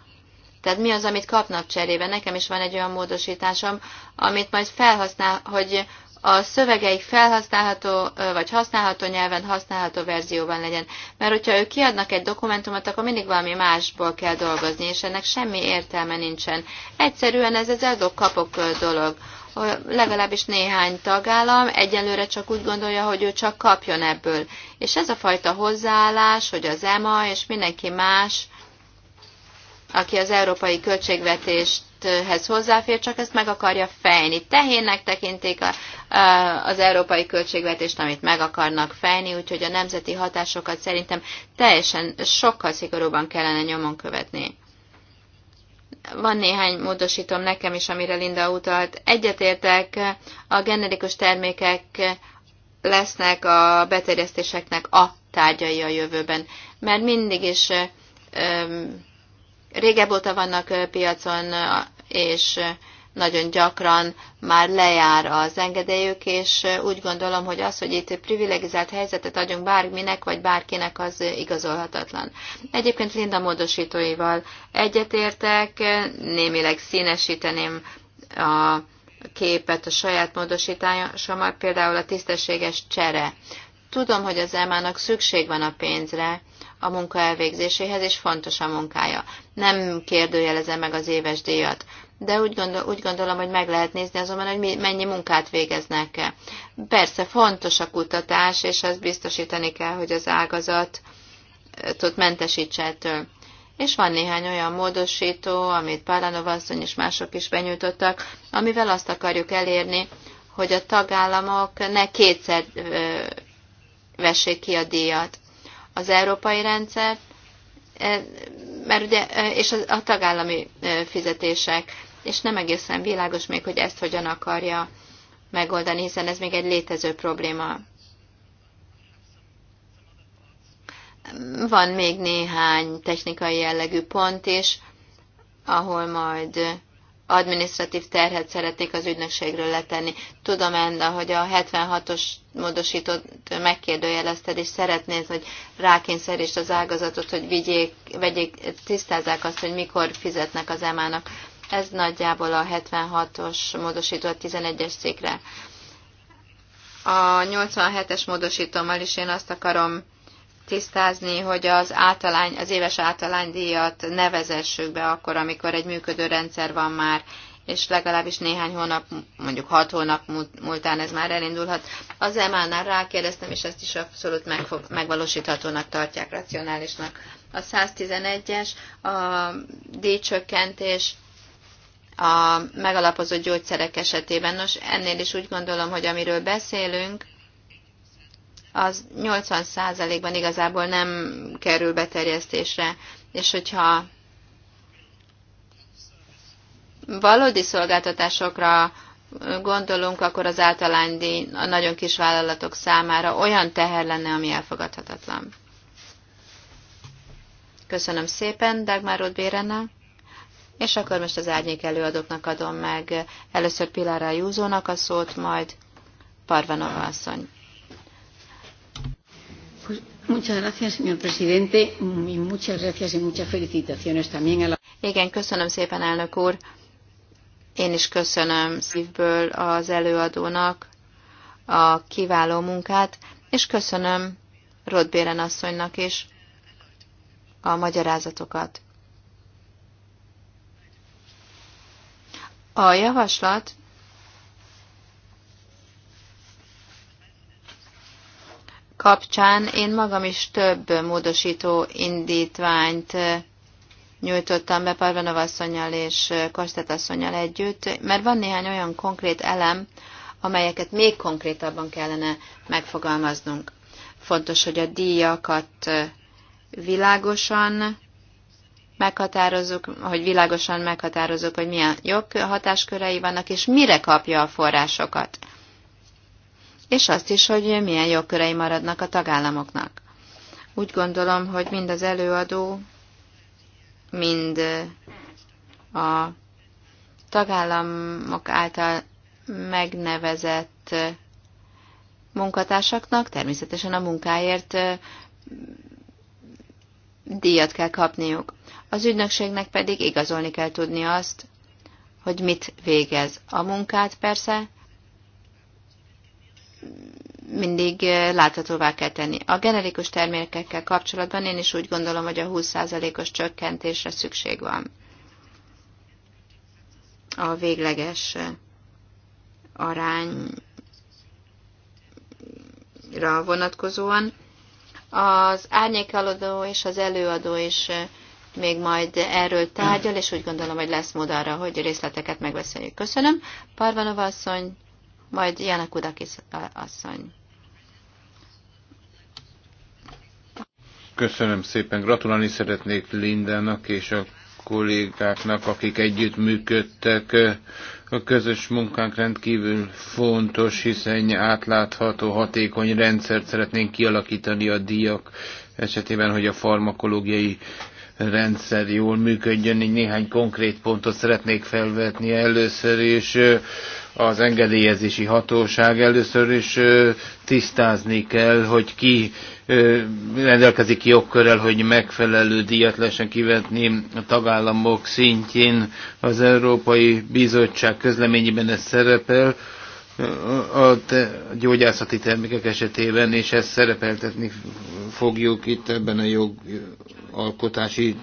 Tehát mi az, amit kapnak cserébe? Nekem is van egy olyan módosításom, amit majd felhasznál, hogy a szövegeik felhasználható, vagy használható nyelven használható verzióban legyen. Mert hogyha ők kiadnak egy dokumentumot, akkor mindig valami másból kell dolgozni, és ennek semmi értelme nincsen. Egyszerűen ez az eldok kapok dolog. Legalábbis néhány tagállam egyelőre csak úgy gondolja, hogy ő csak kapjon ebből. És ez a fajta hozzáállás, hogy az EMA és mindenki más, aki az európai költségvetéshez hozzáfér, csak ezt meg akarja fejni. Tehénnek tekintik a, az európai költségvetést, amit meg akarnak fejni, úgyhogy a nemzeti hatásokat szerintem teljesen sokkal szigorúban kellene nyomon követni. Van néhány módosítom nekem is, amire Linda utalt. Egyetértek, a generikus termékek lesznek a beterjesztéseknek a tárgyai a jövőben, mert mindig is régebb óta vannak piacon, és nagyon gyakran már lejár az engedélyük, és úgy gondolom, hogy az, hogy itt privilegizált helyzetet adjunk bárminek, vagy bárkinek, az igazolhatatlan. Egyébként Linda módosítóival egyetértek, némileg színesíteném a képet a saját módosításommal, például a tisztességes csere. Tudom, hogy az elmának szükség van a pénzre, a munka elvégzéséhez, és fontos a munkája. Nem kérdőjelezem meg az éves díjat, de úgy, gondol, úgy gondolom, hogy meg lehet nézni azonban, hogy mi, mennyi munkát végeznek. -e. Persze fontos a kutatás, és azt biztosítani kell, hogy az ágazat tud mentesítse ettől. És van néhány olyan módosító, amit Pálanov asszony és mások is benyújtottak, amivel azt akarjuk elérni, hogy a tagállamok ne kétszer vessék ki a díjat az európai rendszer, e, mert ugye, e, és a tagállami e, fizetések, és nem egészen világos még, hogy ezt hogyan akarja megoldani, hiszen ez még egy létező probléma. Van még néhány technikai jellegű pont is, ahol majd administratív terhet szeretnék az ügynökségről letenni. Tudom enda, hogy a 76-os módosított megkérdőjelezted, és szeretnéd, hogy rákényszerítsd az ágazatot, hogy vigyék, vegyék, tisztázzák azt, hogy mikor fizetnek az emának. Ez nagyjából a 76-os módosított 11-es székre. A 87-es módosítommal is én azt akarom tisztázni, hogy az, általány, az éves általánydíjat ne vezessük be akkor, amikor egy működő rendszer van már, és legalábbis néhány hónap, mondjuk hat hónap múltán ez már elindulhat. Az EMA-nál rákérdeztem, és ezt is abszolút megfog, megvalósíthatónak tartják, racionálisnak. A 111-es, a díjcsökkentés, a megalapozott gyógyszerek esetében. Nos, ennél is úgy gondolom, hogy amiről beszélünk, az 80%-ban igazából nem kerül beterjesztésre, és hogyha valódi szolgáltatásokra gondolunk, akkor az általánydíj a nagyon kis vállalatok számára olyan teher lenne, ami elfogadhatatlan. Köszönöm szépen, Dagmar Ruth Bérenne. És akkor most az árnyék előadóknak adom meg először Pilára Júzónak a szót, majd Parvanova asszony. Igen, köszönöm szépen, elnök úr. Én is köszönöm szívből az előadónak a kiváló munkát, és köszönöm Rodbéren asszonynak is a magyarázatokat. A javaslat kapcsán én magam is több módosító indítványt eh, nyújtottam be Parvanov és eh, Kostet együtt, mert van néhány olyan konkrét elem, amelyeket még konkrétabban kellene megfogalmaznunk. Fontos, hogy a díjakat eh, világosan meghatározzuk, hogy világosan meghatározzuk, hogy milyen hatáskörei vannak, és mire kapja a forrásokat és azt is, hogy milyen jogkörei maradnak a tagállamoknak. Úgy gondolom, hogy mind az előadó, mind a tagállamok által megnevezett munkatársaknak természetesen a munkáért díjat kell kapniuk. Az ügynökségnek pedig igazolni kell tudni azt, hogy mit végez. A munkát persze mindig láthatóvá kell tenni. A generikus termékekkel kapcsolatban én is úgy gondolom, hogy a 20%-os csökkentésre szükség van. A végleges arányra vonatkozóan. Az árnyékeladó és az előadó is még majd erről tárgyal, és úgy gondolom, hogy lesz mód arra, hogy részleteket megbeszéljük. Köszönöm. Parvanova asszony, majd Janakudakis asszony. Köszönöm szépen. Gratulálni szeretnék Lindának és a kollégáknak, akik együtt működtek. A közös munkánk rendkívül fontos, hiszen átlátható, hatékony rendszert szeretnénk kialakítani a díjak esetében, hogy a farmakológiai rendszer jól működjön. Így néhány konkrét pontot szeretnék felvetni először, és az engedélyezési hatóság. Először is tisztázni kell, hogy ki rendelkezik jogkörrel, hogy megfelelő díjat lehessen kivetni a tagállamok szintjén. Az Európai Bizottság közleményében ez szerepel a gyógyászati termékek esetében, és ezt szerepeltetni fogjuk itt ebben a jogalkotási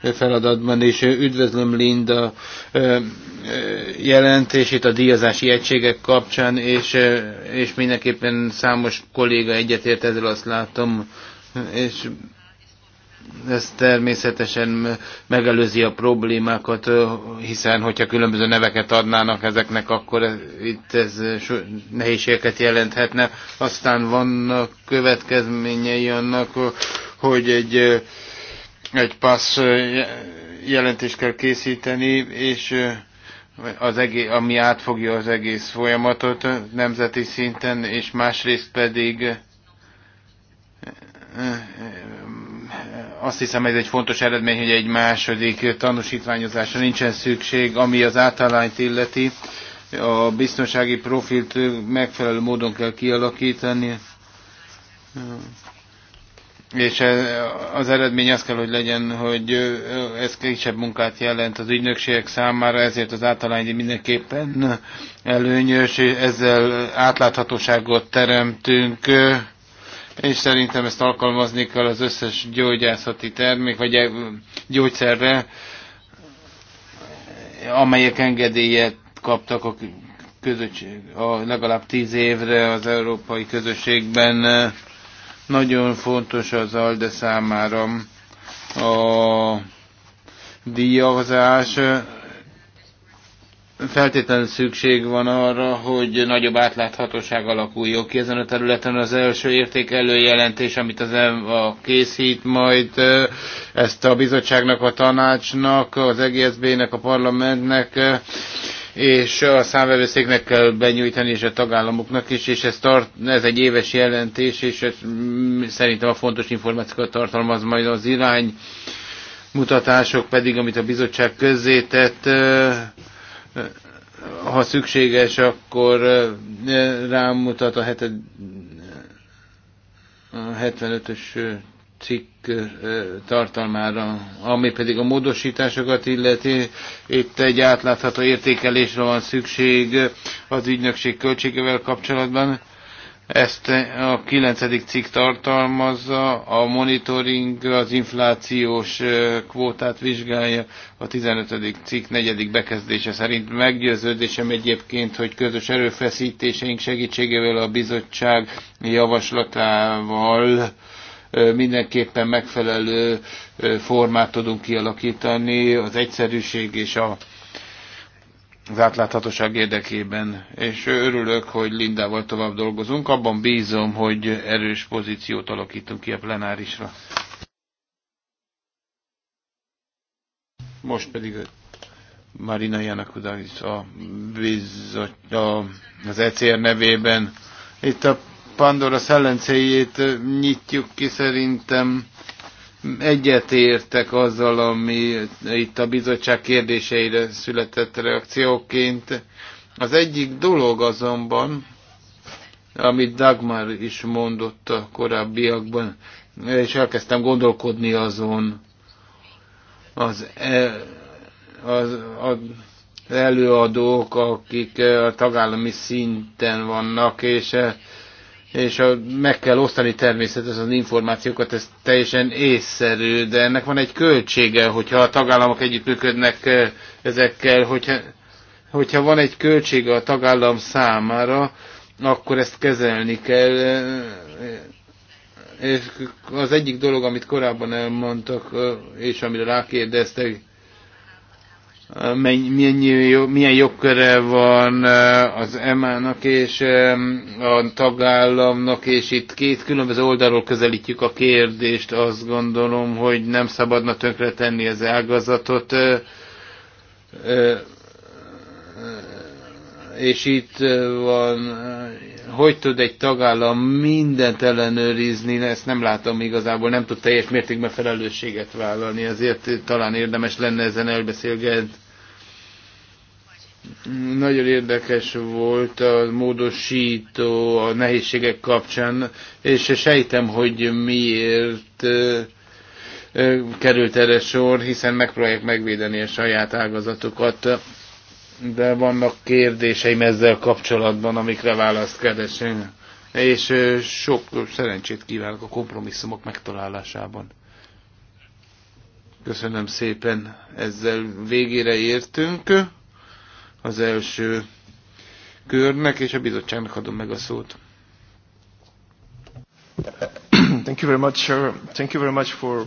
feladatban, és üdvözlöm Linda jelentését a díjazási egységek kapcsán, és, és mindenképpen számos kolléga egyetért ezzel, azt látom, és ez természetesen megelőzi a problémákat, hiszen hogyha különböző neveket adnának ezeknek, akkor itt ez nehézségeket jelenthetne. Aztán vannak következményei annak, hogy egy egy passz jelentést kell készíteni, és az egész, ami átfogja az egész folyamatot nemzeti szinten, és másrészt pedig azt hiszem ez egy fontos eredmény, hogy egy második tanúsítványozásra nincsen szükség, ami az általányt illeti. A biztonsági profilt megfelelő módon kell kialakítani és az eredmény az kell, hogy legyen, hogy ez kisebb munkát jelent az ügynökségek számára, ezért az általányi mindenképpen előnyös, és ezzel átláthatóságot teremtünk, és szerintem ezt alkalmazni kell az összes gyógyászati termék, vagy gyógyszerre, amelyek engedélyet kaptak a, közösség, a legalább tíz évre az európai közösségben nagyon fontos az ALDE számára a díjazás. Feltétlenül szükség van arra, hogy nagyobb átláthatóság alakuljon ki ezen a területen. Az első értékelő jelentés, amit az EMA készít majd, ezt a bizottságnak, a tanácsnak, az EGSZB-nek, a parlamentnek és a számvevőszéknek kell benyújtani, és a tagállamoknak is, és ez, tart, ez egy éves jelentés, és ez, mm, szerintem a fontos információkat tartalmaz majd az irány mutatások pedig, amit a bizottság közzétett, ha szükséges, akkor rámutat a, heted, a 75-ös cikk tartalmára, ami pedig a módosításokat illeti. Itt egy átlátható értékelésre van szükség az ügynökség költségevel kapcsolatban. Ezt a 9. cikk tartalmazza, a monitoring az inflációs kvótát vizsgálja, a 15. cikk 4. bekezdése szerint meggyőződésem egyébként, hogy közös erőfeszítéseink segítségével a bizottság javaslatával mindenképpen megfelelő formát tudunk kialakítani az egyszerűség és a az átláthatóság érdekében, és örülök, hogy Lindával tovább dolgozunk. Abban bízom, hogy erős pozíciót alakítunk ki a plenárisra. Most pedig Marina Janakudakis a, bizot, a, az ECR nevében. Itt a Pandora szellencéjét nyitjuk ki szerintem. Egyetértek azzal, ami itt a bizottság kérdéseire született reakcióként. Az egyik dolog azonban, amit Dagmar is mondott a korábbiakban, és elkezdtem gondolkodni azon, az, e, az, az előadók, akik a tagállami szinten vannak, és e, és a, meg kell osztani természetesen az információkat, ez teljesen észszerű, de ennek van egy költsége, hogyha a tagállamok együttműködnek eh, ezekkel, hogyha, hogyha van egy költsége a tagállam számára, akkor ezt kezelni kell. És az egyik dolog, amit korábban elmondtak, eh, és amire rákérdeztek, milyen, milyen jogköre van az EMA-nak és a tagállamnak, és itt két különböző oldalról közelítjük a kérdést. Azt gondolom, hogy nem szabadna tönkretenni az ágazatot és itt van, hogy tud egy tagállam mindent ellenőrizni, ezt nem látom igazából, nem tud teljes mértékben felelősséget vállalni, ezért talán érdemes lenne ezen elbeszélgetni. Nagyon érdekes volt a módosító a nehézségek kapcsán, és sejtem, hogy miért került erre sor, hiszen megpróbálják megvédeni a saját ágazatokat de vannak kérdéseim ezzel kapcsolatban, amikre választ keresünk. És sok szerencsét kívánok a kompromisszumok megtalálásában. Köszönöm szépen, ezzel végére értünk az első körnek, és a bizottságnak adom meg a szót. Thank you very much, sir. Thank you very much for...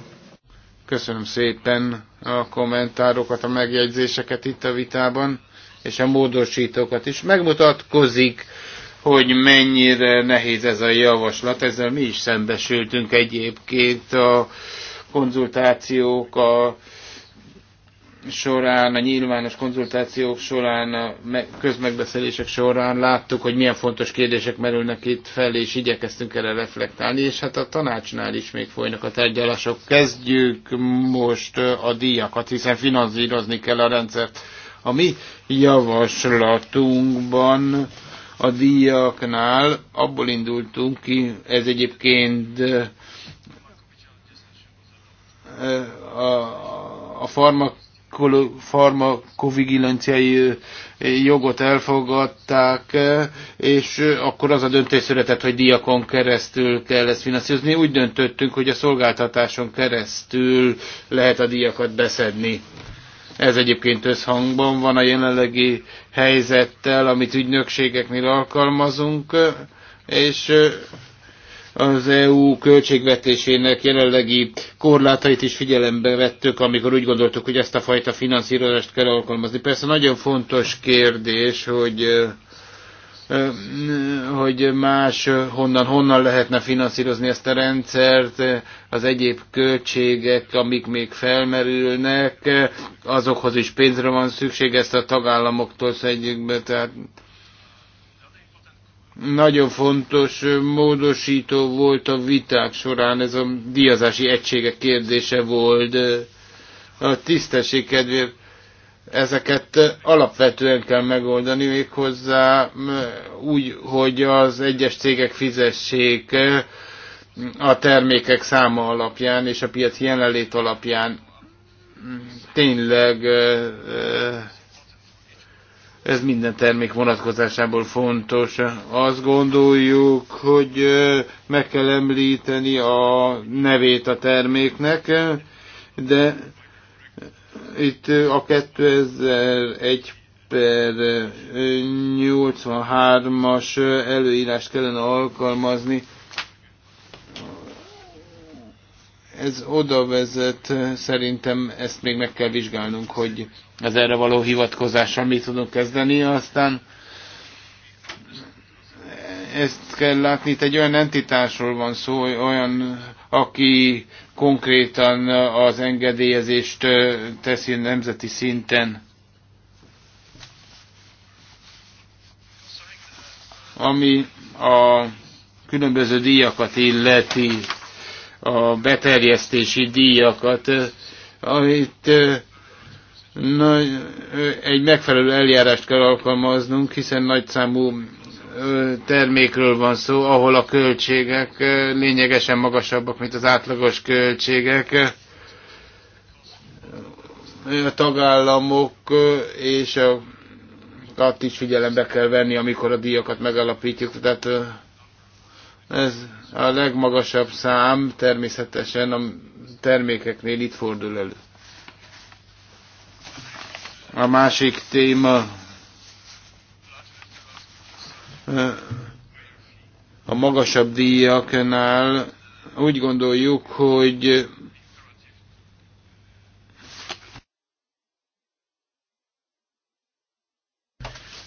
Köszönöm szépen a kommentárokat, a megjegyzéseket itt a vitában és a módosítókat is. Megmutatkozik, hogy mennyire nehéz ez a javaslat. Ezzel mi is szembesültünk egyébként a konzultációk a során, a nyilvános konzultációk során, a közmegbeszélések során láttuk, hogy milyen fontos kérdések merülnek itt fel, és igyekeztünk erre reflektálni, és hát a tanácsnál is még folynak a tárgyalások. Kezdjük most a díjakat, hiszen finanszírozni kell a rendszert a mi javaslatunkban a díjaknál abból indultunk ki, ez egyébként a, a farmakovigilanciai jogot elfogadták, és akkor az a döntés született, hogy diakon keresztül kell ezt finanszírozni. Úgy döntöttünk, hogy a szolgáltatáson keresztül lehet a diakat beszedni. Ez egyébként összhangban van a jelenlegi helyzettel, amit ügynökségeknél alkalmazunk, és az EU költségvetésének jelenlegi korlátait is figyelembe vettük, amikor úgy gondoltuk, hogy ezt a fajta finanszírozást kell alkalmazni. Persze nagyon fontos kérdés, hogy hogy más honnan, honnan lehetne finanszírozni ezt a rendszert, az egyéb költségek, amik még felmerülnek, azokhoz is pénzre van szükség, ezt a tagállamoktól szedjük be, tehát nagyon fontos módosító volt a viták során, ez a díjazási egységek kérdése volt, a tisztesség kedvéért ezeket alapvetően kell megoldani méghozzá úgy, hogy az egyes cégek fizessék e, a termékek száma alapján és a piaci jelenlét alapján. Tényleg e, e, ez minden termék vonatkozásából fontos. Azt gondoljuk, hogy meg kell említeni a nevét a terméknek, de itt a 2001 per 83-as előírás kellene alkalmazni. Ez oda vezet, szerintem ezt még meg kell vizsgálnunk, hogy az erre való hivatkozással mit tudunk kezdeni, aztán ezt kell látni, itt egy olyan entitásról van szó, olyan aki konkrétan az engedélyezést teszi nemzeti szinten. Ami a különböző díjakat illeti, a beterjesztési díjakat, amit na, egy megfelelő eljárást kell alkalmaznunk, hiszen nagyszámú termékről van szó, ahol a költségek lényegesen magasabbak, mint az átlagos költségek. A tagállamok és a díjakat is figyelembe kell venni, amikor a díjakat megalapítjuk. Tehát ez a legmagasabb szám természetesen a termékeknél itt fordul elő. A másik téma a magasabb díjaknál úgy gondoljuk, hogy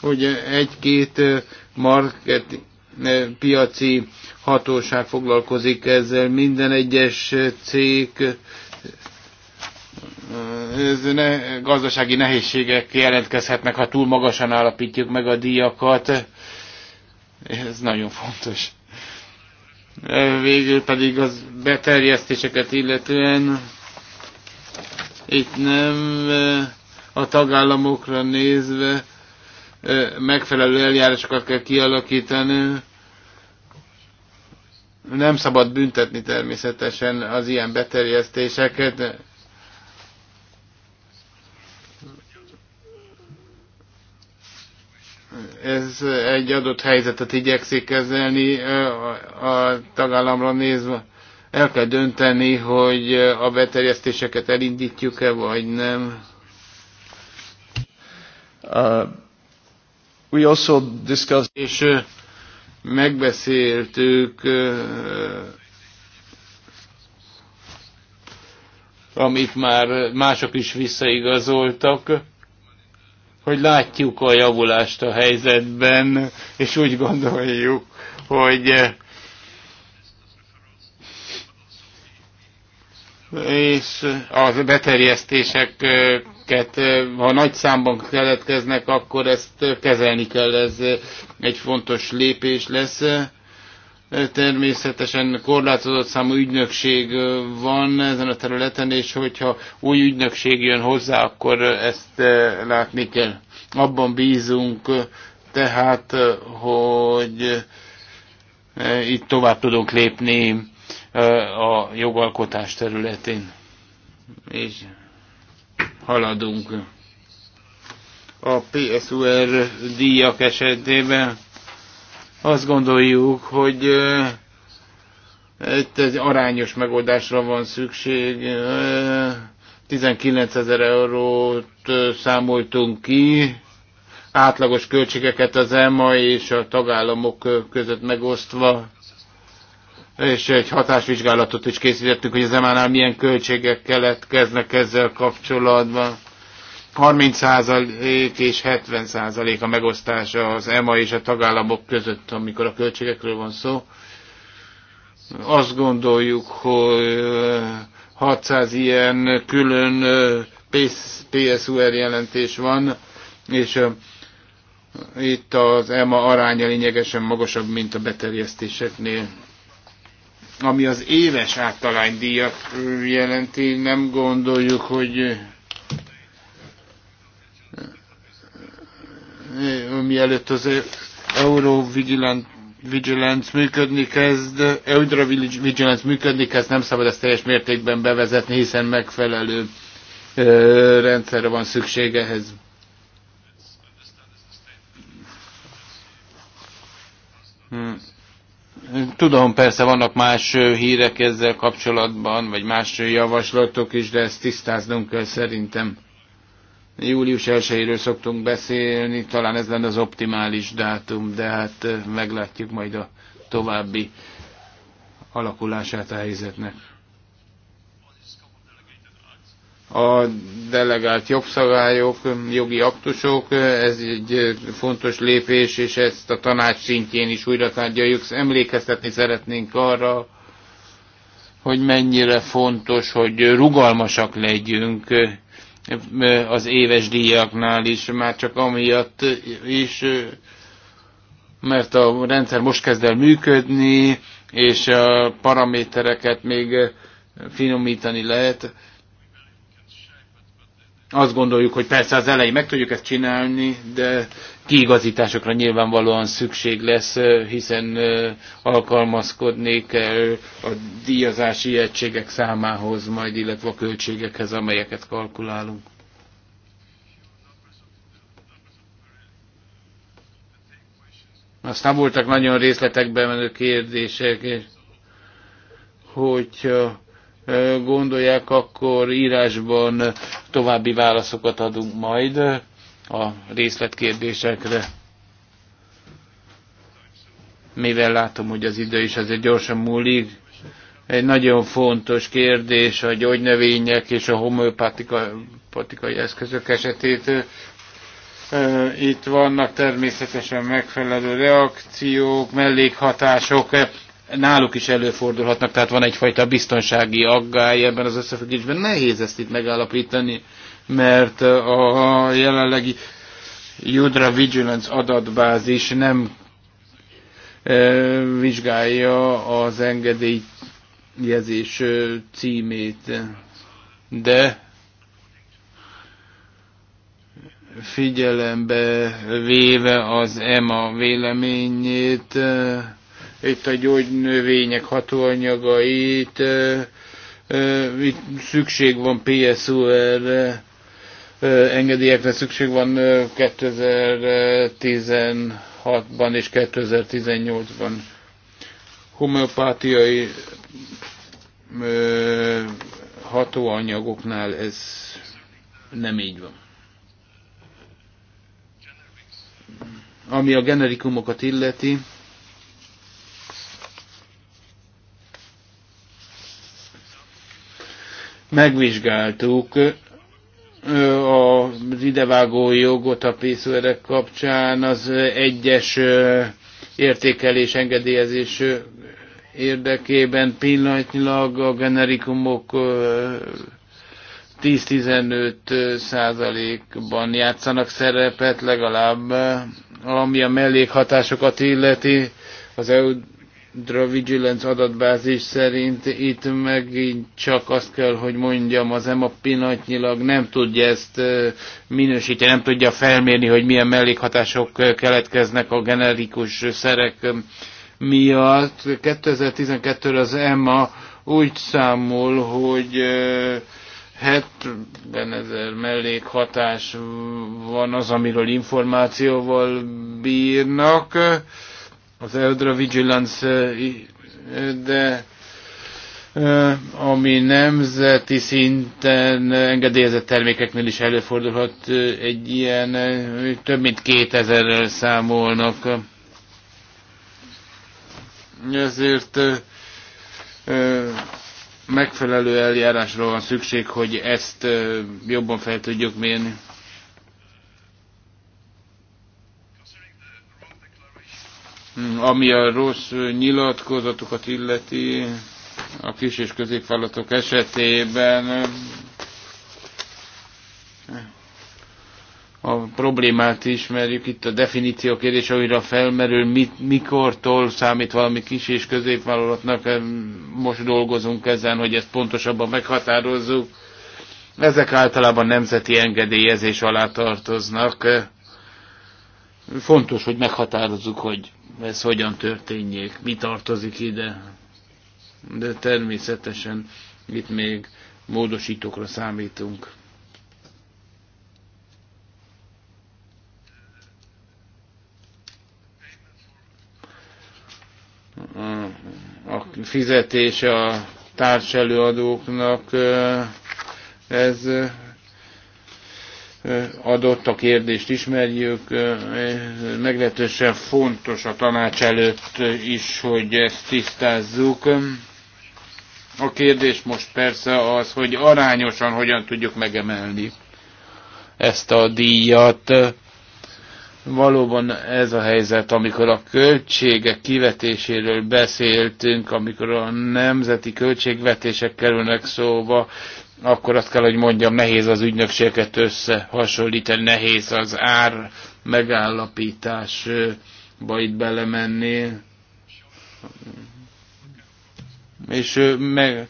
hogy egy-két market piaci hatóság foglalkozik ezzel. Minden egyes cég ez ne, gazdasági nehézségek jelentkezhetnek, ha túl magasan állapítjuk meg a díjakat. Ez nagyon fontos. Végül pedig az beterjesztéseket illetően itt nem eh, a tagállamokra nézve eh, megfelelő eljárásokat kell kialakítani. Nem szabad büntetni természetesen az ilyen beterjesztéseket, ez egy adott helyzetet igyekszik kezelni a tagállamra nézve. El kell dönteni, hogy a beterjesztéseket elindítjuk-e, vagy nem. Uh, we also discussed... És megbeszéltük amit már mások is visszaigazoltak hogy látjuk a javulást a helyzetben, és úgy gondoljuk, hogy és az beterjesztéseket, ha nagy számban keletkeznek, akkor ezt kezelni kell, ez egy fontos lépés lesz. Természetesen korlátozott számú ügynökség van ezen a területen, és hogyha új ügynökség jön hozzá, akkor ezt látni kell. Abban bízunk, tehát, hogy itt tovább tudunk lépni a jogalkotás területén. És haladunk. A PSUR díjak esetében azt gondoljuk, hogy itt egy arányos megoldásra van szükség. 19 ezer eurót számoltunk ki, átlagos költségeket az EMA és a tagállamok között megosztva, és egy hatásvizsgálatot is készítettünk, hogy az EMA-nál milyen költségek keletkeznek ezzel kapcsolatban. 30% és 70% a megosztása az EMA és a tagállamok között, amikor a költségekről van szó. Azt gondoljuk, hogy 600 ilyen külön PSUR jelentés van, és itt az EMA aránya lényegesen magasabb, mint a beterjesztéseknél. Ami az éves általánydíjat jelenti, nem gondoljuk, hogy mielőtt az Vigilance működni kezd, Eudra Vigilance működni kezd, nem szabad ezt teljes mértékben bevezetni, hiszen megfelelő rendszerre van szükség ehhez. Hm. Tudom, persze vannak más hírek ezzel kapcsolatban, vagy más javaslatok is, de ezt tisztáznunk kell szerintem. Július 1-ről szoktunk beszélni, talán ez lenne az optimális dátum, de hát meglátjuk majd a további alakulását a helyzetnek. A delegált jogszabályok, jogi aktusok, ez egy fontos lépés, és ezt a tanács szintjén is újra tárgyaljuk. Emlékeztetni szeretnénk arra, hogy mennyire fontos, hogy rugalmasak legyünk, az éves díjaknál is, már csak amiatt is, mert a rendszer most kezd el működni, és a paramétereket még finomítani lehet azt gondoljuk, hogy persze az elején meg tudjuk ezt csinálni, de kiigazításokra nyilvánvalóan szükség lesz, hiszen alkalmazkodni kell a díjazási egységek számához, majd illetve a költségekhez, amelyeket kalkulálunk. Aztán voltak nagyon részletekbe menő kérdések, hogy gondolják, akkor írásban további válaszokat adunk majd a részletkérdésekre. Mivel látom, hogy az idő is azért gyorsan múlik, egy nagyon fontos kérdés a gyógynövények és a homeopatikai eszközök esetét. Itt vannak természetesen megfelelő reakciók, mellékhatások, náluk is előfordulhatnak, tehát van egyfajta biztonsági aggály ebben az összefüggésben. Nehéz ezt itt megállapítani, mert a jelenlegi Judra Vigilance adatbázis nem e, vizsgálja az engedélyjezés e, címét, de figyelembe véve az EMA véleményét, e, itt a gyógynövények hatóanyagait, itt szükség van PSUR-re, engedélyekre szükség van 2016-ban és 2018-ban. Homeopátiai hatóanyagoknál ez nem így van. Ami a generikumokat illeti, megvizsgáltuk az idevágó jogot a pészőerek kapcsán, az egyes értékelés, engedélyezés érdekében pillanatnyilag a generikumok 10-15 százalékban játszanak szerepet legalább, ami a mellékhatásokat illeti, az EU Vigilance adatbázis szerint itt megint csak azt kell, hogy mondjam, az EMA pillanatnyilag nem tudja ezt minősíteni, nem tudja felmérni, hogy milyen mellékhatások keletkeznek a generikus szerek miatt. 2012-re az EMA úgy számol, hogy 70 ezer mellékhatás van az, amiről információval bírnak az Eldra Vigilance, de ami nemzeti szinten engedélyezett termékeknél is előfordulhat, egy ilyen több mint 2000-rel számolnak. Ezért megfelelő eljárásra van szükség, hogy ezt jobban fel tudjuk mérni. Hmm, ami a rossz nyilatkozatokat illeti a kis és középvállalatok esetében, a problémát ismerjük, itt a definíció kérdés, amire felmerül, mit, mikortól számít valami kis és középvállalatnak, most dolgozunk ezen, hogy ezt pontosabban meghatározzuk. Ezek általában nemzeti engedélyezés alá tartoznak. Fontos, hogy meghatározzuk, hogy ez hogyan történjék, mi tartozik ide. De természetesen itt még módosítókra számítunk. A fizetése a társelőadóknak ez adott, a kérdést ismerjük. Meglehetősen fontos a tanács előtt is, hogy ezt tisztázzuk. A kérdés most persze az, hogy arányosan hogyan tudjuk megemelni ezt a díjat. Valóban ez a helyzet, amikor a költségek kivetéséről beszéltünk, amikor a nemzeti költségvetések kerülnek szóba, akkor azt kell, hogy mondjam, nehéz az ügynökséget összehasonlítani, nehéz az ár megállapításba itt belemenni. És meg,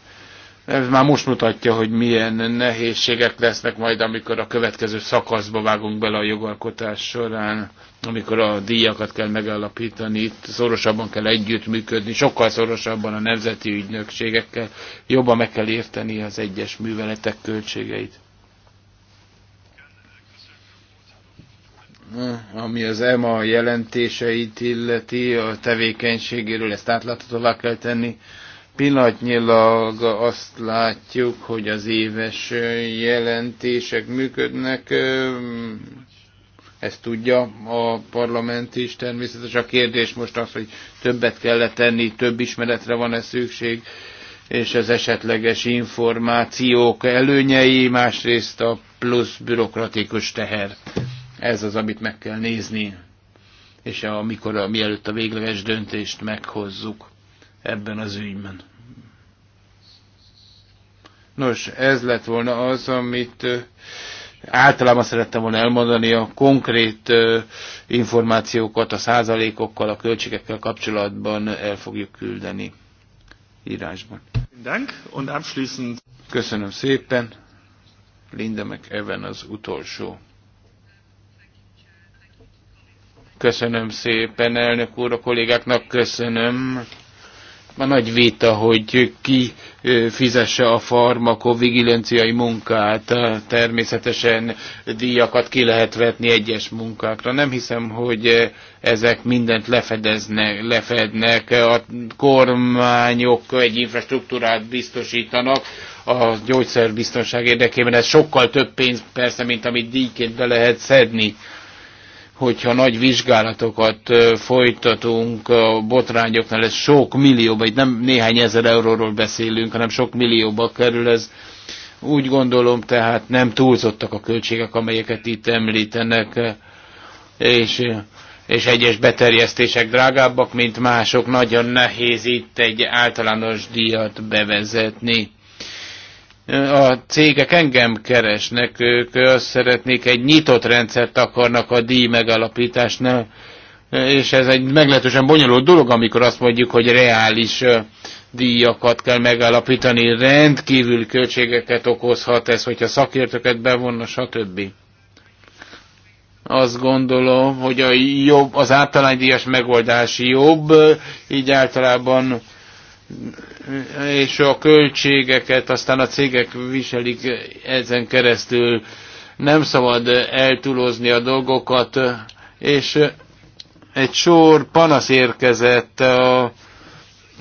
ez már most mutatja, hogy milyen nehézségek lesznek majd, amikor a következő szakaszba vágunk bele a jogalkotás során amikor a díjakat kell megállapítani, itt szorosabban kell együttműködni, sokkal szorosabban a nemzeti ügynökségekkel, jobban meg kell érteni az egyes műveletek költségeit. Ami az EMA jelentéseit illeti, a tevékenységéről ezt átláthatóvá kell tenni. Pillanatnyilag azt látjuk, hogy az éves jelentések működnek, ezt tudja a parlament is természetesen. A kérdés most az, hogy többet kellett tenni, több ismeretre van-e szükség, és az esetleges információk előnyei, másrészt a plusz bürokratikus teher. Ez az, amit meg kell nézni, és amikor, a, mielőtt a végleges döntést meghozzuk ebben az ügyben. Nos, ez lett volna az, amit általában szerettem volna elmondani a konkrét információkat a százalékokkal, a költségekkel kapcsolatban el fogjuk küldeni írásban. Köszönöm szépen. Linda meg Evan az utolsó. Köszönöm szépen, elnök úr, a kollégáknak köszönöm a nagy vita, hogy ki fizesse a farmakovigilenciai munkát, természetesen díjakat ki lehet vetni egyes munkákra. Nem hiszem, hogy ezek mindent lefedeznek, lefednek, a kormányok egy infrastruktúrát biztosítanak, a gyógyszerbiztonság érdekében ez sokkal több pénz persze, mint amit díjként be lehet szedni hogyha nagy vizsgálatokat folytatunk a botrányoknál, ez sok millióba, itt nem néhány ezer euróról beszélünk, hanem sok millióba kerül ez. Úgy gondolom, tehát nem túlzottak a költségek, amelyeket itt említenek, és, és egyes beterjesztések drágábbak, mint mások. Nagyon nehéz itt egy általános díjat bevezetni a cégek engem keresnek, ők azt szeretnék, egy nyitott rendszert akarnak a díj megalapításnál, és ez egy meglehetősen bonyolult dolog, amikor azt mondjuk, hogy reális díjakat kell megállapítani, rendkívül költségeket okozhat ez, hogyha szakértőket bevonna, stb. Azt gondolom, hogy a jobb, az általánydíjas megoldás jobb, így általában és a költségeket aztán a cégek viselik ezen keresztül. Nem szabad eltúlozni a dolgokat, és egy sor panasz érkezett a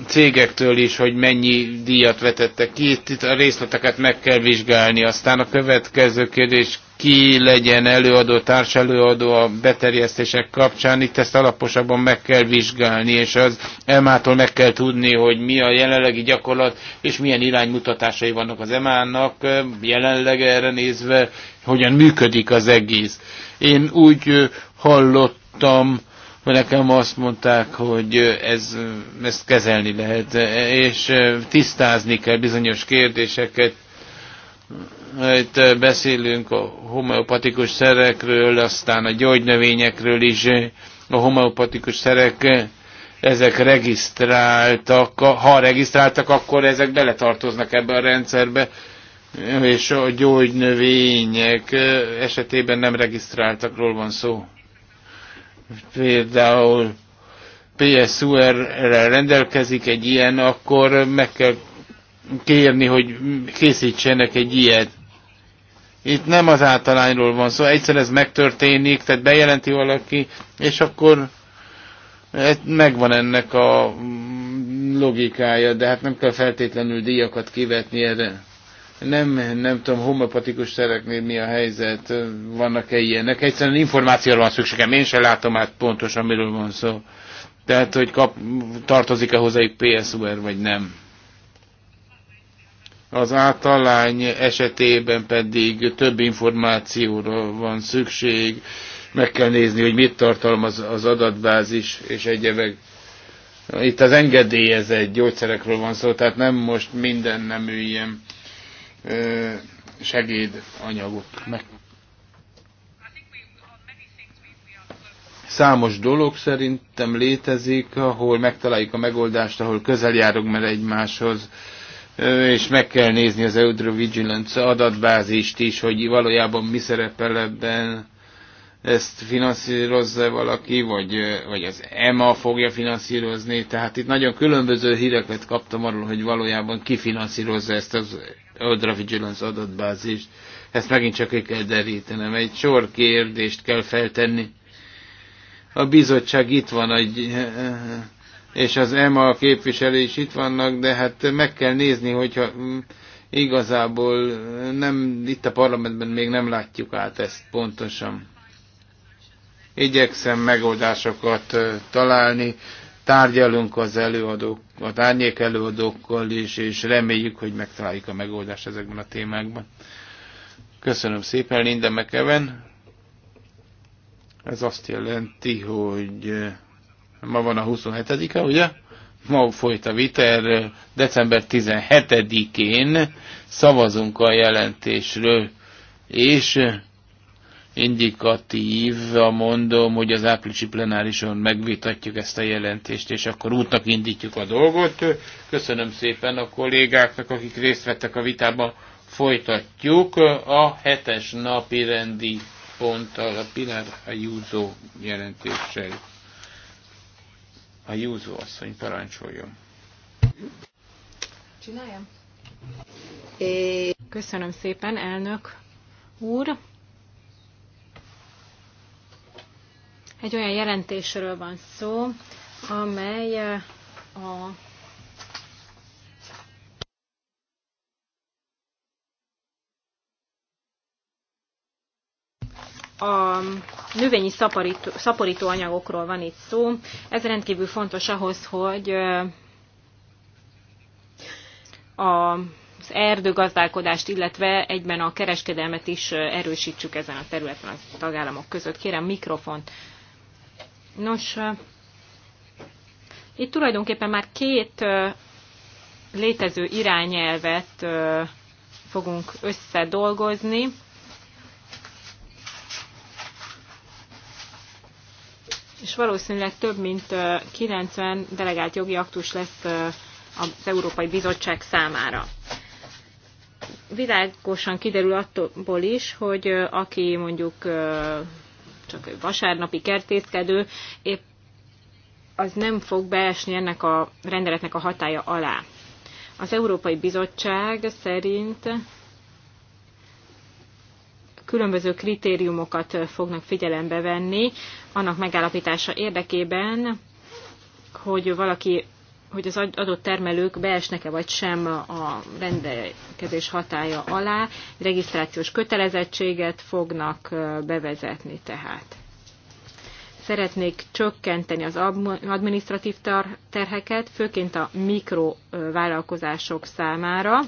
cégektől is, hogy mennyi díjat vetettek ki. Itt, itt a részleteket meg kell vizsgálni. Aztán a következő kérdés ki legyen előadó, társelőadó a beterjesztések kapcsán. Itt ezt alaposabban meg kell vizsgálni, és az emától meg kell tudni, hogy mi a jelenlegi gyakorlat, és milyen iránymutatásai vannak az emának, jelenleg erre nézve, hogyan működik az egész. Én úgy hallottam, nekem azt mondták, hogy ez, ezt kezelni lehet, és tisztázni kell bizonyos kérdéseket, itt eh, beszélünk a homeopatikus szerekről, aztán a gyógynövényekről is. A homeopatikus szerek eh, ezek regisztráltak, ha regisztráltak, akkor ezek beletartoznak ebbe a rendszerbe, és a gyógynövények eh, esetében nem regisztráltakról van szó. Például PSUR-rel rendelkezik egy ilyen, akkor meg kell kérni, hogy készítsenek egy ilyet. Itt nem az általányról van szó, egyszer ez megtörténik, tehát bejelenti valaki, és akkor hát megvan ennek a logikája, de hát nem kell feltétlenül díjakat kivetni erre. Nem, nem tudom, homopatikus szereknél mi a helyzet, vannak-e ilyenek. Egyszerűen információra van szükségem, én sem látom át pontosan, miről van szó. Tehát, hogy kap, tartozik-e hozzájuk PSUR, vagy nem. Az általány esetében pedig több információra van szükség, meg kell nézni, hogy mit tartalmaz az adatbázis és egyebek. Itt az engedélyezett gyógyszerekről van szó, tehát nem most minden nem ilyen segédanyagot meg. Számos dolog szerintem létezik, ahol megtaláljuk a megoldást, ahol közel járunk már egymáshoz és meg kell nézni az Eudrovigilance adatbázist is, hogy valójában mi szerepel ebben, ezt finanszírozza valaki, vagy, vagy az EMA fogja finanszírozni. Tehát itt nagyon különböző híreket kaptam arról, hogy valójában ki finanszírozza ezt az Eudrovigilance adatbázist. Ezt megint csak ki kell derítenem. Egy sor kérdést kell feltenni. A bizottság itt van, egy és az EMA képviselő is itt vannak, de hát meg kell nézni, hogyha mm, igazából nem, itt a parlamentben még nem látjuk át ezt pontosan. Igyekszem megoldásokat találni, tárgyalunk az előadók, a tárnyék előadókkal is, és reméljük, hogy megtaláljuk a megoldást ezekben a témákban. Köszönöm szépen, Linda McEwen. Ez azt jelenti, hogy Ma van a 27-e, ugye? Ma folyt a vita erről. December 17-én szavazunk a jelentésről, és indikatív, A mondom, hogy az áprilisi plenárison megvitatjuk ezt a jelentést, és akkor útnak indítjuk a dolgot. Köszönöm szépen a kollégáknak, akik részt vettek a vitában. Folytatjuk a hetes napi rendi ponttal, a Pilar Ayuso jelentéssel. A Júzó asszony parancsoljon. Csináljam? É. Köszönöm szépen, elnök úr. Egy olyan jelentésről van szó, amely a a növényi szaporító, szaporító anyagokról van itt szó. Ez rendkívül fontos ahhoz, hogy a az erdőgazdálkodást, illetve egyben a kereskedelmet is erősítsük ezen a területen a tagállamok között. Kérem mikrofont. Nos, itt tulajdonképpen már két létező irányelvet fogunk összedolgozni. és valószínűleg több mint 90 delegált jogi aktus lesz az Európai Bizottság számára. Világosan kiderül attól is, hogy aki mondjuk csak vasárnapi kertészkedő, épp az nem fog beesni ennek a rendeletnek a hatája alá. Az Európai Bizottság szerint különböző kritériumokat fognak figyelembe venni annak megállapítása érdekében, hogy valaki hogy az adott termelők beesnek-e vagy sem a rendelkezés hatája alá, regisztrációs kötelezettséget fognak bevezetni tehát. Szeretnék csökkenteni az administratív terheket, főként a mikrovállalkozások számára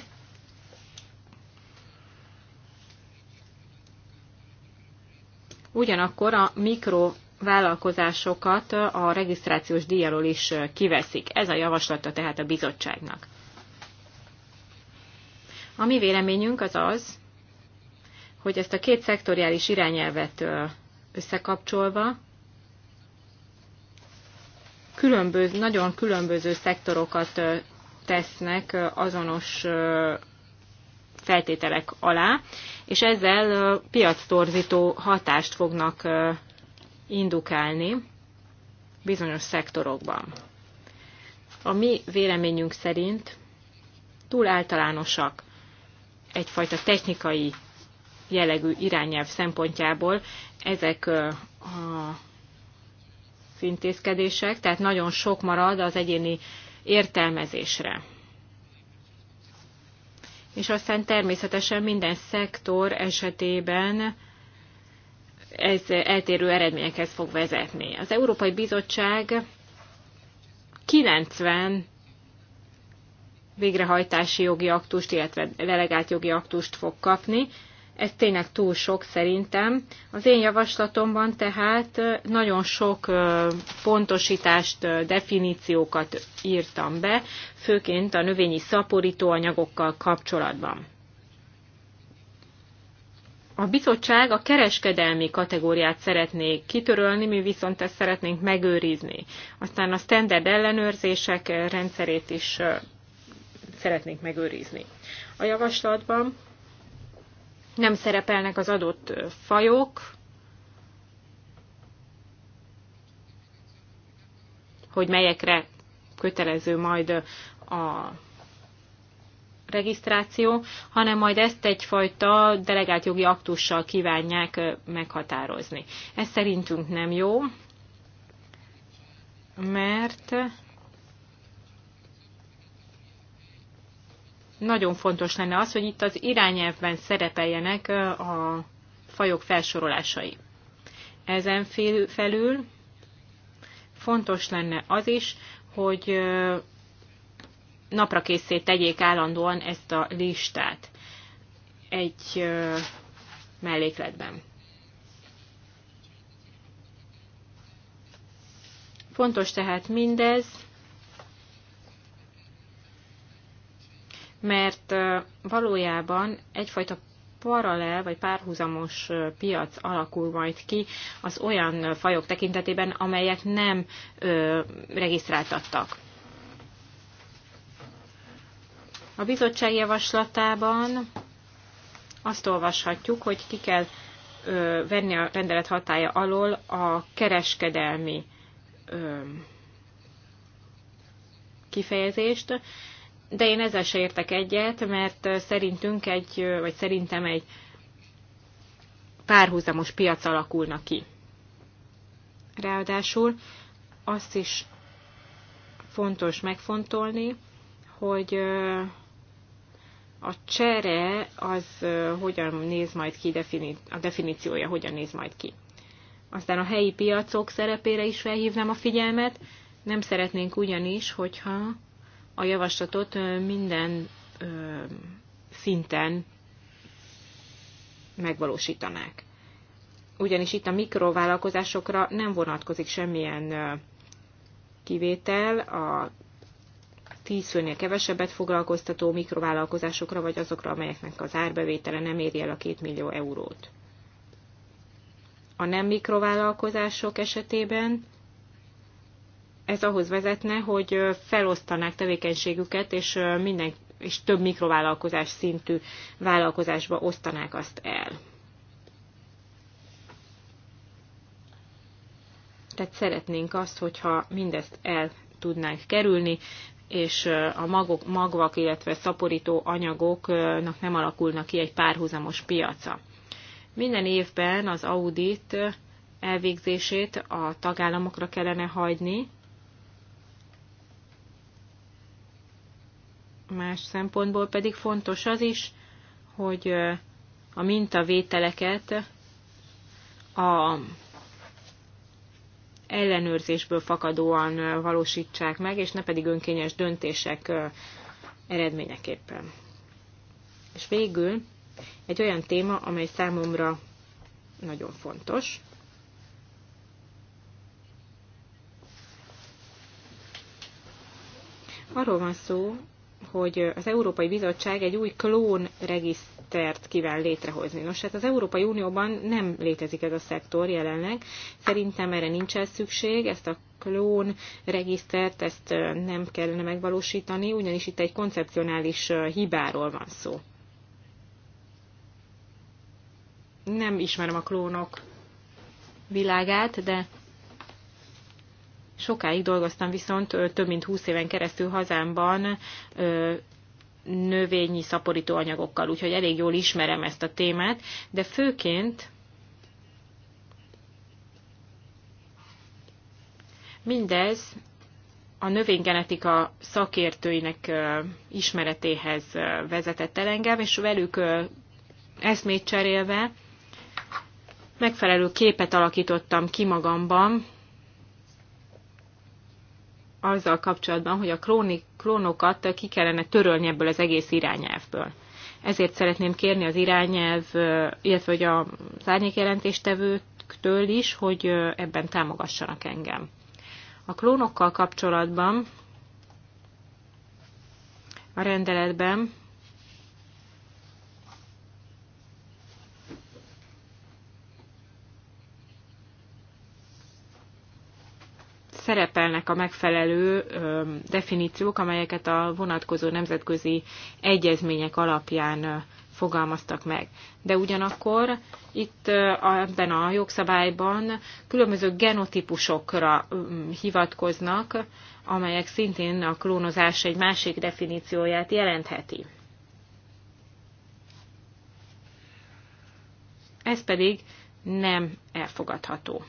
ugyanakkor a mikro vállalkozásokat a regisztrációs díjáról is kiveszik. Ez a javaslata tehát a bizottságnak. A mi véleményünk az az, hogy ezt a két szektoriális irányelvet összekapcsolva különböző, nagyon különböző szektorokat tesznek azonos feltételek alá, és ezzel piac torzító hatást fognak indukálni bizonyos szektorokban. A mi véleményünk szerint túl általánosak egyfajta technikai jellegű irányelv szempontjából ezek a intézkedések, tehát nagyon sok marad az egyéni értelmezésre és aztán természetesen minden szektor esetében ez eltérő eredményekhez fog vezetni. Az Európai Bizottság 90 végrehajtási jogi aktust, illetve delegált jogi aktust fog kapni, ez tényleg túl sok szerintem. Az én javaslatomban tehát nagyon sok pontosítást, definíciókat írtam be, főként a növényi szaporítóanyagokkal kapcsolatban. A bizottság a kereskedelmi kategóriát szeretné kitörölni, mi viszont ezt szeretnénk megőrizni. Aztán a standard ellenőrzések rendszerét is szeretnénk megőrizni. A javaslatban nem szerepelnek az adott fajok, hogy melyekre kötelező majd a regisztráció, hanem majd ezt egyfajta delegált jogi aktussal kívánják meghatározni. Ez szerintünk nem jó, mert nagyon fontos lenne az, hogy itt az irányelvben szerepeljenek a fajok felsorolásai. Ezen felül fontos lenne az is, hogy napra készét tegyék állandóan ezt a listát egy mellékletben. Fontos tehát mindez, mert valójában egyfajta paralel vagy párhuzamos piac alakul majd ki az olyan fajok tekintetében, amelyek nem ö, regisztráltattak. A bizottság javaslatában azt olvashatjuk, hogy ki kell ö, venni a rendelet hatája alól a kereskedelmi ö, kifejezést, de én ezzel se értek egyet, mert szerintünk egy, vagy szerintem egy párhuzamos piac alakulna ki. Ráadásul azt is fontos megfontolni, hogy a csere az hogyan néz majd ki, a definíciója hogyan néz majd ki. Aztán a helyi piacok szerepére is felhívnám a figyelmet, nem szeretnénk ugyanis, hogyha a javaslatot minden szinten megvalósítanák. Ugyanis itt a mikrovállalkozásokra nem vonatkozik semmilyen kivétel a tíz főnél kevesebbet foglalkoztató mikrovállalkozásokra, vagy azokra, amelyeknek az árbevétele nem éri el a 2 millió eurót. A nem mikrovállalkozások esetében ez ahhoz vezetne, hogy felosztanák tevékenységüket, és, minden, és több mikrovállalkozás szintű vállalkozásba osztanák azt el. Tehát szeretnénk azt, hogyha mindezt el tudnánk kerülni, és a magok, magvak, illetve szaporító anyagoknak nem alakulnak ki egy párhuzamos piaca. Minden évben az audit elvégzését a tagállamokra kellene hagyni, Más szempontból pedig fontos az is, hogy a mintavételeket a ellenőrzésből fakadóan valósítsák meg, és ne pedig önkényes döntések eredményeképpen. És végül egy olyan téma, amely számomra nagyon fontos. Arról van szó, hogy az Európai Bizottság egy új klón regisztert kíván létrehozni. Nos, hát az Európai Unióban nem létezik ez a szektor jelenleg. Szerintem erre el szükség, ezt a klón regisztert ezt nem kellene megvalósítani, ugyanis itt egy koncepcionális hibáról van szó. Nem ismerem a klónok világát, de Sokáig dolgoztam viszont több mint 20 éven keresztül hazámban növényi szaporítóanyagokkal, úgyhogy elég jól ismerem ezt a témát, de főként mindez a növénygenetika szakértőinek ismeretéhez vezetett el engem, és velük eszmét cserélve megfelelő képet alakítottam ki magamban azzal kapcsolatban, hogy a krónik, klónokat ki kellene törölni ebből az egész irányelvből. Ezért szeretném kérni az irányelv, illetve hogy az árnyékjelentéstevőktől is, hogy ebben támogassanak engem. A klónokkal kapcsolatban a rendeletben szerepelnek a megfelelő definíciók, amelyeket a vonatkozó nemzetközi egyezmények alapján fogalmaztak meg. De ugyanakkor itt ebben a jogszabályban különböző genotípusokra hivatkoznak, amelyek szintén a klónozás egy másik definícióját jelentheti. Ez pedig nem elfogadható.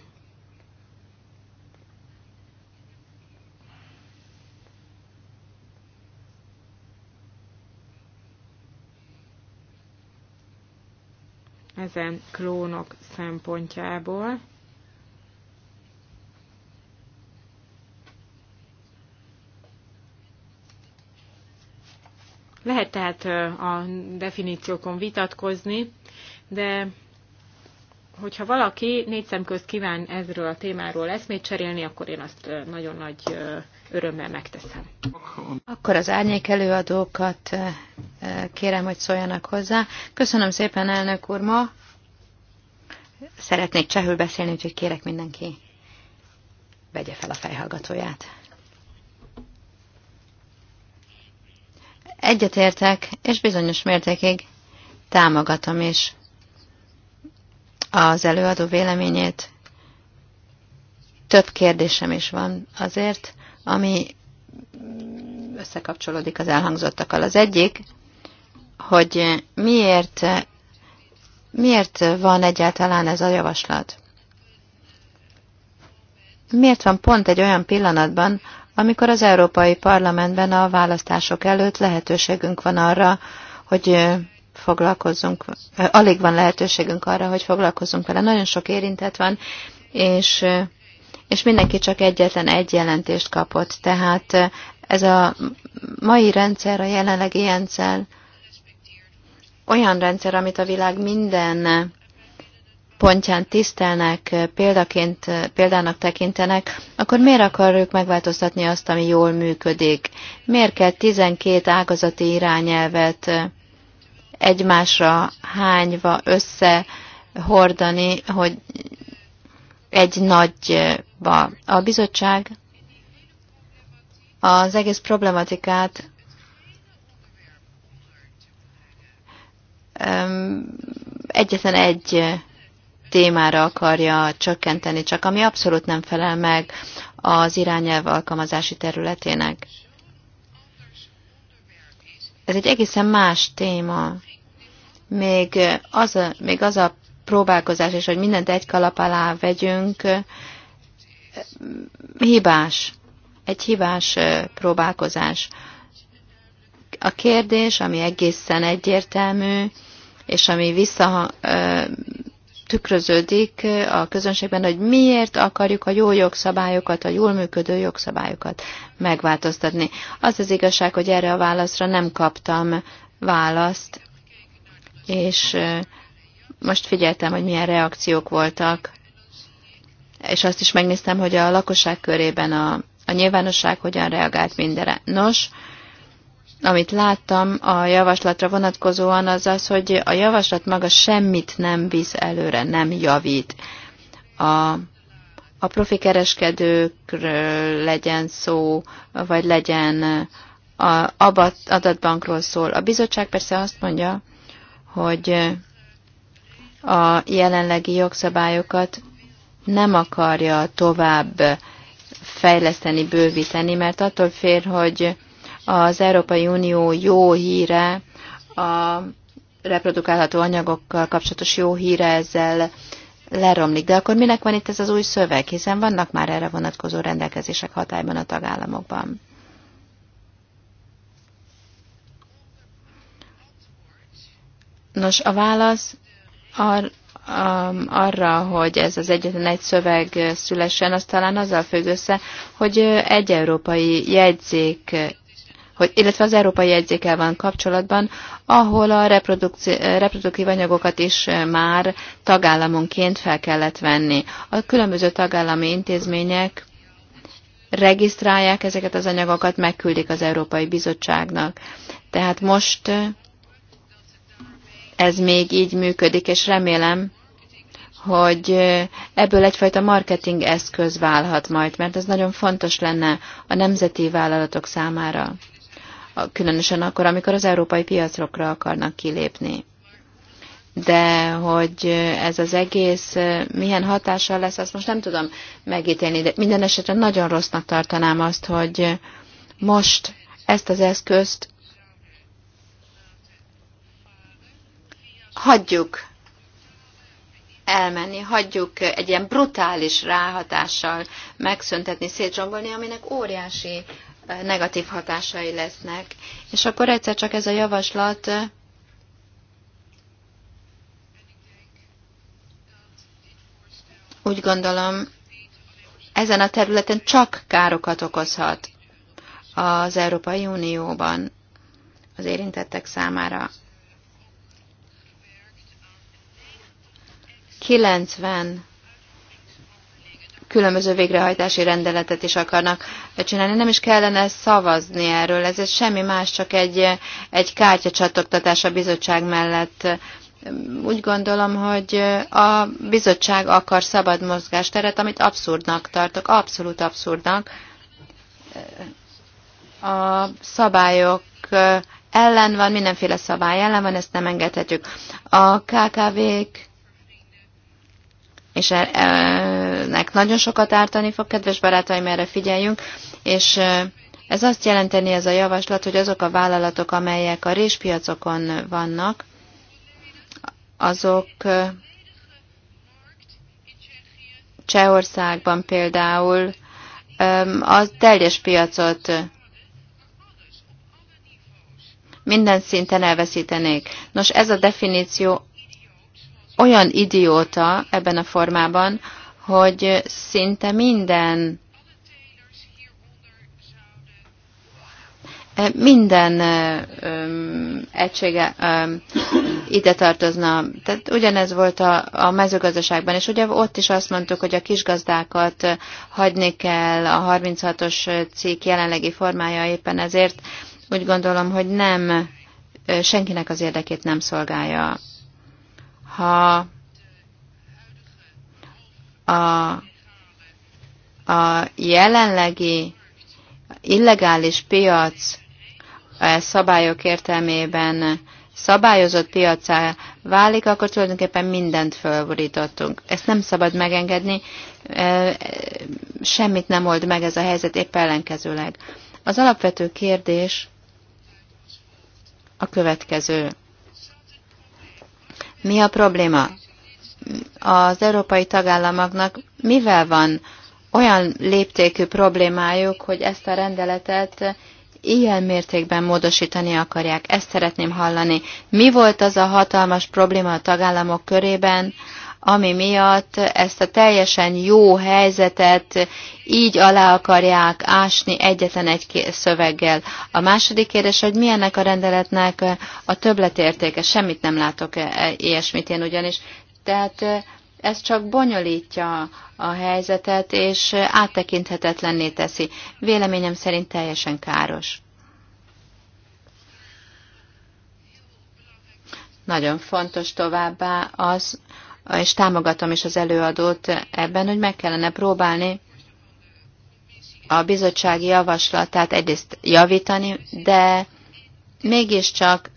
ezen klónok szempontjából. Lehet tehát a definíciókon vitatkozni, de hogyha valaki négy szem közt kíván ezről a témáról eszmét cserélni, akkor én azt nagyon nagy örömmel megteszem. Akkor az árnyék előadókat kérem, hogy szóljanak hozzá. Köszönöm szépen, elnök úr, ma szeretnék csehül beszélni, úgyhogy kérek mindenki vegye fel a fejhallgatóját. Egyetértek, és bizonyos mértékig támogatom is az előadó véleményét. Több kérdésem is van azért, ami összekapcsolódik az elhangzottakkal. Az egyik, hogy miért, miért van egyáltalán ez a javaslat? Miért van pont egy olyan pillanatban, amikor az Európai Parlamentben a választások előtt lehetőségünk van arra, hogy foglalkozzunk, alig van lehetőségünk arra, hogy foglalkozzunk vele. Nagyon sok érintett van, és és mindenki csak egyetlen egy jelentést kapott. Tehát ez a mai rendszer, a jelenlegi rendszer olyan rendszer, amit a világ minden pontján tisztelnek, példaként, példának tekintenek, akkor miért akarjuk megváltoztatni azt, ami jól működik? Miért kell 12 ágazati irányelvet egymásra hányva összehordani, hogy egy nagyba. A bizottság az egész problematikát egyetlen egy témára akarja csökkenteni, csak ami abszolút nem felel meg az irányelv alkalmazási területének. Ez egy egészen más téma. Még az a, még az a próbálkozás, és hogy mindent egy kalap alá vegyünk, hibás. Egy hibás próbálkozás. A kérdés, ami egészen egyértelmű, és ami vissza tükröződik a közönségben, hogy miért akarjuk a jó jogszabályokat, a jól működő jogszabályokat megváltoztatni. Az az igazság, hogy erre a válaszra nem kaptam választ, és most figyeltem, hogy milyen reakciók voltak, és azt is megnéztem, hogy a lakosság körében a, a nyilvánosság hogyan reagált mindenre. Nos, amit láttam a javaslatra vonatkozóan, az az, hogy a javaslat maga semmit nem visz előre, nem javít. A, a profi kereskedőkről legyen szó, vagy legyen a adatbankról szól. A bizottság persze azt mondja, hogy a jelenlegi jogszabályokat nem akarja tovább fejleszteni, bővíteni, mert attól fér, hogy az Európai Unió jó híre, a reprodukálható anyagokkal kapcsolatos jó híre ezzel leromlik. De akkor minek van itt ez az új szöveg, hiszen vannak már erre vonatkozó rendelkezések hatályban a tagállamokban. Nos, a válasz ar, um, arra, hogy ez az egyetlen egy szöveg szülessen, az talán azzal függ össze, hogy egy európai jegyzék hogy, illetve az európai jegyzékkel van kapcsolatban, ahol a reproduktív anyagokat is már tagállamonként fel kellett venni. A különböző tagállami intézmények regisztrálják ezeket az anyagokat, megküldik az Európai Bizottságnak. Tehát most ez még így működik, és remélem, hogy ebből egyfajta marketing eszköz válhat majd, mert ez nagyon fontos lenne a nemzeti vállalatok számára, különösen akkor, amikor az európai piacokra akarnak kilépni. De hogy ez az egész milyen hatással lesz, azt most nem tudom megítélni, de minden esetre nagyon rossznak tartanám azt, hogy most ezt az eszközt hagyjuk elmenni, hagyjuk egy ilyen brutális ráhatással megszüntetni, szétrombolni, aminek óriási negatív hatásai lesznek. És akkor egyszer csak ez a javaslat úgy gondolom, ezen a területen csak károkat okozhat az Európai Unióban az érintettek számára. 90 különböző végrehajtási rendeletet is akarnak csinálni. Nem is kellene szavazni erről, ez semmi más, csak egy, egy kártyacsatoktatás a bizottság mellett. Úgy gondolom, hogy a bizottság akar szabad mozgásteret, amit abszurdnak tartok, abszolút abszurdnak. A szabályok ellen van, mindenféle szabály ellen van, ezt nem engedhetjük. A KKV-k és ennek e, nagyon sokat ártani fog, kedves barátaim, erre figyeljünk, és e, ez azt jelenteni ez a javaslat, hogy azok a vállalatok, amelyek a réspiacokon vannak, azok e, Csehországban például a teljes piacot minden szinten elveszítenék. Nos, ez a definíció olyan idióta ebben a formában, hogy szinte minden eh, minden öm, eh, egysége öm, ide tartozna. Tehát ugyanez volt a, a mezőgazdaságban, és ugye ott is azt mondtuk, hogy a kisgazdákat eh, hagyni kell, a 36-os cikk jelenlegi formája éppen ezért úgy gondolom, hogy nem senkinek az érdekét nem szolgálja ha a, a jelenlegi illegális piac e, szabályok értelmében szabályozott piacá válik, akkor tulajdonképpen mindent fölborítottunk. Ezt nem szabad megengedni, e, semmit nem old meg ez a helyzet, épp ellenkezőleg. Az alapvető kérdés a következő. Mi a probléma? Az európai tagállamoknak mivel van olyan léptékű problémájuk, hogy ezt a rendeletet ilyen mértékben módosítani akarják. Ezt szeretném hallani. Mi volt az a hatalmas probléma a tagállamok körében, ami miatt ezt a teljesen jó helyzetet így alá akarják ásni egyetlen egy szöveggel. A második kérdés, hogy milyennek a rendeletnek a többletértéke, semmit nem látok e, e, ilyesmit én ugyanis. Tehát e, ez csak bonyolítja a helyzetet, és áttekinthetetlenné teszi. Véleményem szerint teljesen káros. Nagyon fontos továbbá az, és támogatom is az előadót ebben, hogy meg kellene próbálni a bizottsági javaslatát egyrészt javítani, de mégiscsak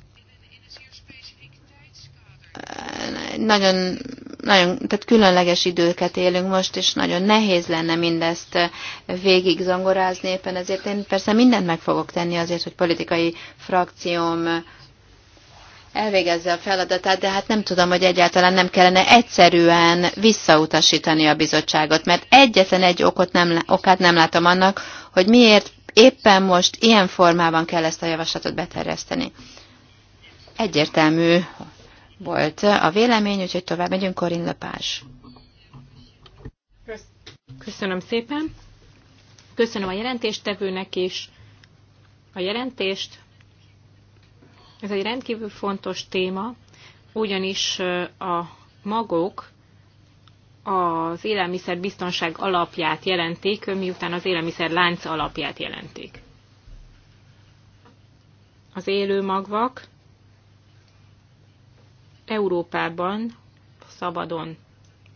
eh, nagyon, nagyon, tehát különleges időket élünk most, és nagyon nehéz lenne mindezt eh, végig zongorázni éppen, ezért én persze mindent meg fogok tenni azért, hogy politikai frakcióm elvégezze a feladatát, de hát nem tudom, hogy egyáltalán nem kellene egyszerűen visszautasítani a bizottságot, mert egyetlen egy okot nem, okát nem látom annak, hogy miért éppen most ilyen formában kell ezt a javaslatot beterjeszteni. Egyértelmű volt a vélemény, úgyhogy tovább megyünk Korin Lepás. Köszönöm szépen. Köszönöm a jelentéstevőnek is a jelentést. Ez egy rendkívül fontos téma, ugyanis a magok az biztonság alapját jelentik, miután az élelmiszer lánc alapját jelentik. Az élő magvak Európában szabadon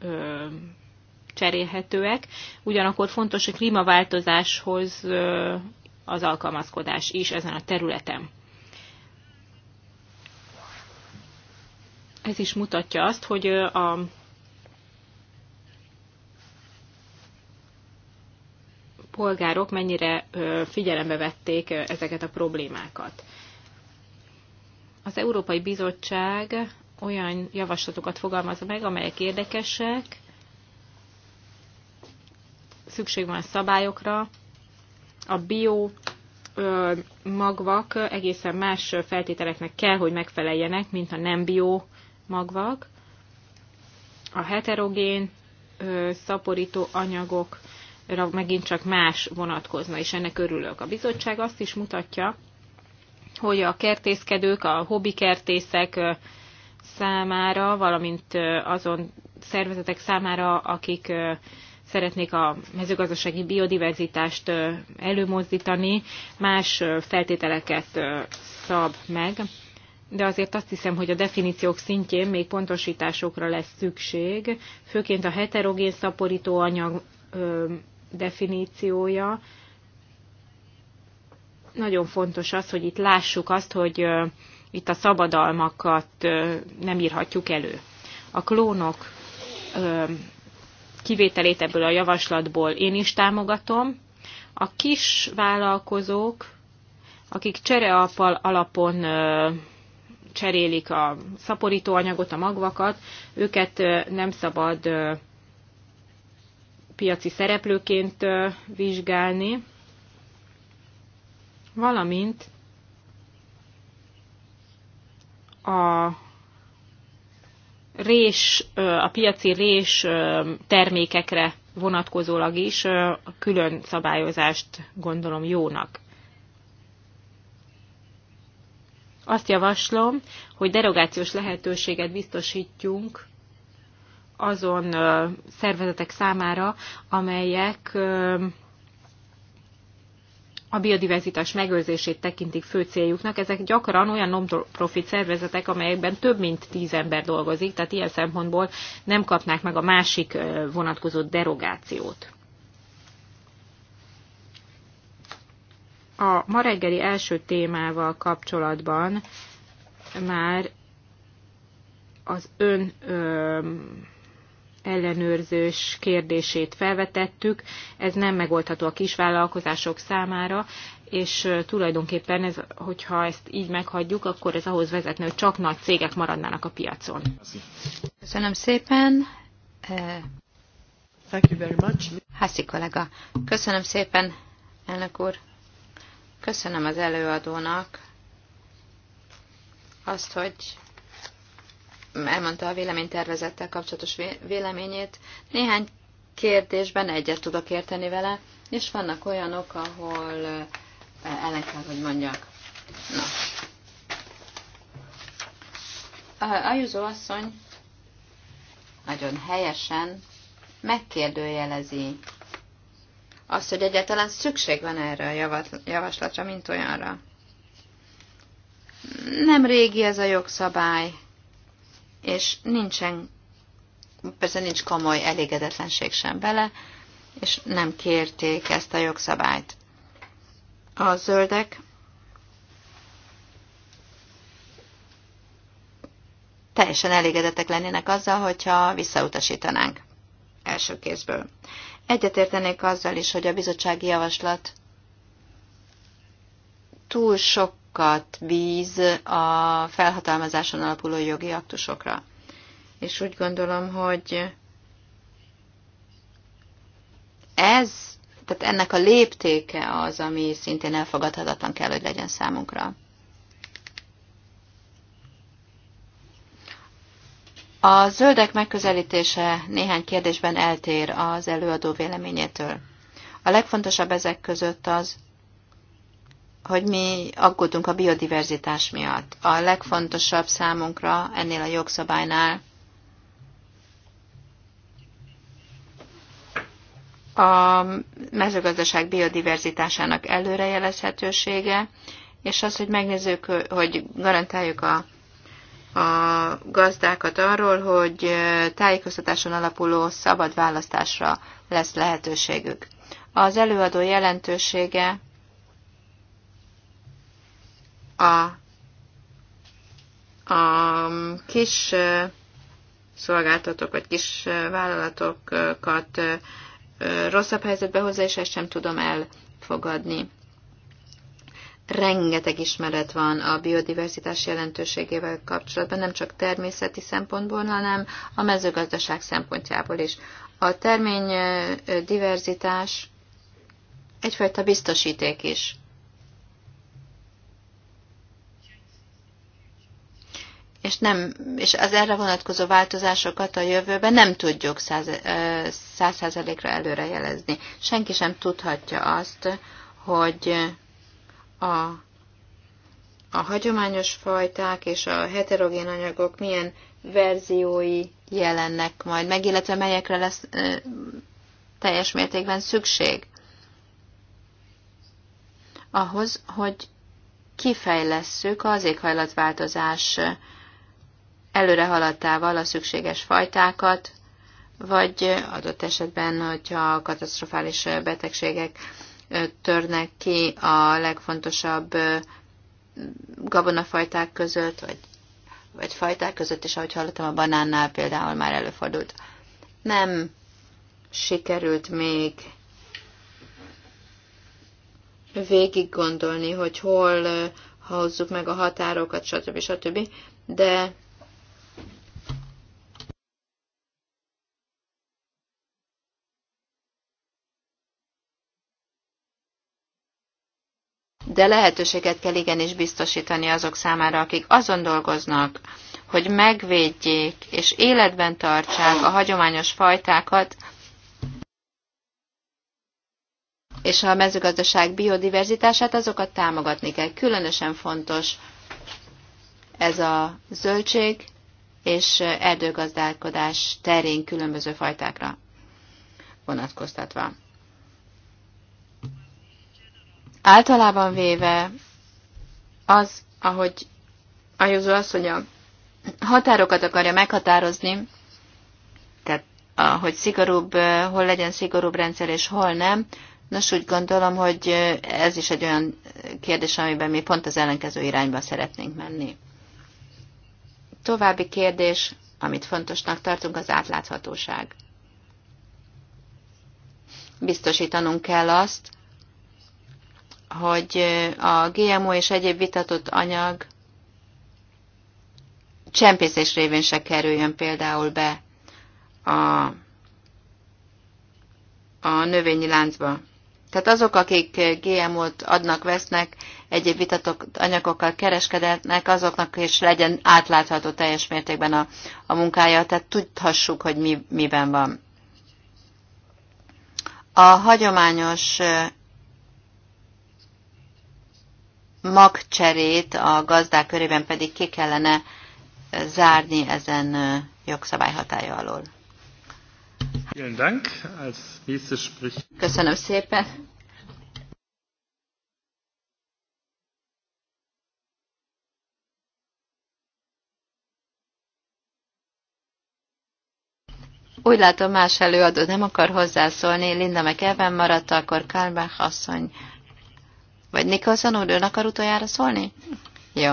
ö, cserélhetőek, ugyanakkor fontos a klímaváltozáshoz ö, az alkalmazkodás is ezen a területen. Ez is mutatja azt, hogy a polgárok mennyire figyelembe vették ezeket a problémákat. Az Európai Bizottság olyan javaslatokat fogalmaz meg, amelyek érdekesek, szükség van szabályokra, a bio magvak egészen más feltételeknek kell, hogy megfeleljenek, mint a nem bio magvak, a heterogén szaporító anyagok, megint csak más vonatkozna, és ennek örülök. A bizottság azt is mutatja, hogy a kertészkedők, a hobbi kertészek számára, valamint azon szervezetek számára, akik szeretnék a mezőgazdasági biodiverzitást előmozdítani, más feltételeket szab meg de azért azt hiszem, hogy a definíciók szintjén még pontosításokra lesz szükség, főként a heterogén szaporító anyag ö, definíciója. Nagyon fontos az, hogy itt lássuk azt, hogy ö, itt a szabadalmakat ö, nem írhatjuk elő. A klónok ö, kivételét ebből a javaslatból én is támogatom. A kis vállalkozók, akik csereapal alapon ö, cserélik a szaporítóanyagot, a magvakat, őket nem szabad piaci szereplőként vizsgálni, valamint a rés, a piaci rés termékekre vonatkozólag is külön szabályozást gondolom jónak. Azt javaslom, hogy derogációs lehetőséget biztosítjunk azon szervezetek számára, amelyek a biodiverzitás megőrzését tekintik fő céljuknak. Ezek gyakran olyan non-profit szervezetek, amelyekben több mint tíz ember dolgozik, tehát ilyen szempontból nem kapnák meg a másik vonatkozó derogációt. a ma reggeli első témával kapcsolatban már az ön ö, ellenőrzős kérdését felvetettük. Ez nem megoldható a kisvállalkozások számára, és tulajdonképpen, ez, hogyha ezt így meghagyjuk, akkor ez ahhoz vezetne, hogy csak nagy cégek maradnának a piacon. Köszönöm szépen. Thank you very much. Haszi kollega. Köszönöm szépen, elnök úr. Köszönöm az előadónak azt, hogy elmondta a véleménytervezettel kapcsolatos véleményét. Néhány kérdésben egyet tudok érteni vele, és vannak olyanok, ahol eh, ellen kell, hogy mondjak. Na. Ajuzó asszony nagyon helyesen megkérdőjelezi az, hogy egyáltalán szükség van erre a javaslatra, mint olyanra. Nem régi ez a jogszabály, és nincsen, persze nincs komoly elégedetlenség sem bele, és nem kérték ezt a jogszabályt. A zöldek teljesen elégedettek lennének azzal, hogyha visszautasítanánk első kézből. Egyetértenék azzal is, hogy a bizottsági javaslat túl sokat bíz a felhatalmazáson alapuló jogi aktusokra. És úgy gondolom, hogy ez, tehát ennek a léptéke az, ami szintén elfogadhatatlan kell, hogy legyen számunkra. A zöldek megközelítése néhány kérdésben eltér az előadó véleményétől. A legfontosabb ezek között az, hogy mi aggódunk a biodiverzitás miatt. A legfontosabb számunkra ennél a jogszabálynál a mezőgazdaság biodiverzitásának előrejelezhetősége, és az, hogy megnézzük, hogy garantáljuk a a gazdákat arról, hogy tájékoztatáson alapuló szabad választásra lesz lehetőségük. Az előadó jelentősége a, a kis szolgáltatók vagy kis vállalatokat rosszabb helyzetbe hozza, és ezt sem tudom elfogadni rengeteg ismeret van a biodiverzitás jelentőségével kapcsolatban, nem csak természeti szempontból, hanem a mezőgazdaság szempontjából is. A termény diverzitás egyfajta biztosíték is. És, nem, és az erre vonatkozó változásokat a jövőben nem tudjuk száz százalékra előrejelezni. Senki sem tudhatja azt, hogy a, a hagyományos fajták és a heterogén anyagok milyen verziói jelennek majd meg, illetve melyekre lesz ö, teljes mértékben szükség ahhoz, hogy kifejlesszük az éghajlatváltozás előrehaladtával a szükséges fajtákat, vagy adott esetben, hogyha katasztrofális betegségek törnek ki a legfontosabb gabonafajták között, vagy, vagy fajták között, és ahogy hallottam, a banánnál például már előfordult. Nem sikerült még végig gondolni, hogy hol hozzuk meg a határokat, stb. stb. De de lehetőséget kell igenis biztosítani azok számára, akik azon dolgoznak, hogy megvédjék és életben tartsák a hagyományos fajtákat, és a mezőgazdaság biodiverzitását azokat támogatni kell. Különösen fontos ez a zöldség és erdőgazdálkodás terén különböző fajtákra vonatkoztatva. Általában véve az, ahogy a asszony a határokat akarja meghatározni, tehát hogy szigorúbb, hol legyen szigorúbb rendszer és hol nem, nos úgy gondolom, hogy ez is egy olyan kérdés, amiben mi pont az ellenkező irányba szeretnénk menni. További kérdés, amit fontosnak tartunk, az átláthatóság. Biztosítanunk kell azt, hogy a GMO és egyéb vitatott anyag csempészés révén se kerüljön például be a, a növényi láncba. Tehát azok, akik GMO-t adnak, vesznek, egyéb vitatott anyagokkal kereskedetnek, azoknak is legyen átlátható teljes mértékben a, a munkája, tehát tudhassuk, hogy mi, miben van. A hagyományos magcserét, a gazdák körében pedig ki kellene zárni ezen jogszabály hatája alól. Köszönöm szépen. Úgy látom, más előadó nem akar hozzászólni. Linda meg ebben maradt, akkor Kálbach asszony vagy Nicholson úr, ön akar utoljára szólni? Jó.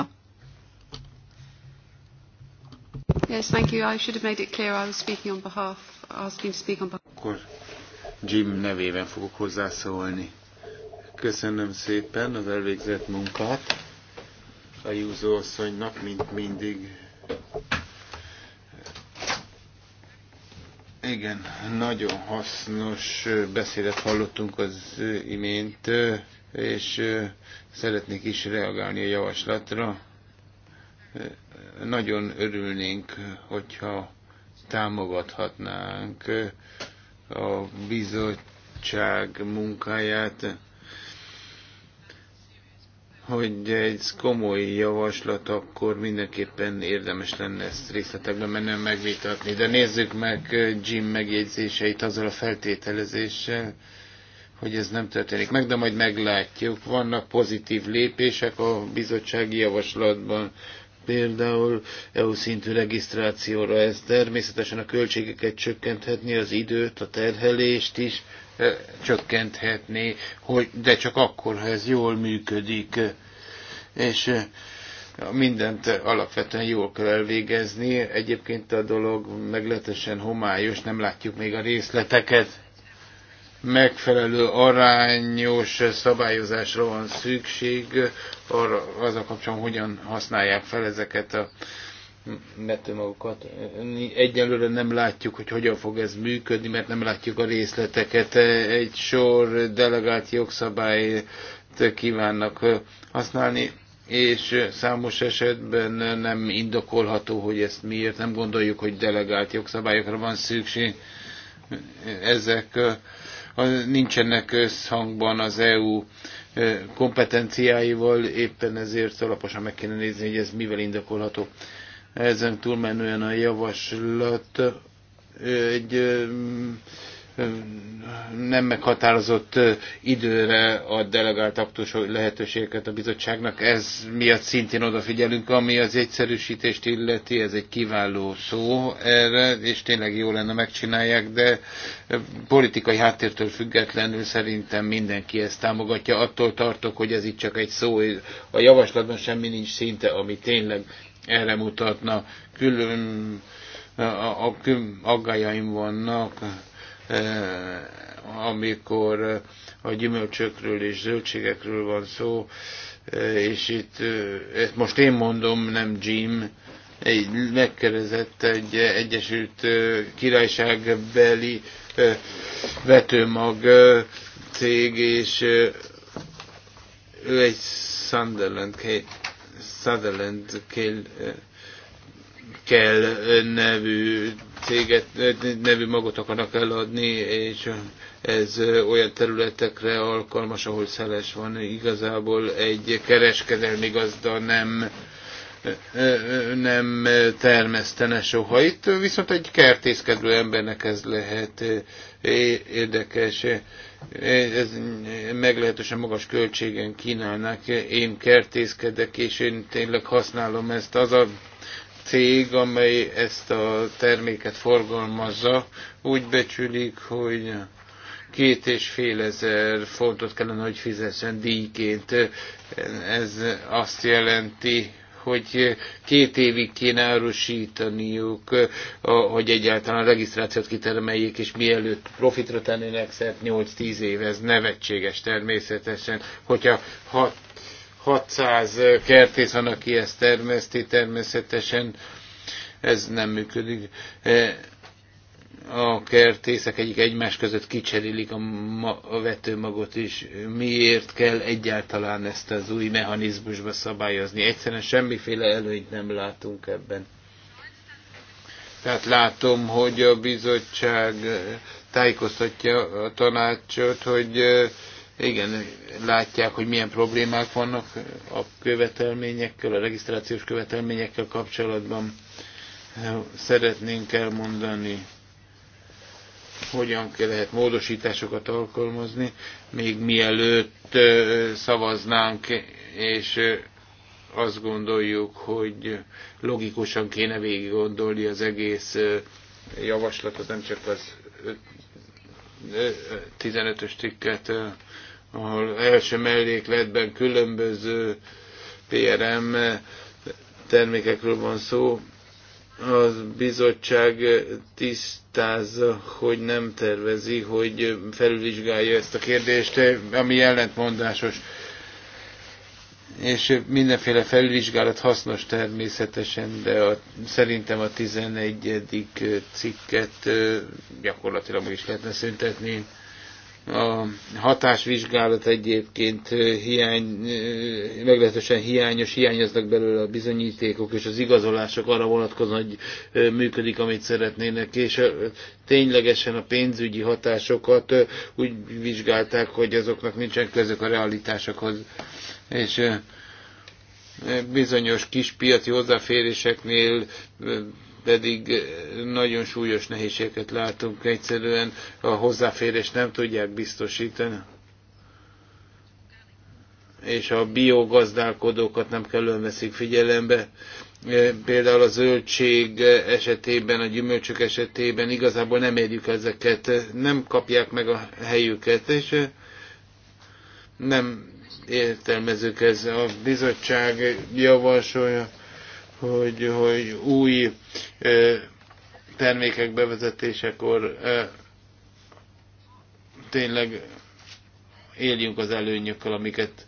Yes, thank you. I should have made it clear I was speaking on behalf, asking to speak on behalf. Akkor Jim nevében fogok hozzászólni. Köszönöm szépen az elvégzett munkát a Júzó asszonynak, mint mindig. Igen, nagyon hasznos beszédet hallottunk az imént és szeretnék is reagálni a javaslatra. Nagyon örülnénk, hogyha támogathatnánk a bizottság munkáját, hogy egy komoly javaslat, akkor mindenképpen érdemes lenne ezt részletekben menően megvitatni. De nézzük meg Jim megjegyzéseit azzal a feltételezéssel, hogy ez nem történik meg, de majd meglátjuk. Vannak pozitív lépések a bizottsági javaslatban, például EU szintű regisztrációra ez természetesen a költségeket csökkenthetni, az időt, a terhelést is eh, csökkenthetni. hogy, de csak akkor, ha ez jól működik, és eh, mindent alapvetően jól kell elvégezni. Egyébként a dolog meglehetősen homályos, nem látjuk még a részleteket megfelelő arányos szabályozásra van szükség, arra az a kapcsolatban hogyan használják fel ezeket a metőmagokat. Egyelőre nem látjuk, hogy hogyan fog ez működni, mert nem látjuk a részleteket. Egy sor delegált jogszabályt kívánnak használni, és számos esetben nem indokolható, hogy ezt miért. Nem gondoljuk, hogy delegált jogszabályokra van szükség. Ezek nincsenek összhangban az EU e, kompetenciáival, éppen ezért alaposan meg kéne nézni, hogy ez mivel indokolható. Ezen túlmenően a javaslat egy nem meghatározott időre a delegált aktus lehetőségeket a bizottságnak. Ez miatt szintén odafigyelünk, ami az egyszerűsítést illeti, ez egy kiváló szó erre, és tényleg jó lenne megcsinálják, de politikai háttértől függetlenül szerintem mindenki ezt támogatja. Attól tartok, hogy ez itt csak egy szó, a javaslatban semmi nincs szinte, ami tényleg erre mutatna. Külön aggájaim vannak Eh, amikor eh, a gyümölcsökről és zöldségekről van szó, eh, és itt ezt most én mondom, nem Jim, egy megkerezett egy Egyesült Királyságbeli vetőmag cég, és ő egy Sunderland, Sutherland kell nevű céget nevű magot akarnak eladni, és ez olyan területekre alkalmas, ahol szeles van. Igazából egy kereskedelmi gazda nem nem termesztene soha. Itt viszont egy kertészkedő embernek ez lehet érdekes. Ez meglehetősen magas költségen kínálnak. Én kertészkedek, és én tényleg használom ezt. Az a cég, amely ezt a terméket forgalmazza, úgy becsülik, hogy két és fél ezer fontot kellene, hogy fizessen díjként. Ez azt jelenti, hogy két évig kéne árusítaniuk, hogy egyáltalán a regisztrációt kitermeljék, és mielőtt profitra tennének szert 8-10 év, ez nevetséges természetesen. Hogyha 6 600 kertész van, aki ezt termeszti, természetesen ez nem működik. E, a kertészek egyik egymás között kicserélik a, ma, a vetőmagot is. Miért kell egyáltalán ezt az új mechanizmusba szabályozni? Egyszerűen semmiféle előnyt nem látunk ebben. Tehát látom, hogy a bizottság tájékoztatja a tanácsot, hogy e, igen, látják, hogy milyen problémák vannak a követelményekkel, a regisztrációs követelményekkel kapcsolatban. Szeretnénk elmondani, hogyan lehet módosításokat alkalmazni, még mielőtt szavaznánk, és azt gondoljuk, hogy logikusan kéne végig gondolni az egész javaslatot, nem csak az 15-ös tikket, ahol első mellékletben különböző PRM termékekről van szó, a bizottság tisztázza, hogy nem tervezi, hogy felülvizsgálja ezt a kérdést, ami ellentmondásos. És mindenféle felvizsgálat hasznos természetesen, de a, szerintem a 11. cikket gyakorlatilag meg is lehetne szüntetni. A hatásvizsgálat egyébként hiány, meglehetősen hiányos, hiányoznak belőle a bizonyítékok és az igazolások arra vonatkozóan, hogy működik, amit szeretnének, és ténylegesen a pénzügyi hatásokat úgy vizsgálták, hogy azoknak nincsen közök a realitásokhoz. És bizonyos kis piaci hozzáféréseknél pedig eh, nagyon súlyos nehézségeket látunk, egyszerűen a hozzáférés nem tudják biztosítani. És a biogazdálkodókat nem kellően veszik figyelembe. Eh, például a zöldség eh, esetében, a gyümölcsök esetében igazából nem érjük ezeket, nem kapják meg a helyüket, és nem értelmezők ez. A bizottság javasolja hogy, hogy új termékek bevezetésekor tényleg éljünk az előnyökkel, amiket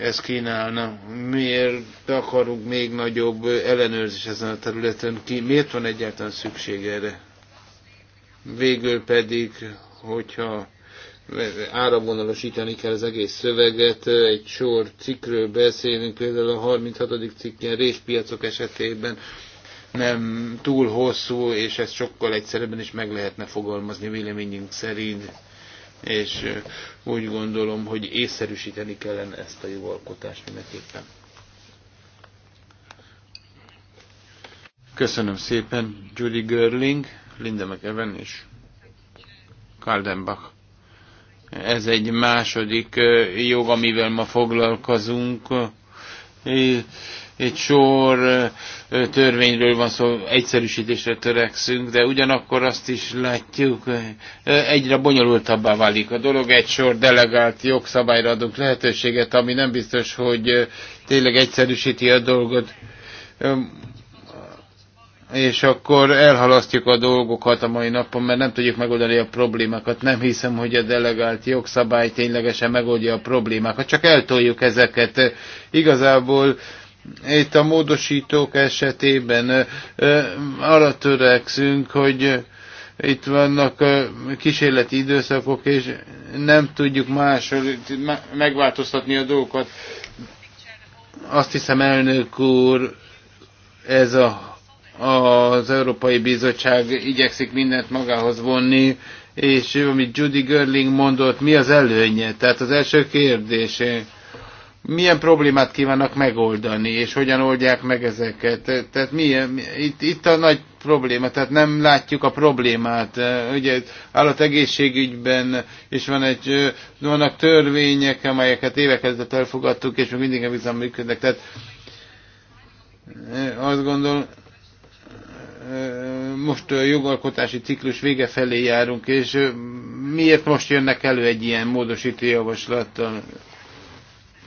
ez kínálna. Miért akarunk még nagyobb ellenőrzés ezen a területen? Ki, miért van egyáltalán szükség erre? Végül pedig, hogyha áramvonalasítani kell az egész szöveget, egy sor cikkről beszélünk, például a 36. cikken réspiacok esetében nem túl hosszú, és ezt sokkal egyszerűbben is meg lehetne fogalmazni véleményünk szerint, és úgy gondolom, hogy észszerűsíteni kellene ezt a jogalkotást mindenképpen. Köszönöm szépen Judy Görling, Linda McEwen és Kaldenbach ez egy második jog, amivel ma foglalkozunk. Egy sor törvényről van szó, egyszerűsítésre törekszünk, de ugyanakkor azt is látjuk, egyre bonyolultabbá válik a dolog, egy sor delegált jogszabályra adunk lehetőséget, ami nem biztos, hogy tényleg egyszerűsíti a dolgot és akkor elhalasztjuk a dolgokat a mai napon, mert nem tudjuk megoldani a problémákat. Nem hiszem, hogy a delegált jogszabály ténylegesen megoldja a problémákat, csak eltoljuk ezeket. Igazából itt a módosítók esetében arra törekszünk, hogy itt vannak kísérleti időszakok, és nem tudjuk máshol megváltoztatni a dolgokat. Azt hiszem, elnök úr, ez a az Európai Bizottság igyekszik mindent magához vonni, és amit Judy Görling mondott, mi az előnye? Tehát az első kérdés, milyen problémát kívánnak megoldani, és hogyan oldják meg ezeket? Tehát milyen, itt, itt a nagy probléma, tehát nem látjuk a problémát. Ugye állategészségügyben is van egy, vannak törvények, amelyeket évekezdet ezelőtt elfogadtuk, és még mindig nem működnek. Tehát eh, azt gondolom, most a jogalkotási ciklus vége felé járunk, és miért most jönnek elő egy ilyen módosító javaslattal?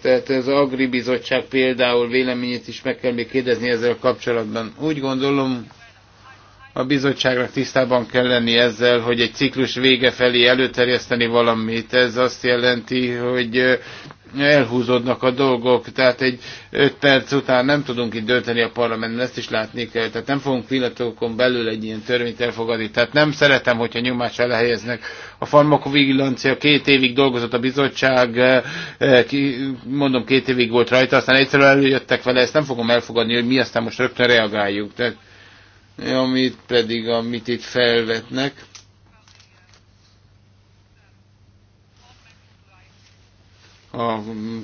Tehát ez az Agri Bizottság például véleményét is meg kell még kérdezni ezzel kapcsolatban. Úgy gondolom, a bizottságnak tisztában kell lenni ezzel, hogy egy ciklus vége felé előterjeszteni valamit. Ez azt jelenti, hogy elhúzódnak a dolgok, tehát egy öt perc után nem tudunk itt dönteni a parlamentben, ezt is látni kell, tehát nem fogunk pillanatokon belül egy ilyen törvényt elfogadni, tehát nem szeretem, hogyha nyomás elhelyeznek. A farmakovigilancia két évig dolgozott a bizottság, eh, eh, mondom két évig volt rajta, aztán egyszerűen előjöttek vele, ezt nem fogom elfogadni, hogy mi aztán most rögtön reagáljuk. Tehát, amit pedig, amit itt felvetnek, a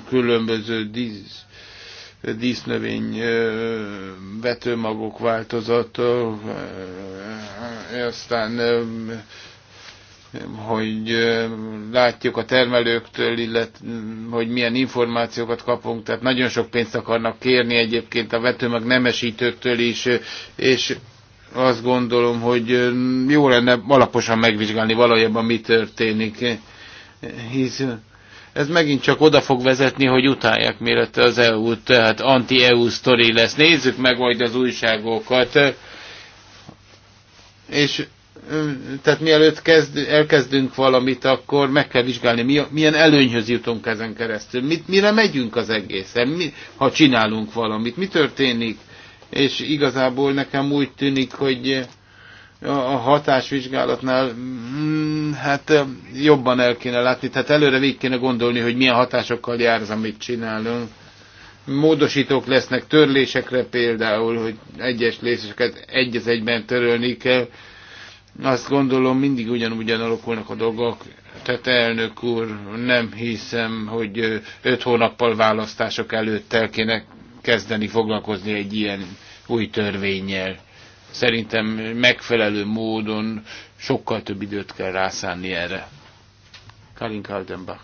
különböző dísz, dísznövény vetőmagok változata, aztán hogy látjuk a termelőktől, illetve hogy milyen információkat kapunk, tehát nagyon sok pénzt akarnak kérni egyébként a vetőmag nemesítőktől is, és azt gondolom, hogy jó lenne alaposan megvizsgálni valójában mi történik, hisz ez megint csak oda fog vezetni, hogy utálják mérete az EU-t, tehát anti-EU sztori lesz. Nézzük meg majd az újságokat. És tehát mielőtt kezd, elkezdünk valamit, akkor meg kell vizsgálni, mi, milyen előnyhöz jutunk ezen keresztül, mit, mire megyünk az egészen, mi, ha csinálunk valamit, mi történik. És igazából nekem úgy tűnik, hogy a hatásvizsgálatnál mm, hát jobban el kéne látni, tehát előre végig kéne gondolni, hogy milyen hatásokkal jár az, amit csinálunk. Módosítók lesznek törlésekre például, hogy egyes lészeket egy az egyben törölni kell. Azt gondolom, mindig ugyanúgy alakulnak a dolgok. Tehát elnök úr, nem hiszem, hogy öt hónappal választások előtt el kéne kezdeni foglalkozni egy ilyen új törvényel Szerintem megfelelő módon sokkal több időt kell rászánni erre. Karin Kaldenbach.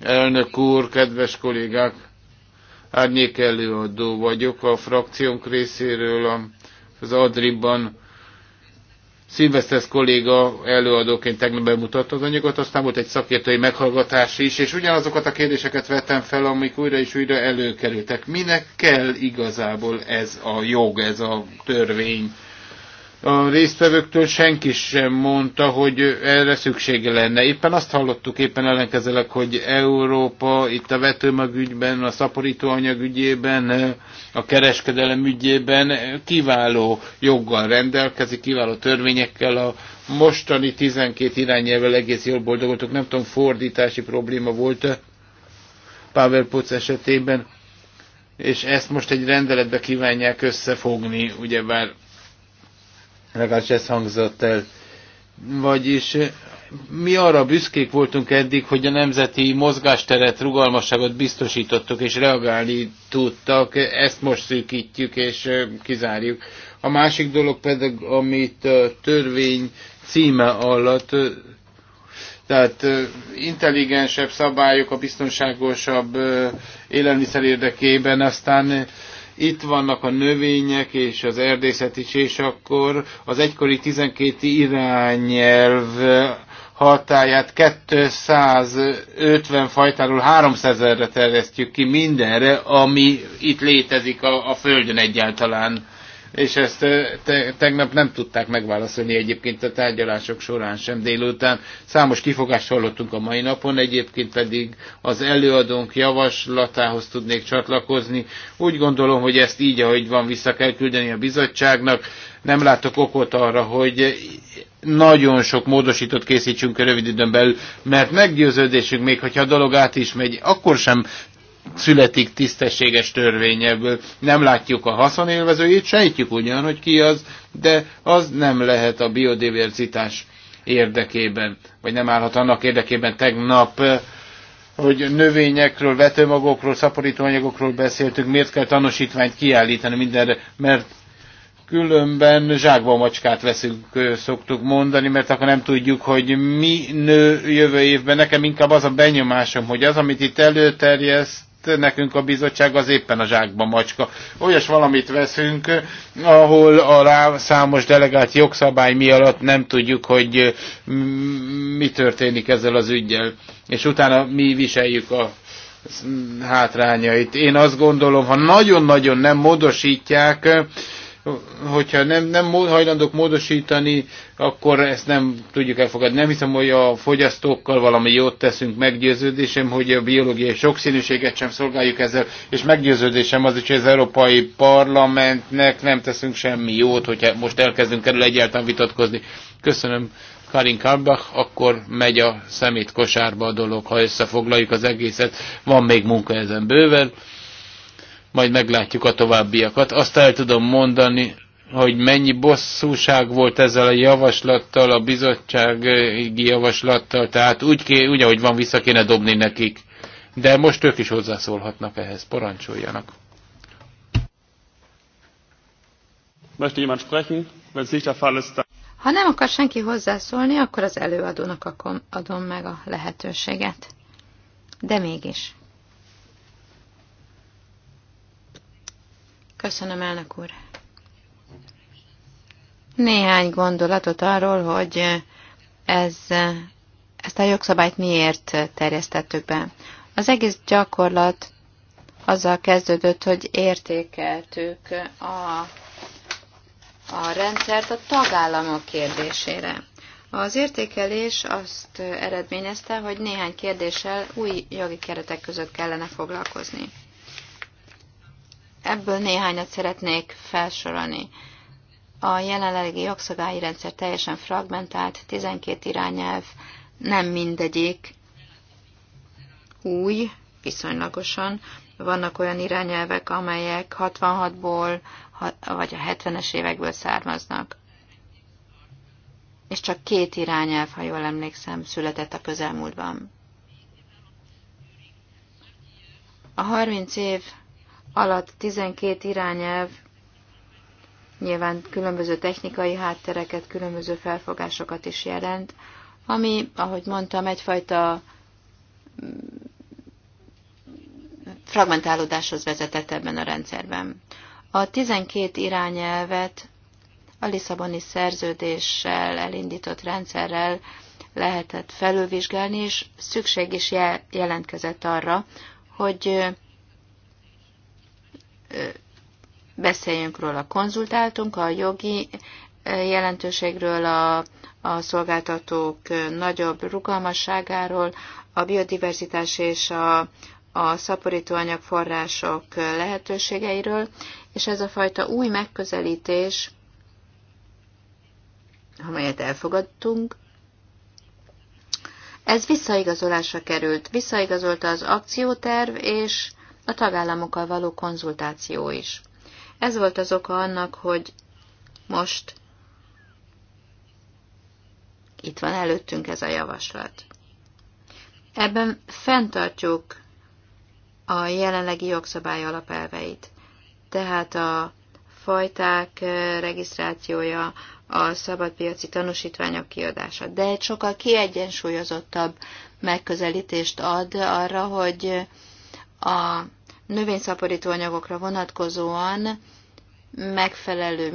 Elnök úr, kedves kollégák! Árnyék előadó vagyok a frakciónk részéről az Adriban Szilvesztesz kolléga előadóként tegnap bemutatta az anyagot, aztán volt egy szakértői meghallgatás is, és ugyanazokat a kérdéseket vettem fel, amik újra és újra előkerültek. Minek kell igazából ez a jog, ez a törvény? A résztvevőktől senki sem mondta, hogy erre szüksége lenne. Éppen azt hallottuk, éppen ellenkezelek, hogy Európa itt a vetőmagügyben, a szaporító ügyében a kereskedelem ügyében kiváló joggal rendelkezik, kiváló törvényekkel a mostani 12 irányelvel egész jól boldogultok. Nem tudom, fordítási probléma volt Pavel Poc esetében, és ezt most egy rendeletbe kívánják összefogni, ugyebár legalábbis ez hangzott el. Vagyis mi arra büszkék voltunk eddig, hogy a nemzeti mozgásteret, rugalmasságot biztosítottuk, és reagálni tudtak, ezt most szűkítjük és kizárjuk. A másik dolog pedig, amit a törvény címe alatt, tehát intelligensebb szabályok, a biztonságosabb élelmiszer érdekében, aztán itt vannak a növények és az erdészet is, és akkor az egykori 12 irányelv hatáját 250 fajtáról 300-re terjesztjük ki mindenre, ami itt létezik a, a Földön egyáltalán és ezt eh, te, tegnap nem tudták megválaszolni egyébként a tárgyalások során sem délután. Számos kifogást hallottunk a mai napon, egyébként pedig az előadónk javaslatához tudnék csatlakozni. Úgy gondolom, hogy ezt így, ahogy van, vissza kell küldeni a bizottságnak. Nem látok okot arra, hogy nagyon sok módosítót készítsünk a rövid időn belül, mert meggyőződésünk, még hogyha a dolog át is megy, akkor sem születik tisztességes törvény ebből. Nem látjuk a haszonélvezőjét, sejtjük ugyan, hogy ki az, de az nem lehet a biodiverzitás érdekében, vagy nem állhat annak érdekében tegnap hogy növényekről, vetőmagokról, szaporítóanyagokról beszéltünk, miért kell tanúsítványt kiállítani mindenre, mert különben zsákba macskát veszünk, szoktuk mondani, mert akkor nem tudjuk, hogy mi nő jövő évben. Nekem inkább az a benyomásom, hogy az, amit itt előterjeszt, nekünk a bizottság az éppen a zsákba macska. Olyas valamit veszünk, ahol a rá számos delegált jogszabály mi alatt nem tudjuk, hogy mm, mi történik ezzel az ügyel. És utána mi viseljük a hátrányait. Én azt gondolom, ha nagyon-nagyon nem módosítják, hogyha nem, nem hajlandók módosítani, akkor ezt nem tudjuk elfogadni. Nem hiszem, hogy a fogyasztókkal valami jót teszünk, meggyőződésem, hogy a biológiai sokszínűséget sem szolgáljuk ezzel, és meggyőződésem az is, hogy az Európai Parlamentnek nem teszünk semmi jót, hogyha most elkezdünk erről egyáltalán vitatkozni. Köszönöm. Karin Kalbach, akkor megy a szemét kosárba a dolog, ha összefoglaljuk az egészet. Van még munka ezen bőven majd meglátjuk a továbbiakat. Azt el tudom mondani, hogy mennyi bosszúság volt ezzel a javaslattal, a bizottsági javaslattal, tehát úgy, ké, úgy ahogy van, vissza kéne dobni nekik. De most ők is hozzászólhatnak ehhez, parancsoljanak. Ha nem akar senki hozzászólni, akkor az előadónak adom meg a lehetőséget. De mégis. Köszönöm, elnök úr. Néhány gondolatot arról, hogy ez, ezt a jogszabályt miért terjesztettük be. Az egész gyakorlat azzal kezdődött, hogy értékeltük a, a rendszert a tagállamok kérdésére. Az értékelés azt eredményezte, hogy néhány kérdéssel új jogi keretek között kellene foglalkozni. Ebből néhányat szeretnék felsorolni. A jelenlegi jogszabályi rendszer teljesen fragmentált, 12 irányelv, nem mindegyik új, viszonylagosan. Vannak olyan irányelvek, amelyek 66-ból vagy a 70-es évekből származnak. És csak két irányelv, ha jól emlékszem, született a közelmúltban. A 30 év alatt 12 irányelv nyilván különböző technikai háttereket, különböző felfogásokat is jelent, ami, ahogy mondtam, egyfajta mm, fragmentálódáshoz vezetett ebben a rendszerben. A 12 irányelvet a Lisszaboni szerződéssel elindított rendszerrel lehetett felülvizsgálni, és szükség is jelentkezett arra, hogy beszéljünk róla. Konzultáltunk a jogi jelentőségről, a, a szolgáltatók nagyobb rugalmasságáról, a biodiverzitás és a, a szaporító források lehetőségeiről, és ez a fajta új megközelítés, amelyet elfogadtunk, ez visszaigazolásra került. Visszaigazolta az akcióterv, és a tagállamokkal való konzultáció is. Ez volt az oka annak, hogy most itt van előttünk ez a javaslat. Ebben fenntartjuk a jelenlegi jogszabály alapelveit, tehát a fajták regisztrációja, a szabadpiaci tanúsítványok kiadása. De egy sokkal kiegyensúlyozottabb megközelítést ad arra, hogy a növényszaporító anyagokra vonatkozóan megfelelő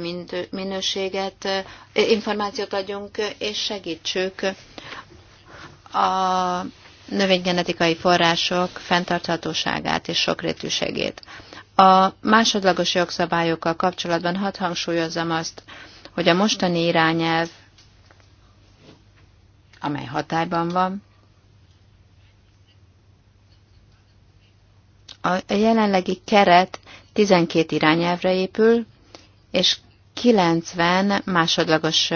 minőséget, információt adjunk, és segítsük a növénygenetikai források fenntarthatóságát és sokrétűségét. A másodlagos jogszabályokkal kapcsolatban hadd hangsúlyozzam azt, hogy a mostani irányelv, amely hatályban van, A jelenlegi keret 12 irányelvre épül, és 90 másodlagos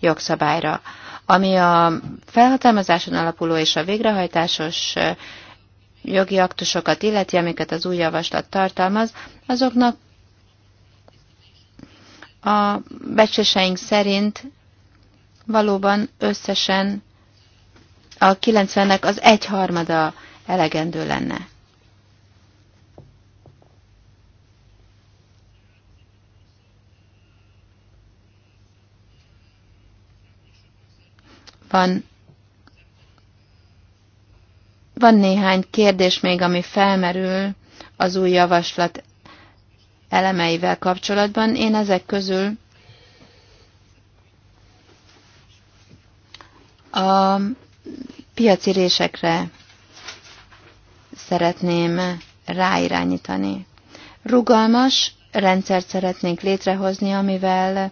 jogszabályra, ami a felhatalmazáson alapuló és a végrehajtásos jogi aktusokat illeti, amiket az új javaslat tartalmaz, azoknak a becsléseink szerint valóban összesen a 90-nek az egyharmada elegendő lenne. Van, van néhány kérdés még, ami felmerül az új javaslat elemeivel kapcsolatban. Én ezek közül a piaci résekre szeretném ráirányítani. Rugalmas rendszert szeretnénk létrehozni, amivel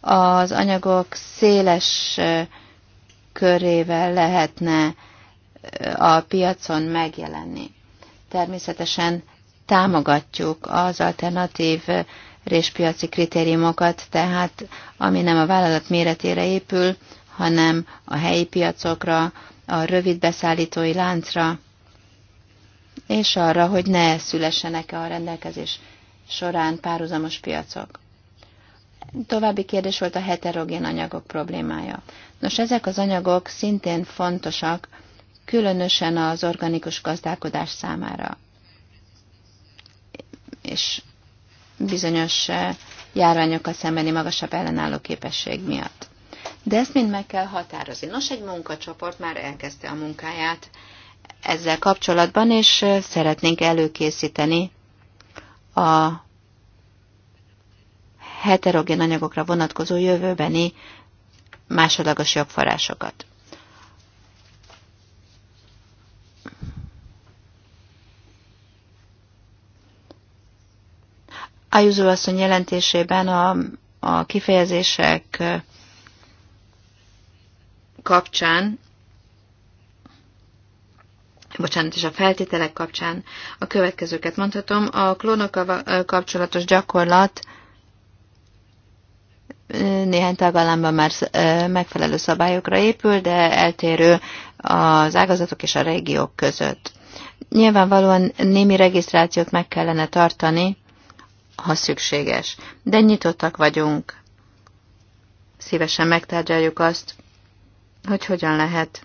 az anyagok széles körével lehetne a piacon megjelenni. Természetesen támogatjuk az alternatív réspiaci kritériumokat, tehát ami nem a vállalat méretére épül, hanem a helyi piacokra, a rövid beszállítói láncra, és arra, hogy ne szülessenek a rendelkezés során párhuzamos piacok. További kérdés volt a heterogén anyagok problémája. Nos, ezek az anyagok szintén fontosak, különösen az organikus gazdálkodás számára. És bizonyos eh, a szembeni magasabb ellenálló képesség miatt. De ezt mind meg kell határozni. Nos, egy munkacsoport már elkezdte a munkáját ezzel kapcsolatban, és eh, szeretnénk előkészíteni a heterogén anyagokra vonatkozó jövőbeni másodlagos jogforrásokat. Ájúzó asszony jelentésében a, a kifejezések kapcsán, bocsánat, és a feltételek kapcsán a következőket mondhatom. A klónokkal kapcsolatos gyakorlat néhány tagállamban már megfelelő szabályokra épül, de eltérő az ágazatok és a régiók között. Nyilvánvalóan némi regisztrációt meg kellene tartani, ha szükséges, de nyitottak vagyunk. Szívesen megtárgyaljuk azt, hogy hogyan lehet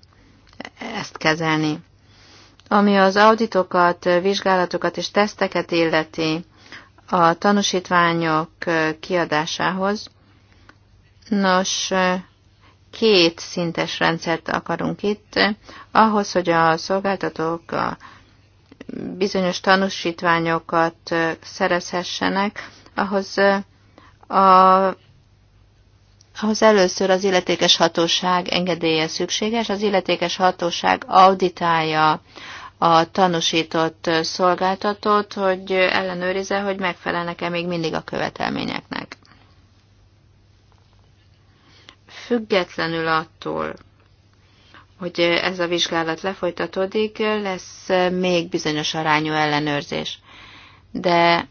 ezt kezelni. Ami az auditokat, vizsgálatokat és teszteket illeti a tanúsítványok kiadásához, Nos, két szintes rendszert akarunk itt, ahhoz, hogy a szolgáltatók a bizonyos tanúsítványokat szerezhessenek, ahhoz, a, ahhoz először az illetékes hatóság engedélye szükséges, az illetékes hatóság auditálja a tanúsított szolgáltatót, hogy ellenőrize, hogy megfelelnek-e még mindig a követelményeknek. függetlenül attól, hogy ez a vizsgálat lefolytatódik, lesz még bizonyos arányú ellenőrzés. De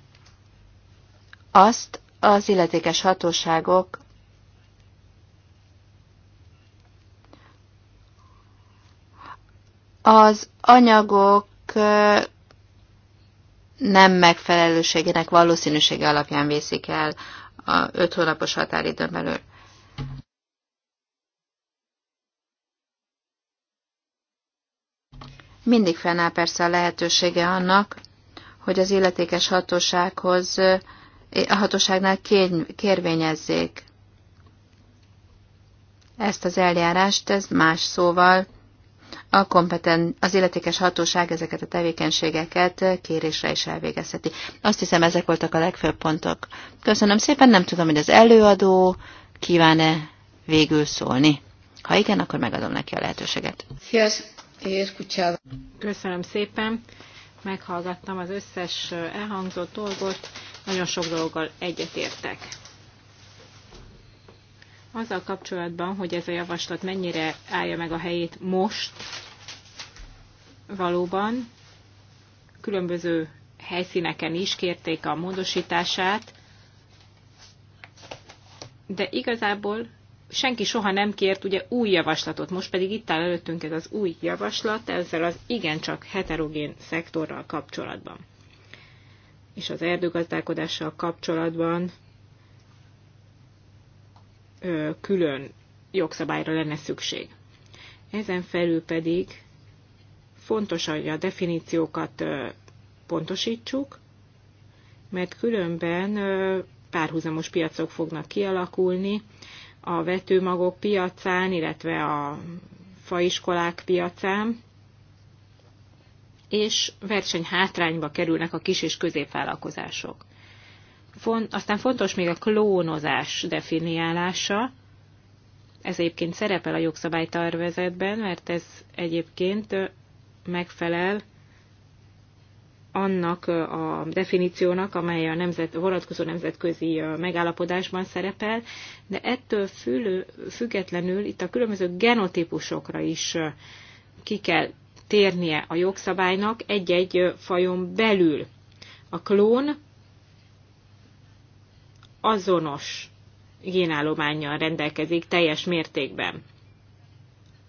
azt az illetékes hatóságok az anyagok nem megfelelőségének valószínűsége alapján vészik el a öt hónapos határidőn belül. Mindig fennáll persze a lehetősége annak, hogy az illetékes hatósághoz, a hatóságnál kérvényezzék ezt az eljárást, ez más szóval a kompeten, az illetékes hatóság ezeket a tevékenységeket kérésre is elvégezheti. Azt hiszem, ezek voltak a legfőbb pontok. Köszönöm szépen, nem tudom, hogy az előadó kíván-e végül szólni. Ha igen, akkor megadom neki a lehetőséget. Yes. Köszönöm szépen. Meghallgattam az összes elhangzott dolgot, nagyon sok dologgal egyetértek. Azzal kapcsolatban, hogy ez a javaslat mennyire állja meg a helyét most, valóban különböző helyszíneken is kérték a módosítását, de igazából senki soha nem kért ugye új javaslatot, most pedig itt áll előttünk ez az új javaslat, ezzel az igencsak heterogén szektorral kapcsolatban. És az erdőgazdálkodással kapcsolatban ö, külön jogszabályra lenne szükség. Ezen felül pedig fontos, hogy a definíciókat ö, pontosítsuk, mert különben ö, párhuzamos piacok fognak kialakulni, a vetőmagok piacán, illetve a faiskolák piacán, és verseny hátrányba kerülnek a kis és középvállalkozások. Aztán fontos még a klónozás definiálása. Ez egyébként szerepel a jogszabálytervezetben, mert ez egyébként megfelel annak a definíciónak, amely a nemzet, vonatkozó nemzetközi megállapodásban szerepel, de ettől fülő, függetlenül itt a különböző genotípusokra is ki kell térnie a jogszabálynak egy-egy fajon belül. A klón azonos génállományjal rendelkezik teljes mértékben.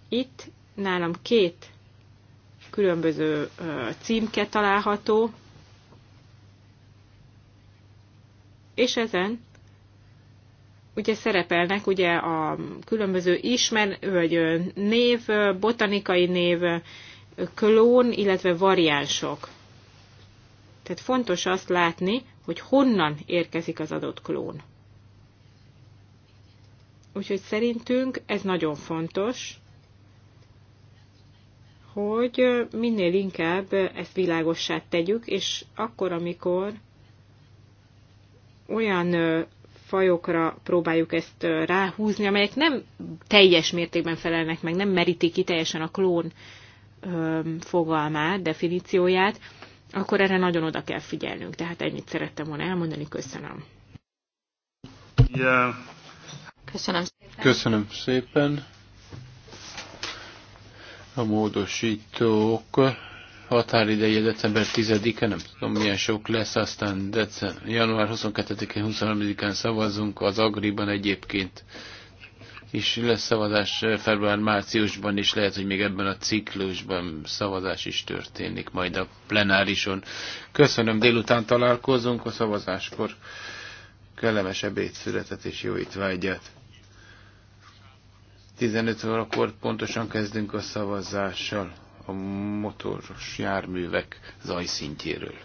Itt nálam két különböző címke található, és ezen ugye szerepelnek ugye a különböző ismer, vagy név, botanikai név, klón, illetve variánsok. Tehát fontos azt látni, hogy honnan érkezik az adott klón. Úgyhogy szerintünk ez nagyon fontos, hogy minél inkább ezt világossá tegyük, és akkor, amikor olyan fajokra próbáljuk ezt ráhúzni, amelyek nem teljes mértékben felelnek meg, nem merítik ki teljesen a klón fogalmát, definícióját, akkor erre nagyon oda kell figyelnünk. Tehát ennyit szerettem volna elmondani, köszönöm. Yeah. Köszönöm szépen. Köszönöm szépen. A módosítók határideje december 10-e, nem tudom milyen sok lesz, aztán december, január 22-én, 23-án szavazunk, az Agriban egyébként is lesz szavazás február-márciusban is, lehet, hogy még ebben a ciklusban szavazás is történik, majd a plenárison. Köszönöm, délután találkozunk a szavazáskor. Kellemes ebédszületet és jó étvágyat! 15 órakor pontosan kezdünk a szavazással a motoros járművek zajszintjéről.